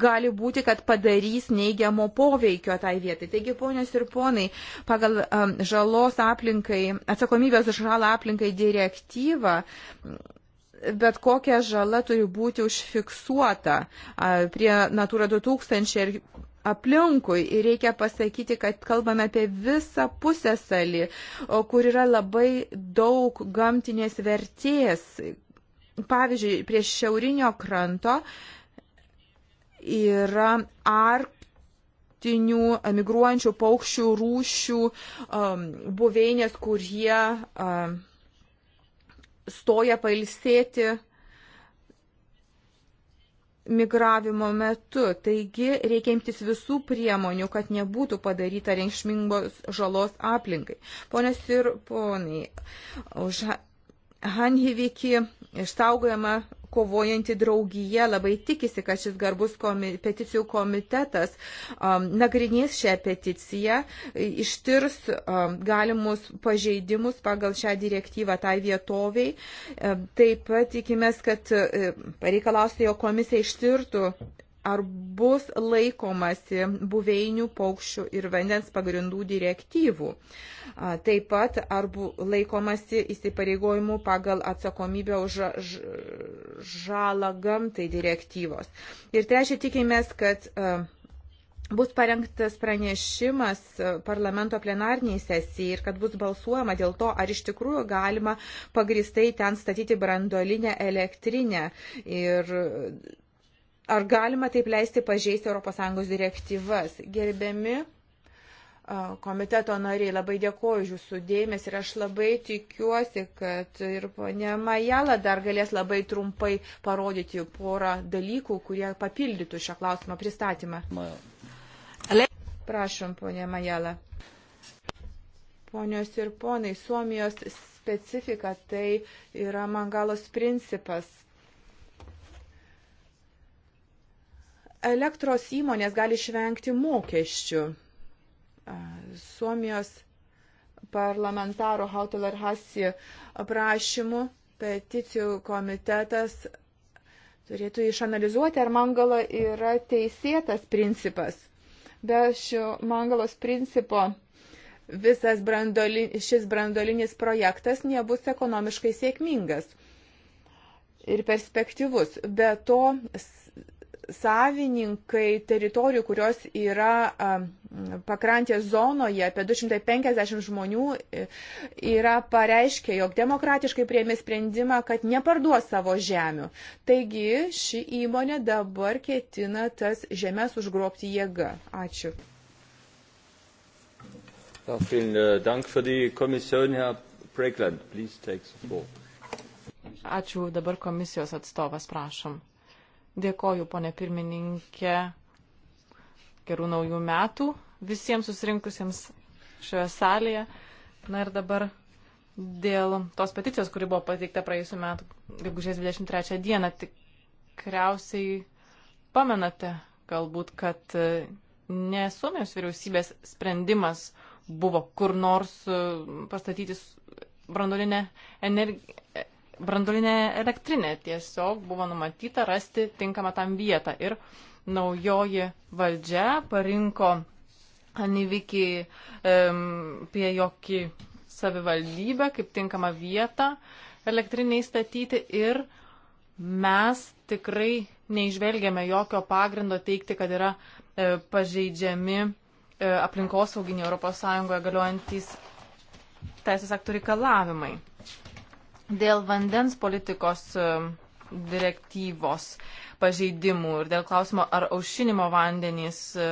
gali būti, kad padarys neigiamo poveikio tai vietai. Taigi, ponios ir ponai, pagal um, žalos aplinkai, atsakomybės už žalą aplinkai direktyvą bet kokia žala turi būti užfiksuota prie Natura 2000 ir aplinkui. Ir reikia pasakyti, kad kalbame apie visą pusęsalį, kur yra labai daug gamtinės vertės. Pavyzdžiui, prie šiaurinio kranto yra ark naktinių migruojančių paukščių rūšių um, buveinės, kurie um, stoja pailsėti migravimo metu. Taigi reikia imtis visų priemonių, kad nebūtų padaryta reikšmingos žalos aplinkai. Ponios ir ponai, už Hanhiviki išsaugojama kovojanti draugija labai tikisi, kad šis garbus komi, peticijų komitetas um, nagrinės šią peticiją, ištirs um, galimus pažeidimus pagal šią direktyvą tai vietoviai. Um, taip pat tikimės, kad um, e, pareikalausia, jo komisija ištirtų ar bus laikomasi buveinių paukščių ir vandens pagrindų direktyvų. Taip pat, ar bus laikomasi įsipareigojimų pagal atsakomybę už žalą gamtai direktyvos. Ir trečia, tikimės, kad bus parengtas pranešimas parlamento plenarniai sesijai ir kad bus balsuojama dėl to, ar iš tikrųjų galima pagristai ten statyti brandolinę elektrinę. Ir Ar galima taip leisti pažeisti ES direktyvas? Gerbiami komiteto nariai, labai dėkoju už jūsų dėmesį ir aš labai tikiuosi, kad ir ponia Majala dar galės labai trumpai parodyti porą dalykų, kurie papildytų šio klausimo pristatymą. Prašom, ponia Majala. Ponios ir ponai, Suomijos specifika tai yra mangalos principas elektros įmonės gali išvengti mokesčių. Suomijos parlamentaro Hautala ir Hasi prašymų peticijų komitetas turėtų išanalizuoti, ar mangala yra teisėtas principas. Be šio mangalos principo visas brandoli, šis brandolinis projektas nebus ekonomiškai sėkmingas ir perspektyvus. Be to, savininkai teritorijų, kurios yra pakrantės zonoje, apie 250 žmonių e, yra pareiškę, jog demokratiškai prieimė sprendimą, kad neparduos savo žemių. Taigi ši įmonė dabar ketina tas žemės užgrobti jėga. Ačiū. Ja, vielen äh, Dank für die Kommission, Herr Breckland. Please take the floor. Ačiū. Dabar komisijos atstovas, prašom. Dėkoju, ponė pirmininkė. Gerų naujų metų visiems susirinkusiems šioje salėje. Na ir dabar dėl tos peticijos, kuri buvo pateikta praėjusiu metu, gegužės 23 dieną, tikriausiai pamenate galbūt, kad e, ne Suomijos vyriausybės sprendimas buvo kur nors e, pastatyti brandolinę energi brandulinė elektrinė. Tiesiog buvo numatyta rasti tinkamą tam vietą. Ir naujoji valdžia parinko Anivikį um, prie jokį savivaldybę kaip tinkamą vietą elektriniai statyti ir mes tikrai neižvelgiame jokio pagrindo teikti, kad yra e, pažeidžiami e, aplinkosauginiai ES galiojantys teisės aktų reikalavimai dėl vandens politikos e, direktyvos pažeidimų ir dėl klausimo, ar aušinimo vandenys e,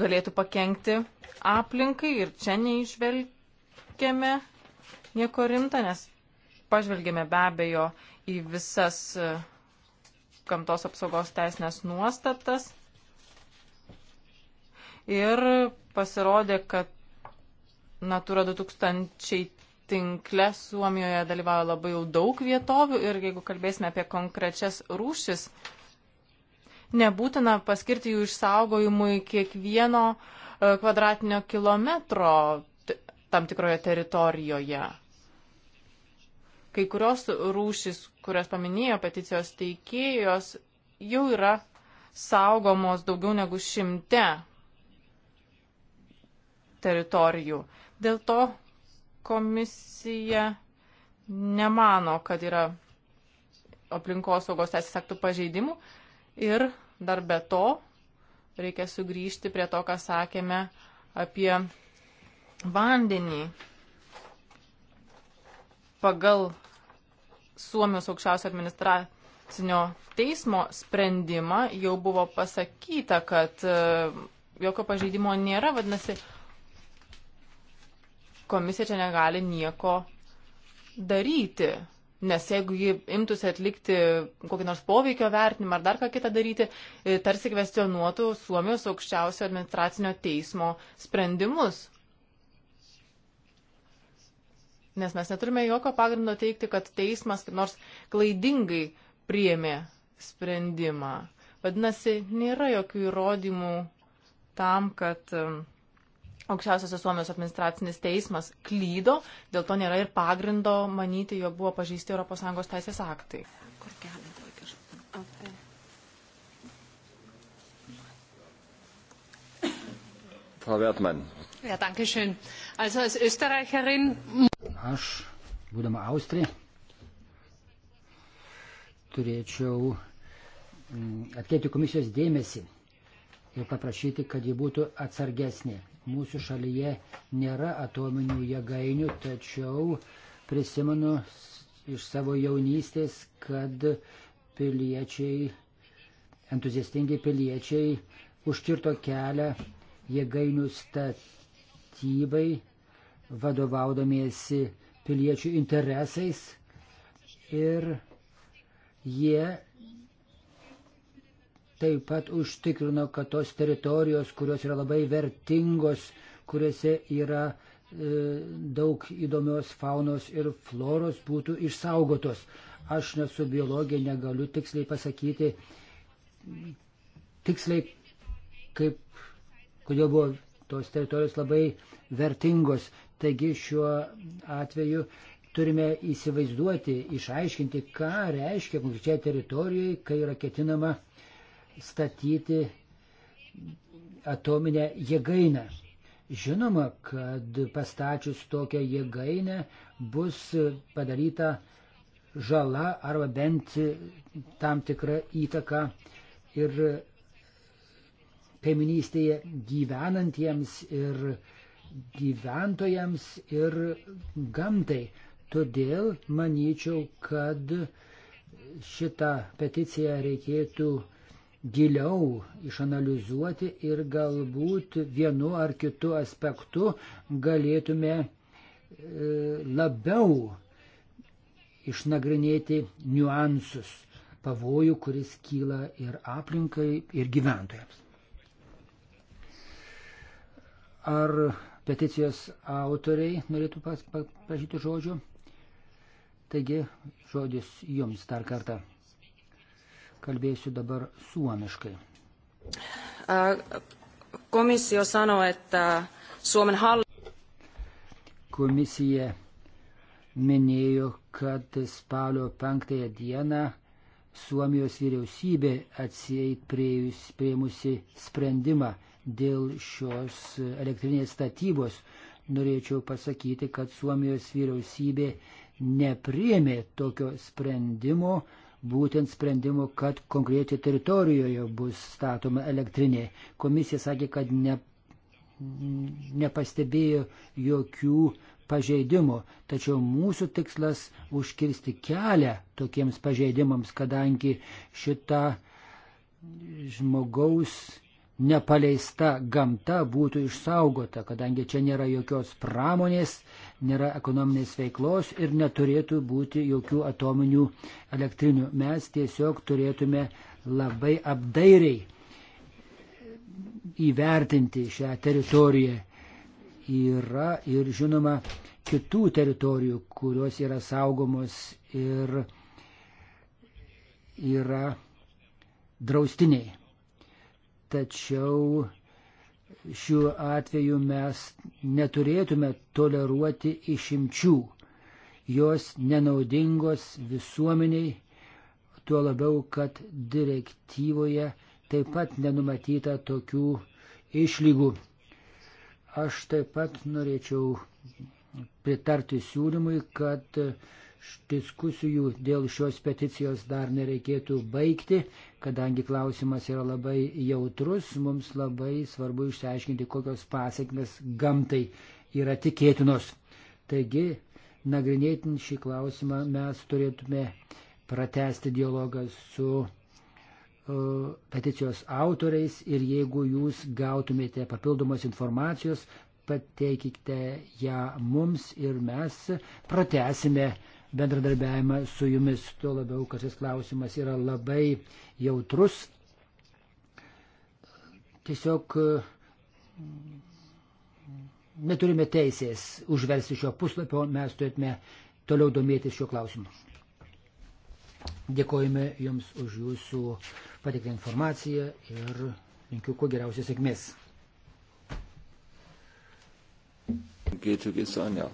galėtų pakengti aplinkai ir čia neišvelgėme nieko rimta, nes pažvelgėme be abejo į visas e, gamtos apsaugos teisinės nuostatas ir pasirodė, kad Natura 2000 tinkle Suomijoje dalyvauja labai jau daug vietovių ir jeigu kalbėsime apie konkrečias rūšis, nebūtina paskirti jų išsaugojimui kiekvieno e, kvadratinio kilometro tam tikroje teritorijoje. Kai kurios rūšis, kurias paminėjo peticijos teikėjos, jau yra saugomos daugiau negu šimte teritorijų. Dėl to komisija nemano, kad yra aplinkosaugos teisės aktų pažeidimų ir dar be to reikia sugrįžti prie to, ką sakėme apie vandenį. Pagal Suomijos aukščiausio administracinio teismo sprendimą jau buvo pasakyta, kad e, jokio pažeidimo nėra, vadinasi, komisija čia negali nieko daryti. Nes jeigu ji imtųsi atlikti kokį nors poveikio vertinimą ar dar ką kitą daryti, e, tarsi kvestionuotų Suomijos aukščiausio administracinio teismo sprendimus. Nes mes neturime jokio pagrindo teikti, kad teismas kaip nors klaidingai priėmė sprendimą. Vadinasi, nėra jokių įrodymų tam, kad um, aukščiausiasis Suomijos administracinis teismas klydo, dėl to nėra ir pagrindo manyti, jog buvo pažįsti ES teisės aktai. Kur kelia? Frau Wertmann. Ja, danke schön. Also als Österreicherin. Aš, būdama Austrija, turėčiau mm, atkreipti komisijos dėmesį ir paprašyti, kad ji būtų atsargesnė. Mūsų šalyje nėra atominių jėgainių, tačiau prisimenu iš savo jaunystės, kad piliečiai, entuziastingi piliečiai užkirto kelią jėgainių statybai, vadovaudamiesi piliečių interesais ir jie taip pat užtikrino, kad tos teritorijos, kurios yra labai vertingos, kuriuose yra e, daug įdomios faunos ir floros būtų išsaugotos. Aš nesu biologija, negaliu tiksliai pasakyti, tiksliai kaip, kodėl buvo tos teritorijos labai vertingos. Taigi šiuo atveju turime įsivaizduoti, išaiškinti, ką reiškia konkrečiai teritorijai, kai yra ketinama uh, statyti atominę jėgainę. Žinoma, kad pastatčius tokią jėgainę bus padaryta žala arba bent tam tikra įtaka ir kaiminystėje gyvenantiems ir gyventojams ir gamtai. Todėl manyčiau, kad šitą peticiją reikėtų giliau išanalizuoti ir galbūt vienu ar kitu aspektu galėtume e, labiau išnagrinėti niuansus, pavojų, kuris kyla ir aplinkai, ir gyventojams. Ar peticijos autoriai norėtų pas, pa, prašyti žodžių? Taigi, žodis jums dar kartą. Kalbėsiu dabar suomiškai. Komisija sano, että Suomen hallitus. Komisija minėjo, kad spalio penktąją dieną Suomijos vyriausybė atsieit prieimusi sprendimą dėl šios elektrinės statybos. Norėčiau pasakyti, kad Suomijos vyriausybė nepriemė tokio sprendimo, būtent sprendimu, kad konkrečioje teritorijoje bus statoma elektrinė. Komisija sakė, kad ne, nepastebėjo jokių pažeidimų, tačiau mūsų tikslas užkirsti kelią tokiems pažeidimams, kadangi šita žmogaus nepaleista gamta būtų išsaugota, kadangi čia nėra jokios pramonės, nėra ekonominės veiklos ir neturėtų būti jokių atominių elektrinių. Mes tiesiog turėtume labai apdairiai įvertinti šią teritoriją. Yra ir žinoma kitų teritorijų, kurios yra saugomos ir yra draustiniai. Tačiau šiuo atveju mes neturėtume toleruoti išimčių. Jos nenaudingos visuomeniai, tuo labiau, kad direktyvoje taip pat nenumatyta tokių išlygų. Aš taip pat norėčiau pritarti siūlymui, kad diskusijų dėl šios peticijos dar nereikėtų baigti, kadangi klausimas yra labai jautrus, mums labai svarbu išsiaiškinti, kokios pasiekmes gamtai yra tikėtinos. Taigi, nagrinėtin šį klausimą mes turėtume pratesti dialogą su uh, peticijos autoriais ir jeigu jūs gautumėte papildomos informacijos, pateikite ją mums ir mes pratesime uh, bendradarbiavimą su jumis, tuo labiau, kad šis klausimas yra labai jautrus. Tiesiog mm, neturime teisės užversti šio puslapio, mes turėtume toliau domėtis šiuo klausimu. Dėkojame Jums už Jūsų patiktą informaciją ir linkiu kuo geriausios sėkmės. Geht, geht, Sonja.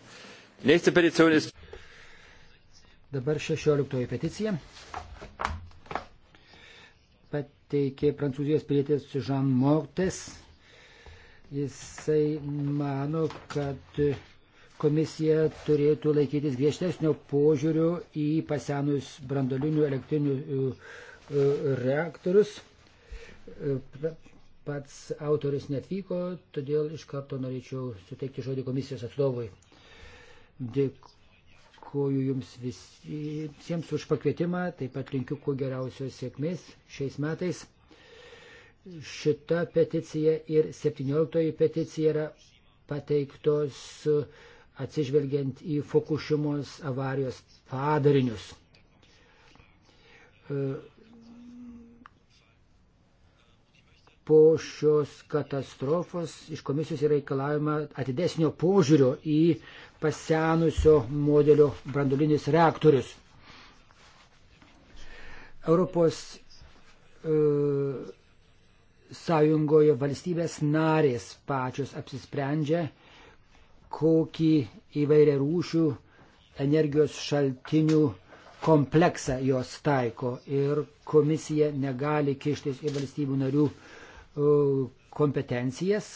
Nächste Petition ist Dabar 16 peticija. Pateikė prancūzijos pilietis Jean Mortes. Jisai mano, kad komisija turėtų laikytis griežtesnio požiūrio į pasenus brandolinių elektrinių e, e, reaktorius. E, pats autoris netvyko, todėl iš karto norėčiau suteikti žodį komisijos atstovui. Dėkui. Dėkuoju Jums visiems už pakvietimą, taip pat linkiu kuo geriausios sėkmės šiais metais. Šita peticija ir 17 peticija yra pateiktos atsižvelgiant į Fukushimos avarijos padarinius. E, po šios katastrofos iš komisijos yra reikalavima atidesnio požiūrio į pasenusio modelio brandolinis reaktorius. Europos e, Sąjungoje valstybės narės pačios apsisprendžia, kokį įvairią rūšių energijos šaltinių kompleksą jos taiko ir komisija negali kištis į valstybių narių e, kompetencijas.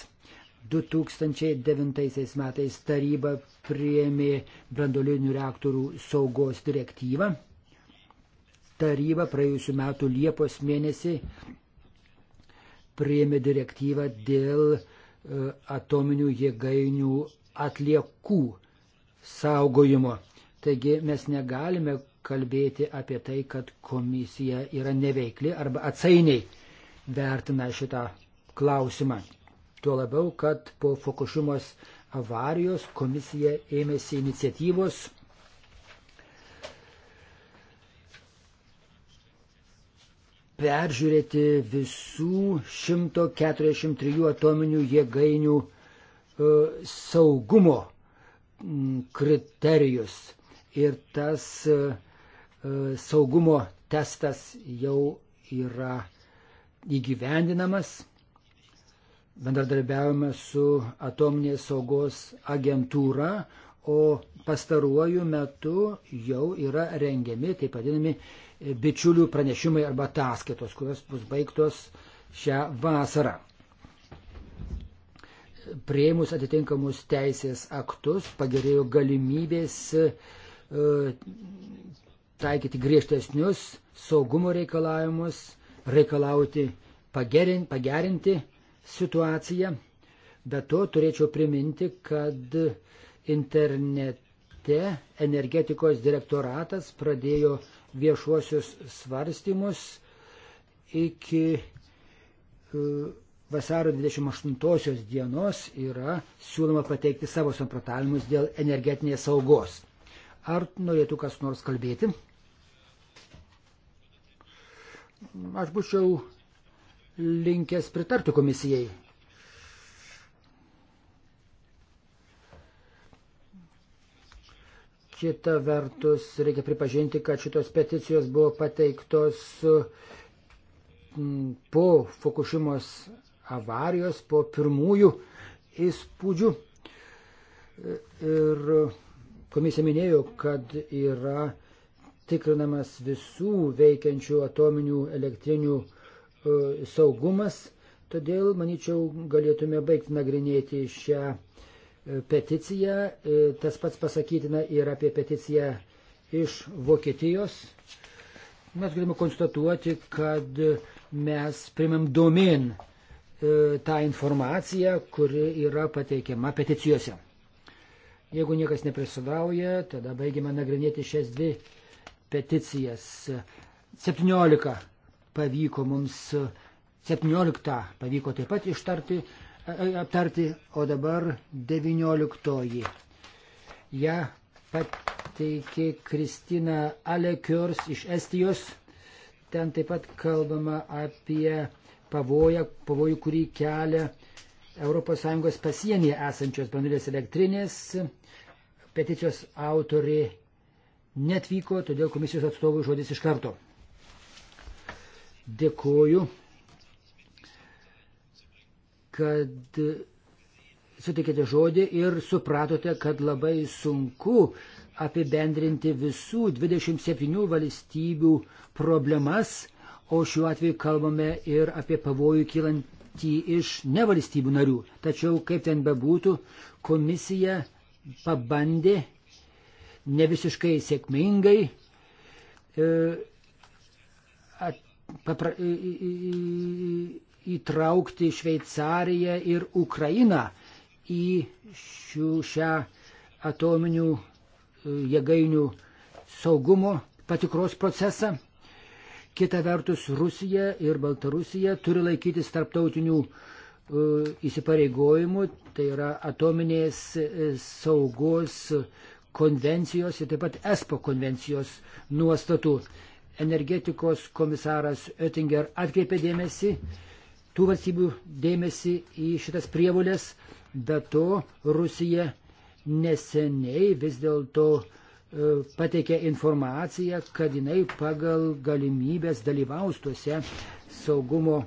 2009 metais taryba priėmė brandolinių reaktorių saugos direktyvą. Taryba praėjusiu metu Liepos mėnesį priėmė direktyvą dėl e, atominių jėgainių atliekų saugojimo. Taigi mes negalime kalbėti apie tai, kad komisija yra neveikli arba atsainiai vertina šitą klausimą. Tuo labiau, kad po Fukushimos avarijos komisija ėmėsi iniciatyvos peržiūrėti visų 143 atominių jėgainių e, saugumo kriterijus. Ir tas e, e, saugumo testas jau yra įgyvendinamas bendradarbiavome su atominės saugos agentūra, o pastaruoju metu jau yra rengiami taip vadinami bičiulių pranešimai arba ataskaitos, kurios bus baigtos šią vasarą. Prieimus atitinkamus teisės aktus pagerėjo galimybės e, taikyti griežtesnius saugumo reikalavimus, reikalauti pagerinti situaciją. Be to turėčiau priminti, kad internete energetikos direktoratas pradėjo viešuosius svarstymus iki e, vasaro 28 dienos yra siūloma pateikti savo samprotavimus dėl energetinės saugos. Ar norėtų kas nors kalbėti? Aš būčiau linkęs pritarti komisijai. Kita vertus, reikia pripažinti, kad šitos peticijos buvo pateiktos mm, po Fukushimos avarijos, po pirmųjų įspūdžių. Ir komisija minėjo, kad yra tikrinamas visų veikiančių atominių elektrinių E, saugumas. Todėl, manyčiau, galėtume baigti nagrinėti šią e, peticiją. E, tas pats pasakytina ir apie peticiją iš Vokietijos. Mes galime konstatuoti, kad mes primėm domin tą informaciją, kuri yra pateikiama peticijose. Jeigu niekas neprisidauja, tada baigiame nagrinėti šias dvi peticijas. 17 pavyko mums 17 pavyko taip pat ištarti, aptarti, o dabar 19. Ja pateikė Kristina Alekiors iš Estijos. Ten taip pat kalbama apie pavoją, pavojų, kurį kelia ES pasienyje esančios branduolės elektrinės. Peticijos autori netvyko, todėl komisijos atstovų žodis iš karto. Dėkuoju, kad sutikėte žodį ir supratote, kad labai sunku apibendrinti visų 27 valstybių problemas, o šiuo atveju kalbame ir apie pavojų kylantį iš nevalstybių narių. Tačiau, kaip ten bebūtų, komisija pabandė ne visiškai sėkmingai e, papra, į, į, įtraukti Šveicariją ir Ukrainą į šių, šią atominių e, jėgainių saugumo patikros procesą. Kita vertus, Rusija ir Baltarusija turi laikytis tarptautinių e, įsipareigojimų, tai yra atominės e, saugos konvencijos ir taip pat ESPO konvencijos nuostatų energetikos komisaras Oettinger atkreipė dėmesį, tų valstybių dėmesį į šitas prievolės, bet to Rusija neseniai vis dėlto e, pateikė informaciją, kad jinai pagal galimybės dalyvaus tuose saugumo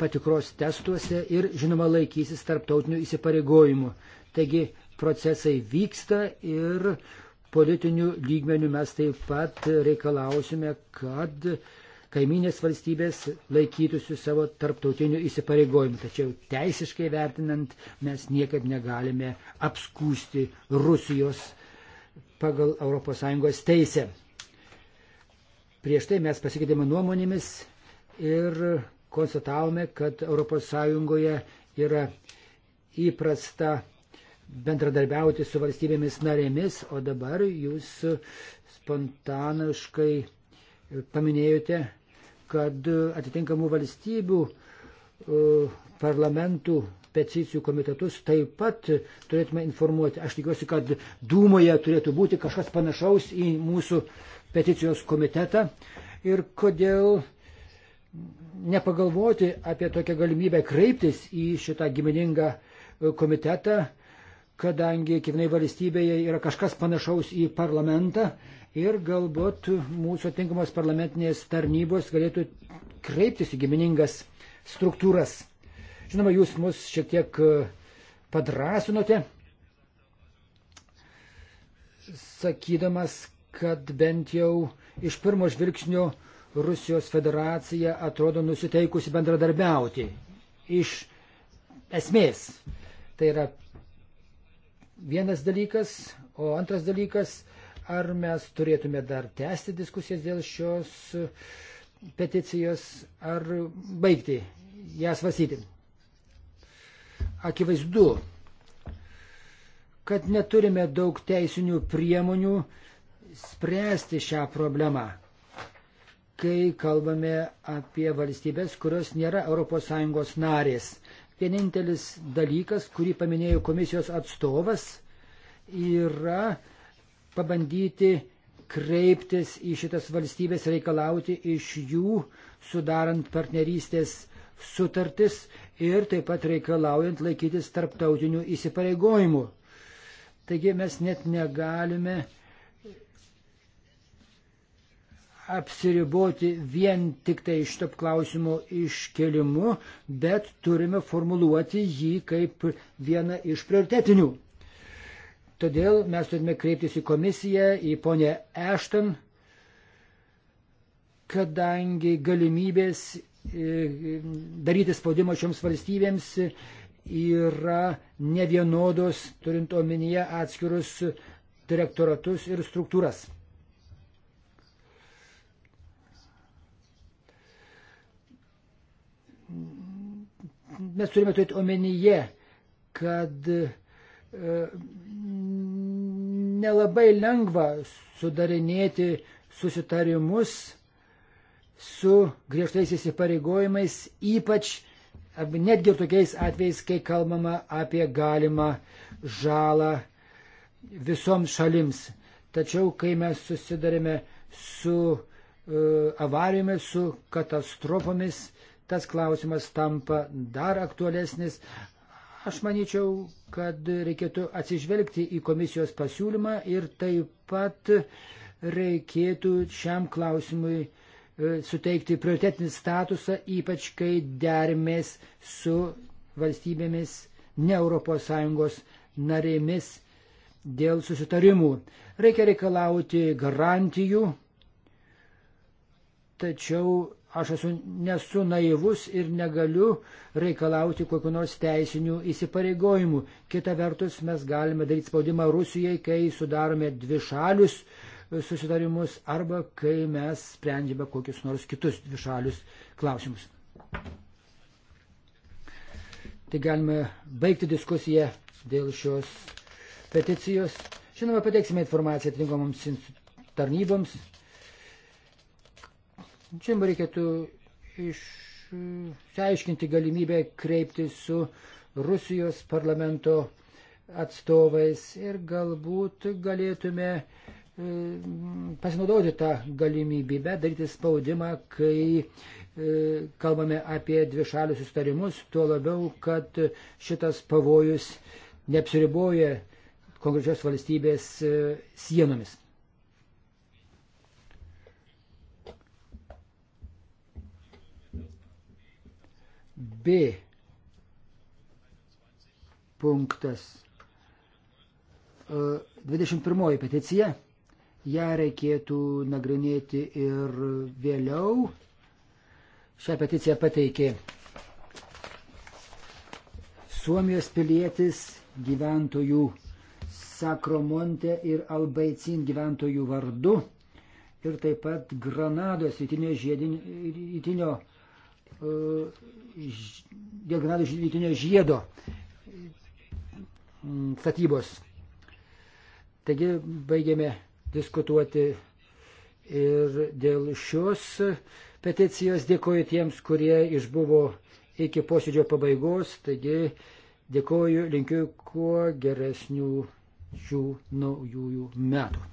patikros testuose ir, žinoma, laikysis tarptautinių įsipareigojimų. Taigi procesai vyksta ir uh, Politinių lygmenių mes taip pat reikalausime, kad kaiminės valstybės laikytųsi savo tarptautinių įsipareigojimų. Tačiau teisiškai vertinant mes niekaip negalime apskūsti Rusijos pagal ES teisę. Prieš tai mes pasikeitėme nuomonėmis ir konstatavome, kad ES yra įprasta bendradarbiauti su valstybėmis narėmis, o dabar jūs spontaniškai paminėjote, kad atitinkamų valstybių e, parlamentų peticijų komitetus taip pat turėtume informuoti. Aš tikiuosi, kad Dūmoje turėtų būti kažkas panašaus į mūsų peticijos komitetą. Ir kodėl nepagalvoti apie tokią galimybę kreiptis į šitą giminingą komitetą, kadangi kiekvienai valstybėje yra kažkas panašaus į parlamentą ir galbūt mūsų tinkamos parlamentinės tarnybos galėtų kreiptis į giminingas struktūras. Žinoma, jūs mus šiek tiek e, padrasinote, sakydamas, kad bent jau iš pirmo žvilgsnio Rusijos federacija atrodo nusiteikusi bendradarbiauti iš esmės. Tai yra vienas dalykas, o antras dalykas, ar mes turėtume dar tęsti diskusijas dėl šios peticijos, ar baigti ją svarstyti. Akivaizdu, kad neturime daug teisinių priemonių spręsti šią problemą, kai kalbame apie valstybės, kurios nėra ES narės Vienintelis dalykas, kurį paminėjo komisijos atstovas, yra pabandyti kreiptis į šitas valstybės, reikalauti iš jų, sudarant partnerystės sutartis ir taip pat reikalaujant laikytis tarptautinių įsipareigojimų. Taigi mes net negalime uh, apsiriboti vien tik tai šito klausimo iškelimu, bet turime formuluoti jį kaip vieną iš prioritetinių. Todėl mes turime kreiptis į komisiją, į ponę Ešton, kadangi galimybės e, daryti spaudimą šioms valstybėms yra nevienodos, turint omenyje atskirus direktoratus ir struktūras. mes turime turėti omenyje, kad e, nelabai lengva sudarinėti susitarimus su griežtais įsipareigojimais, ypač netgi ir tokiais atvejais, kai kalbama apie galimą žalą visoms šalims. Tačiau, kai mes susidarėme su uh, avarijomis, su katastrofomis, uh, tas klausimas tampa dar aktualesnis. Aš manyčiau, kad reikėtų atsižvelgti į komisijos pasiūlymą ir taip pat reikėtų šiam klausimui e, suteikti prioritetinį statusą, ypač kai dermės su valstybėmis ne ES narėmis dėl susitarimų. Reikia reikalauti garantijų, tačiau Aš esu nesu naivus ir negaliu reikalauti kokiu nors teisinių įsipareigojimų. Kita vertus, mes galime daryti spaudimą Rusijai, kai sudarome dvi šalius e, susitarimus arba kai mes sprendžiame kokius nors kitus dvišalius klausimus. Tai galime baigti diskusiją dėl šios peticijos. Žinoma, pateiksime informaciją atrinkomoms tarnyboms, Čia reikėtų išsiaiškinti galimybę kreipti su Rusijos parlamento atstovais ir galbūt galėtume e, pasinaudoti tą galimybę, daryti spaudimą, kai e, kalbame apie dvišalius sustarimus, tuo labiau, kad šitas pavojus neapsiriboja konkrečios valstybės e, sienomis. B punktas. 21 e, peticija. Ja reikėtų nagrinėti ir vėliau. Šią peticiją pateikė Suomijos pilietis gyventojų Sakromonte ir Albaicin gyventojų vardu ir taip pat Granados rytinio, žiedinio, rytinio E, dėl granadų žydinio žiedo statybos. Taigi baigėme diskutuoti ir dėl šios peticijos dėkoju tiems, kurie išbuvo iki posėdžio pabaigos. Taigi dėkoju, linkiu kuo geresnių šių naujųjų metų.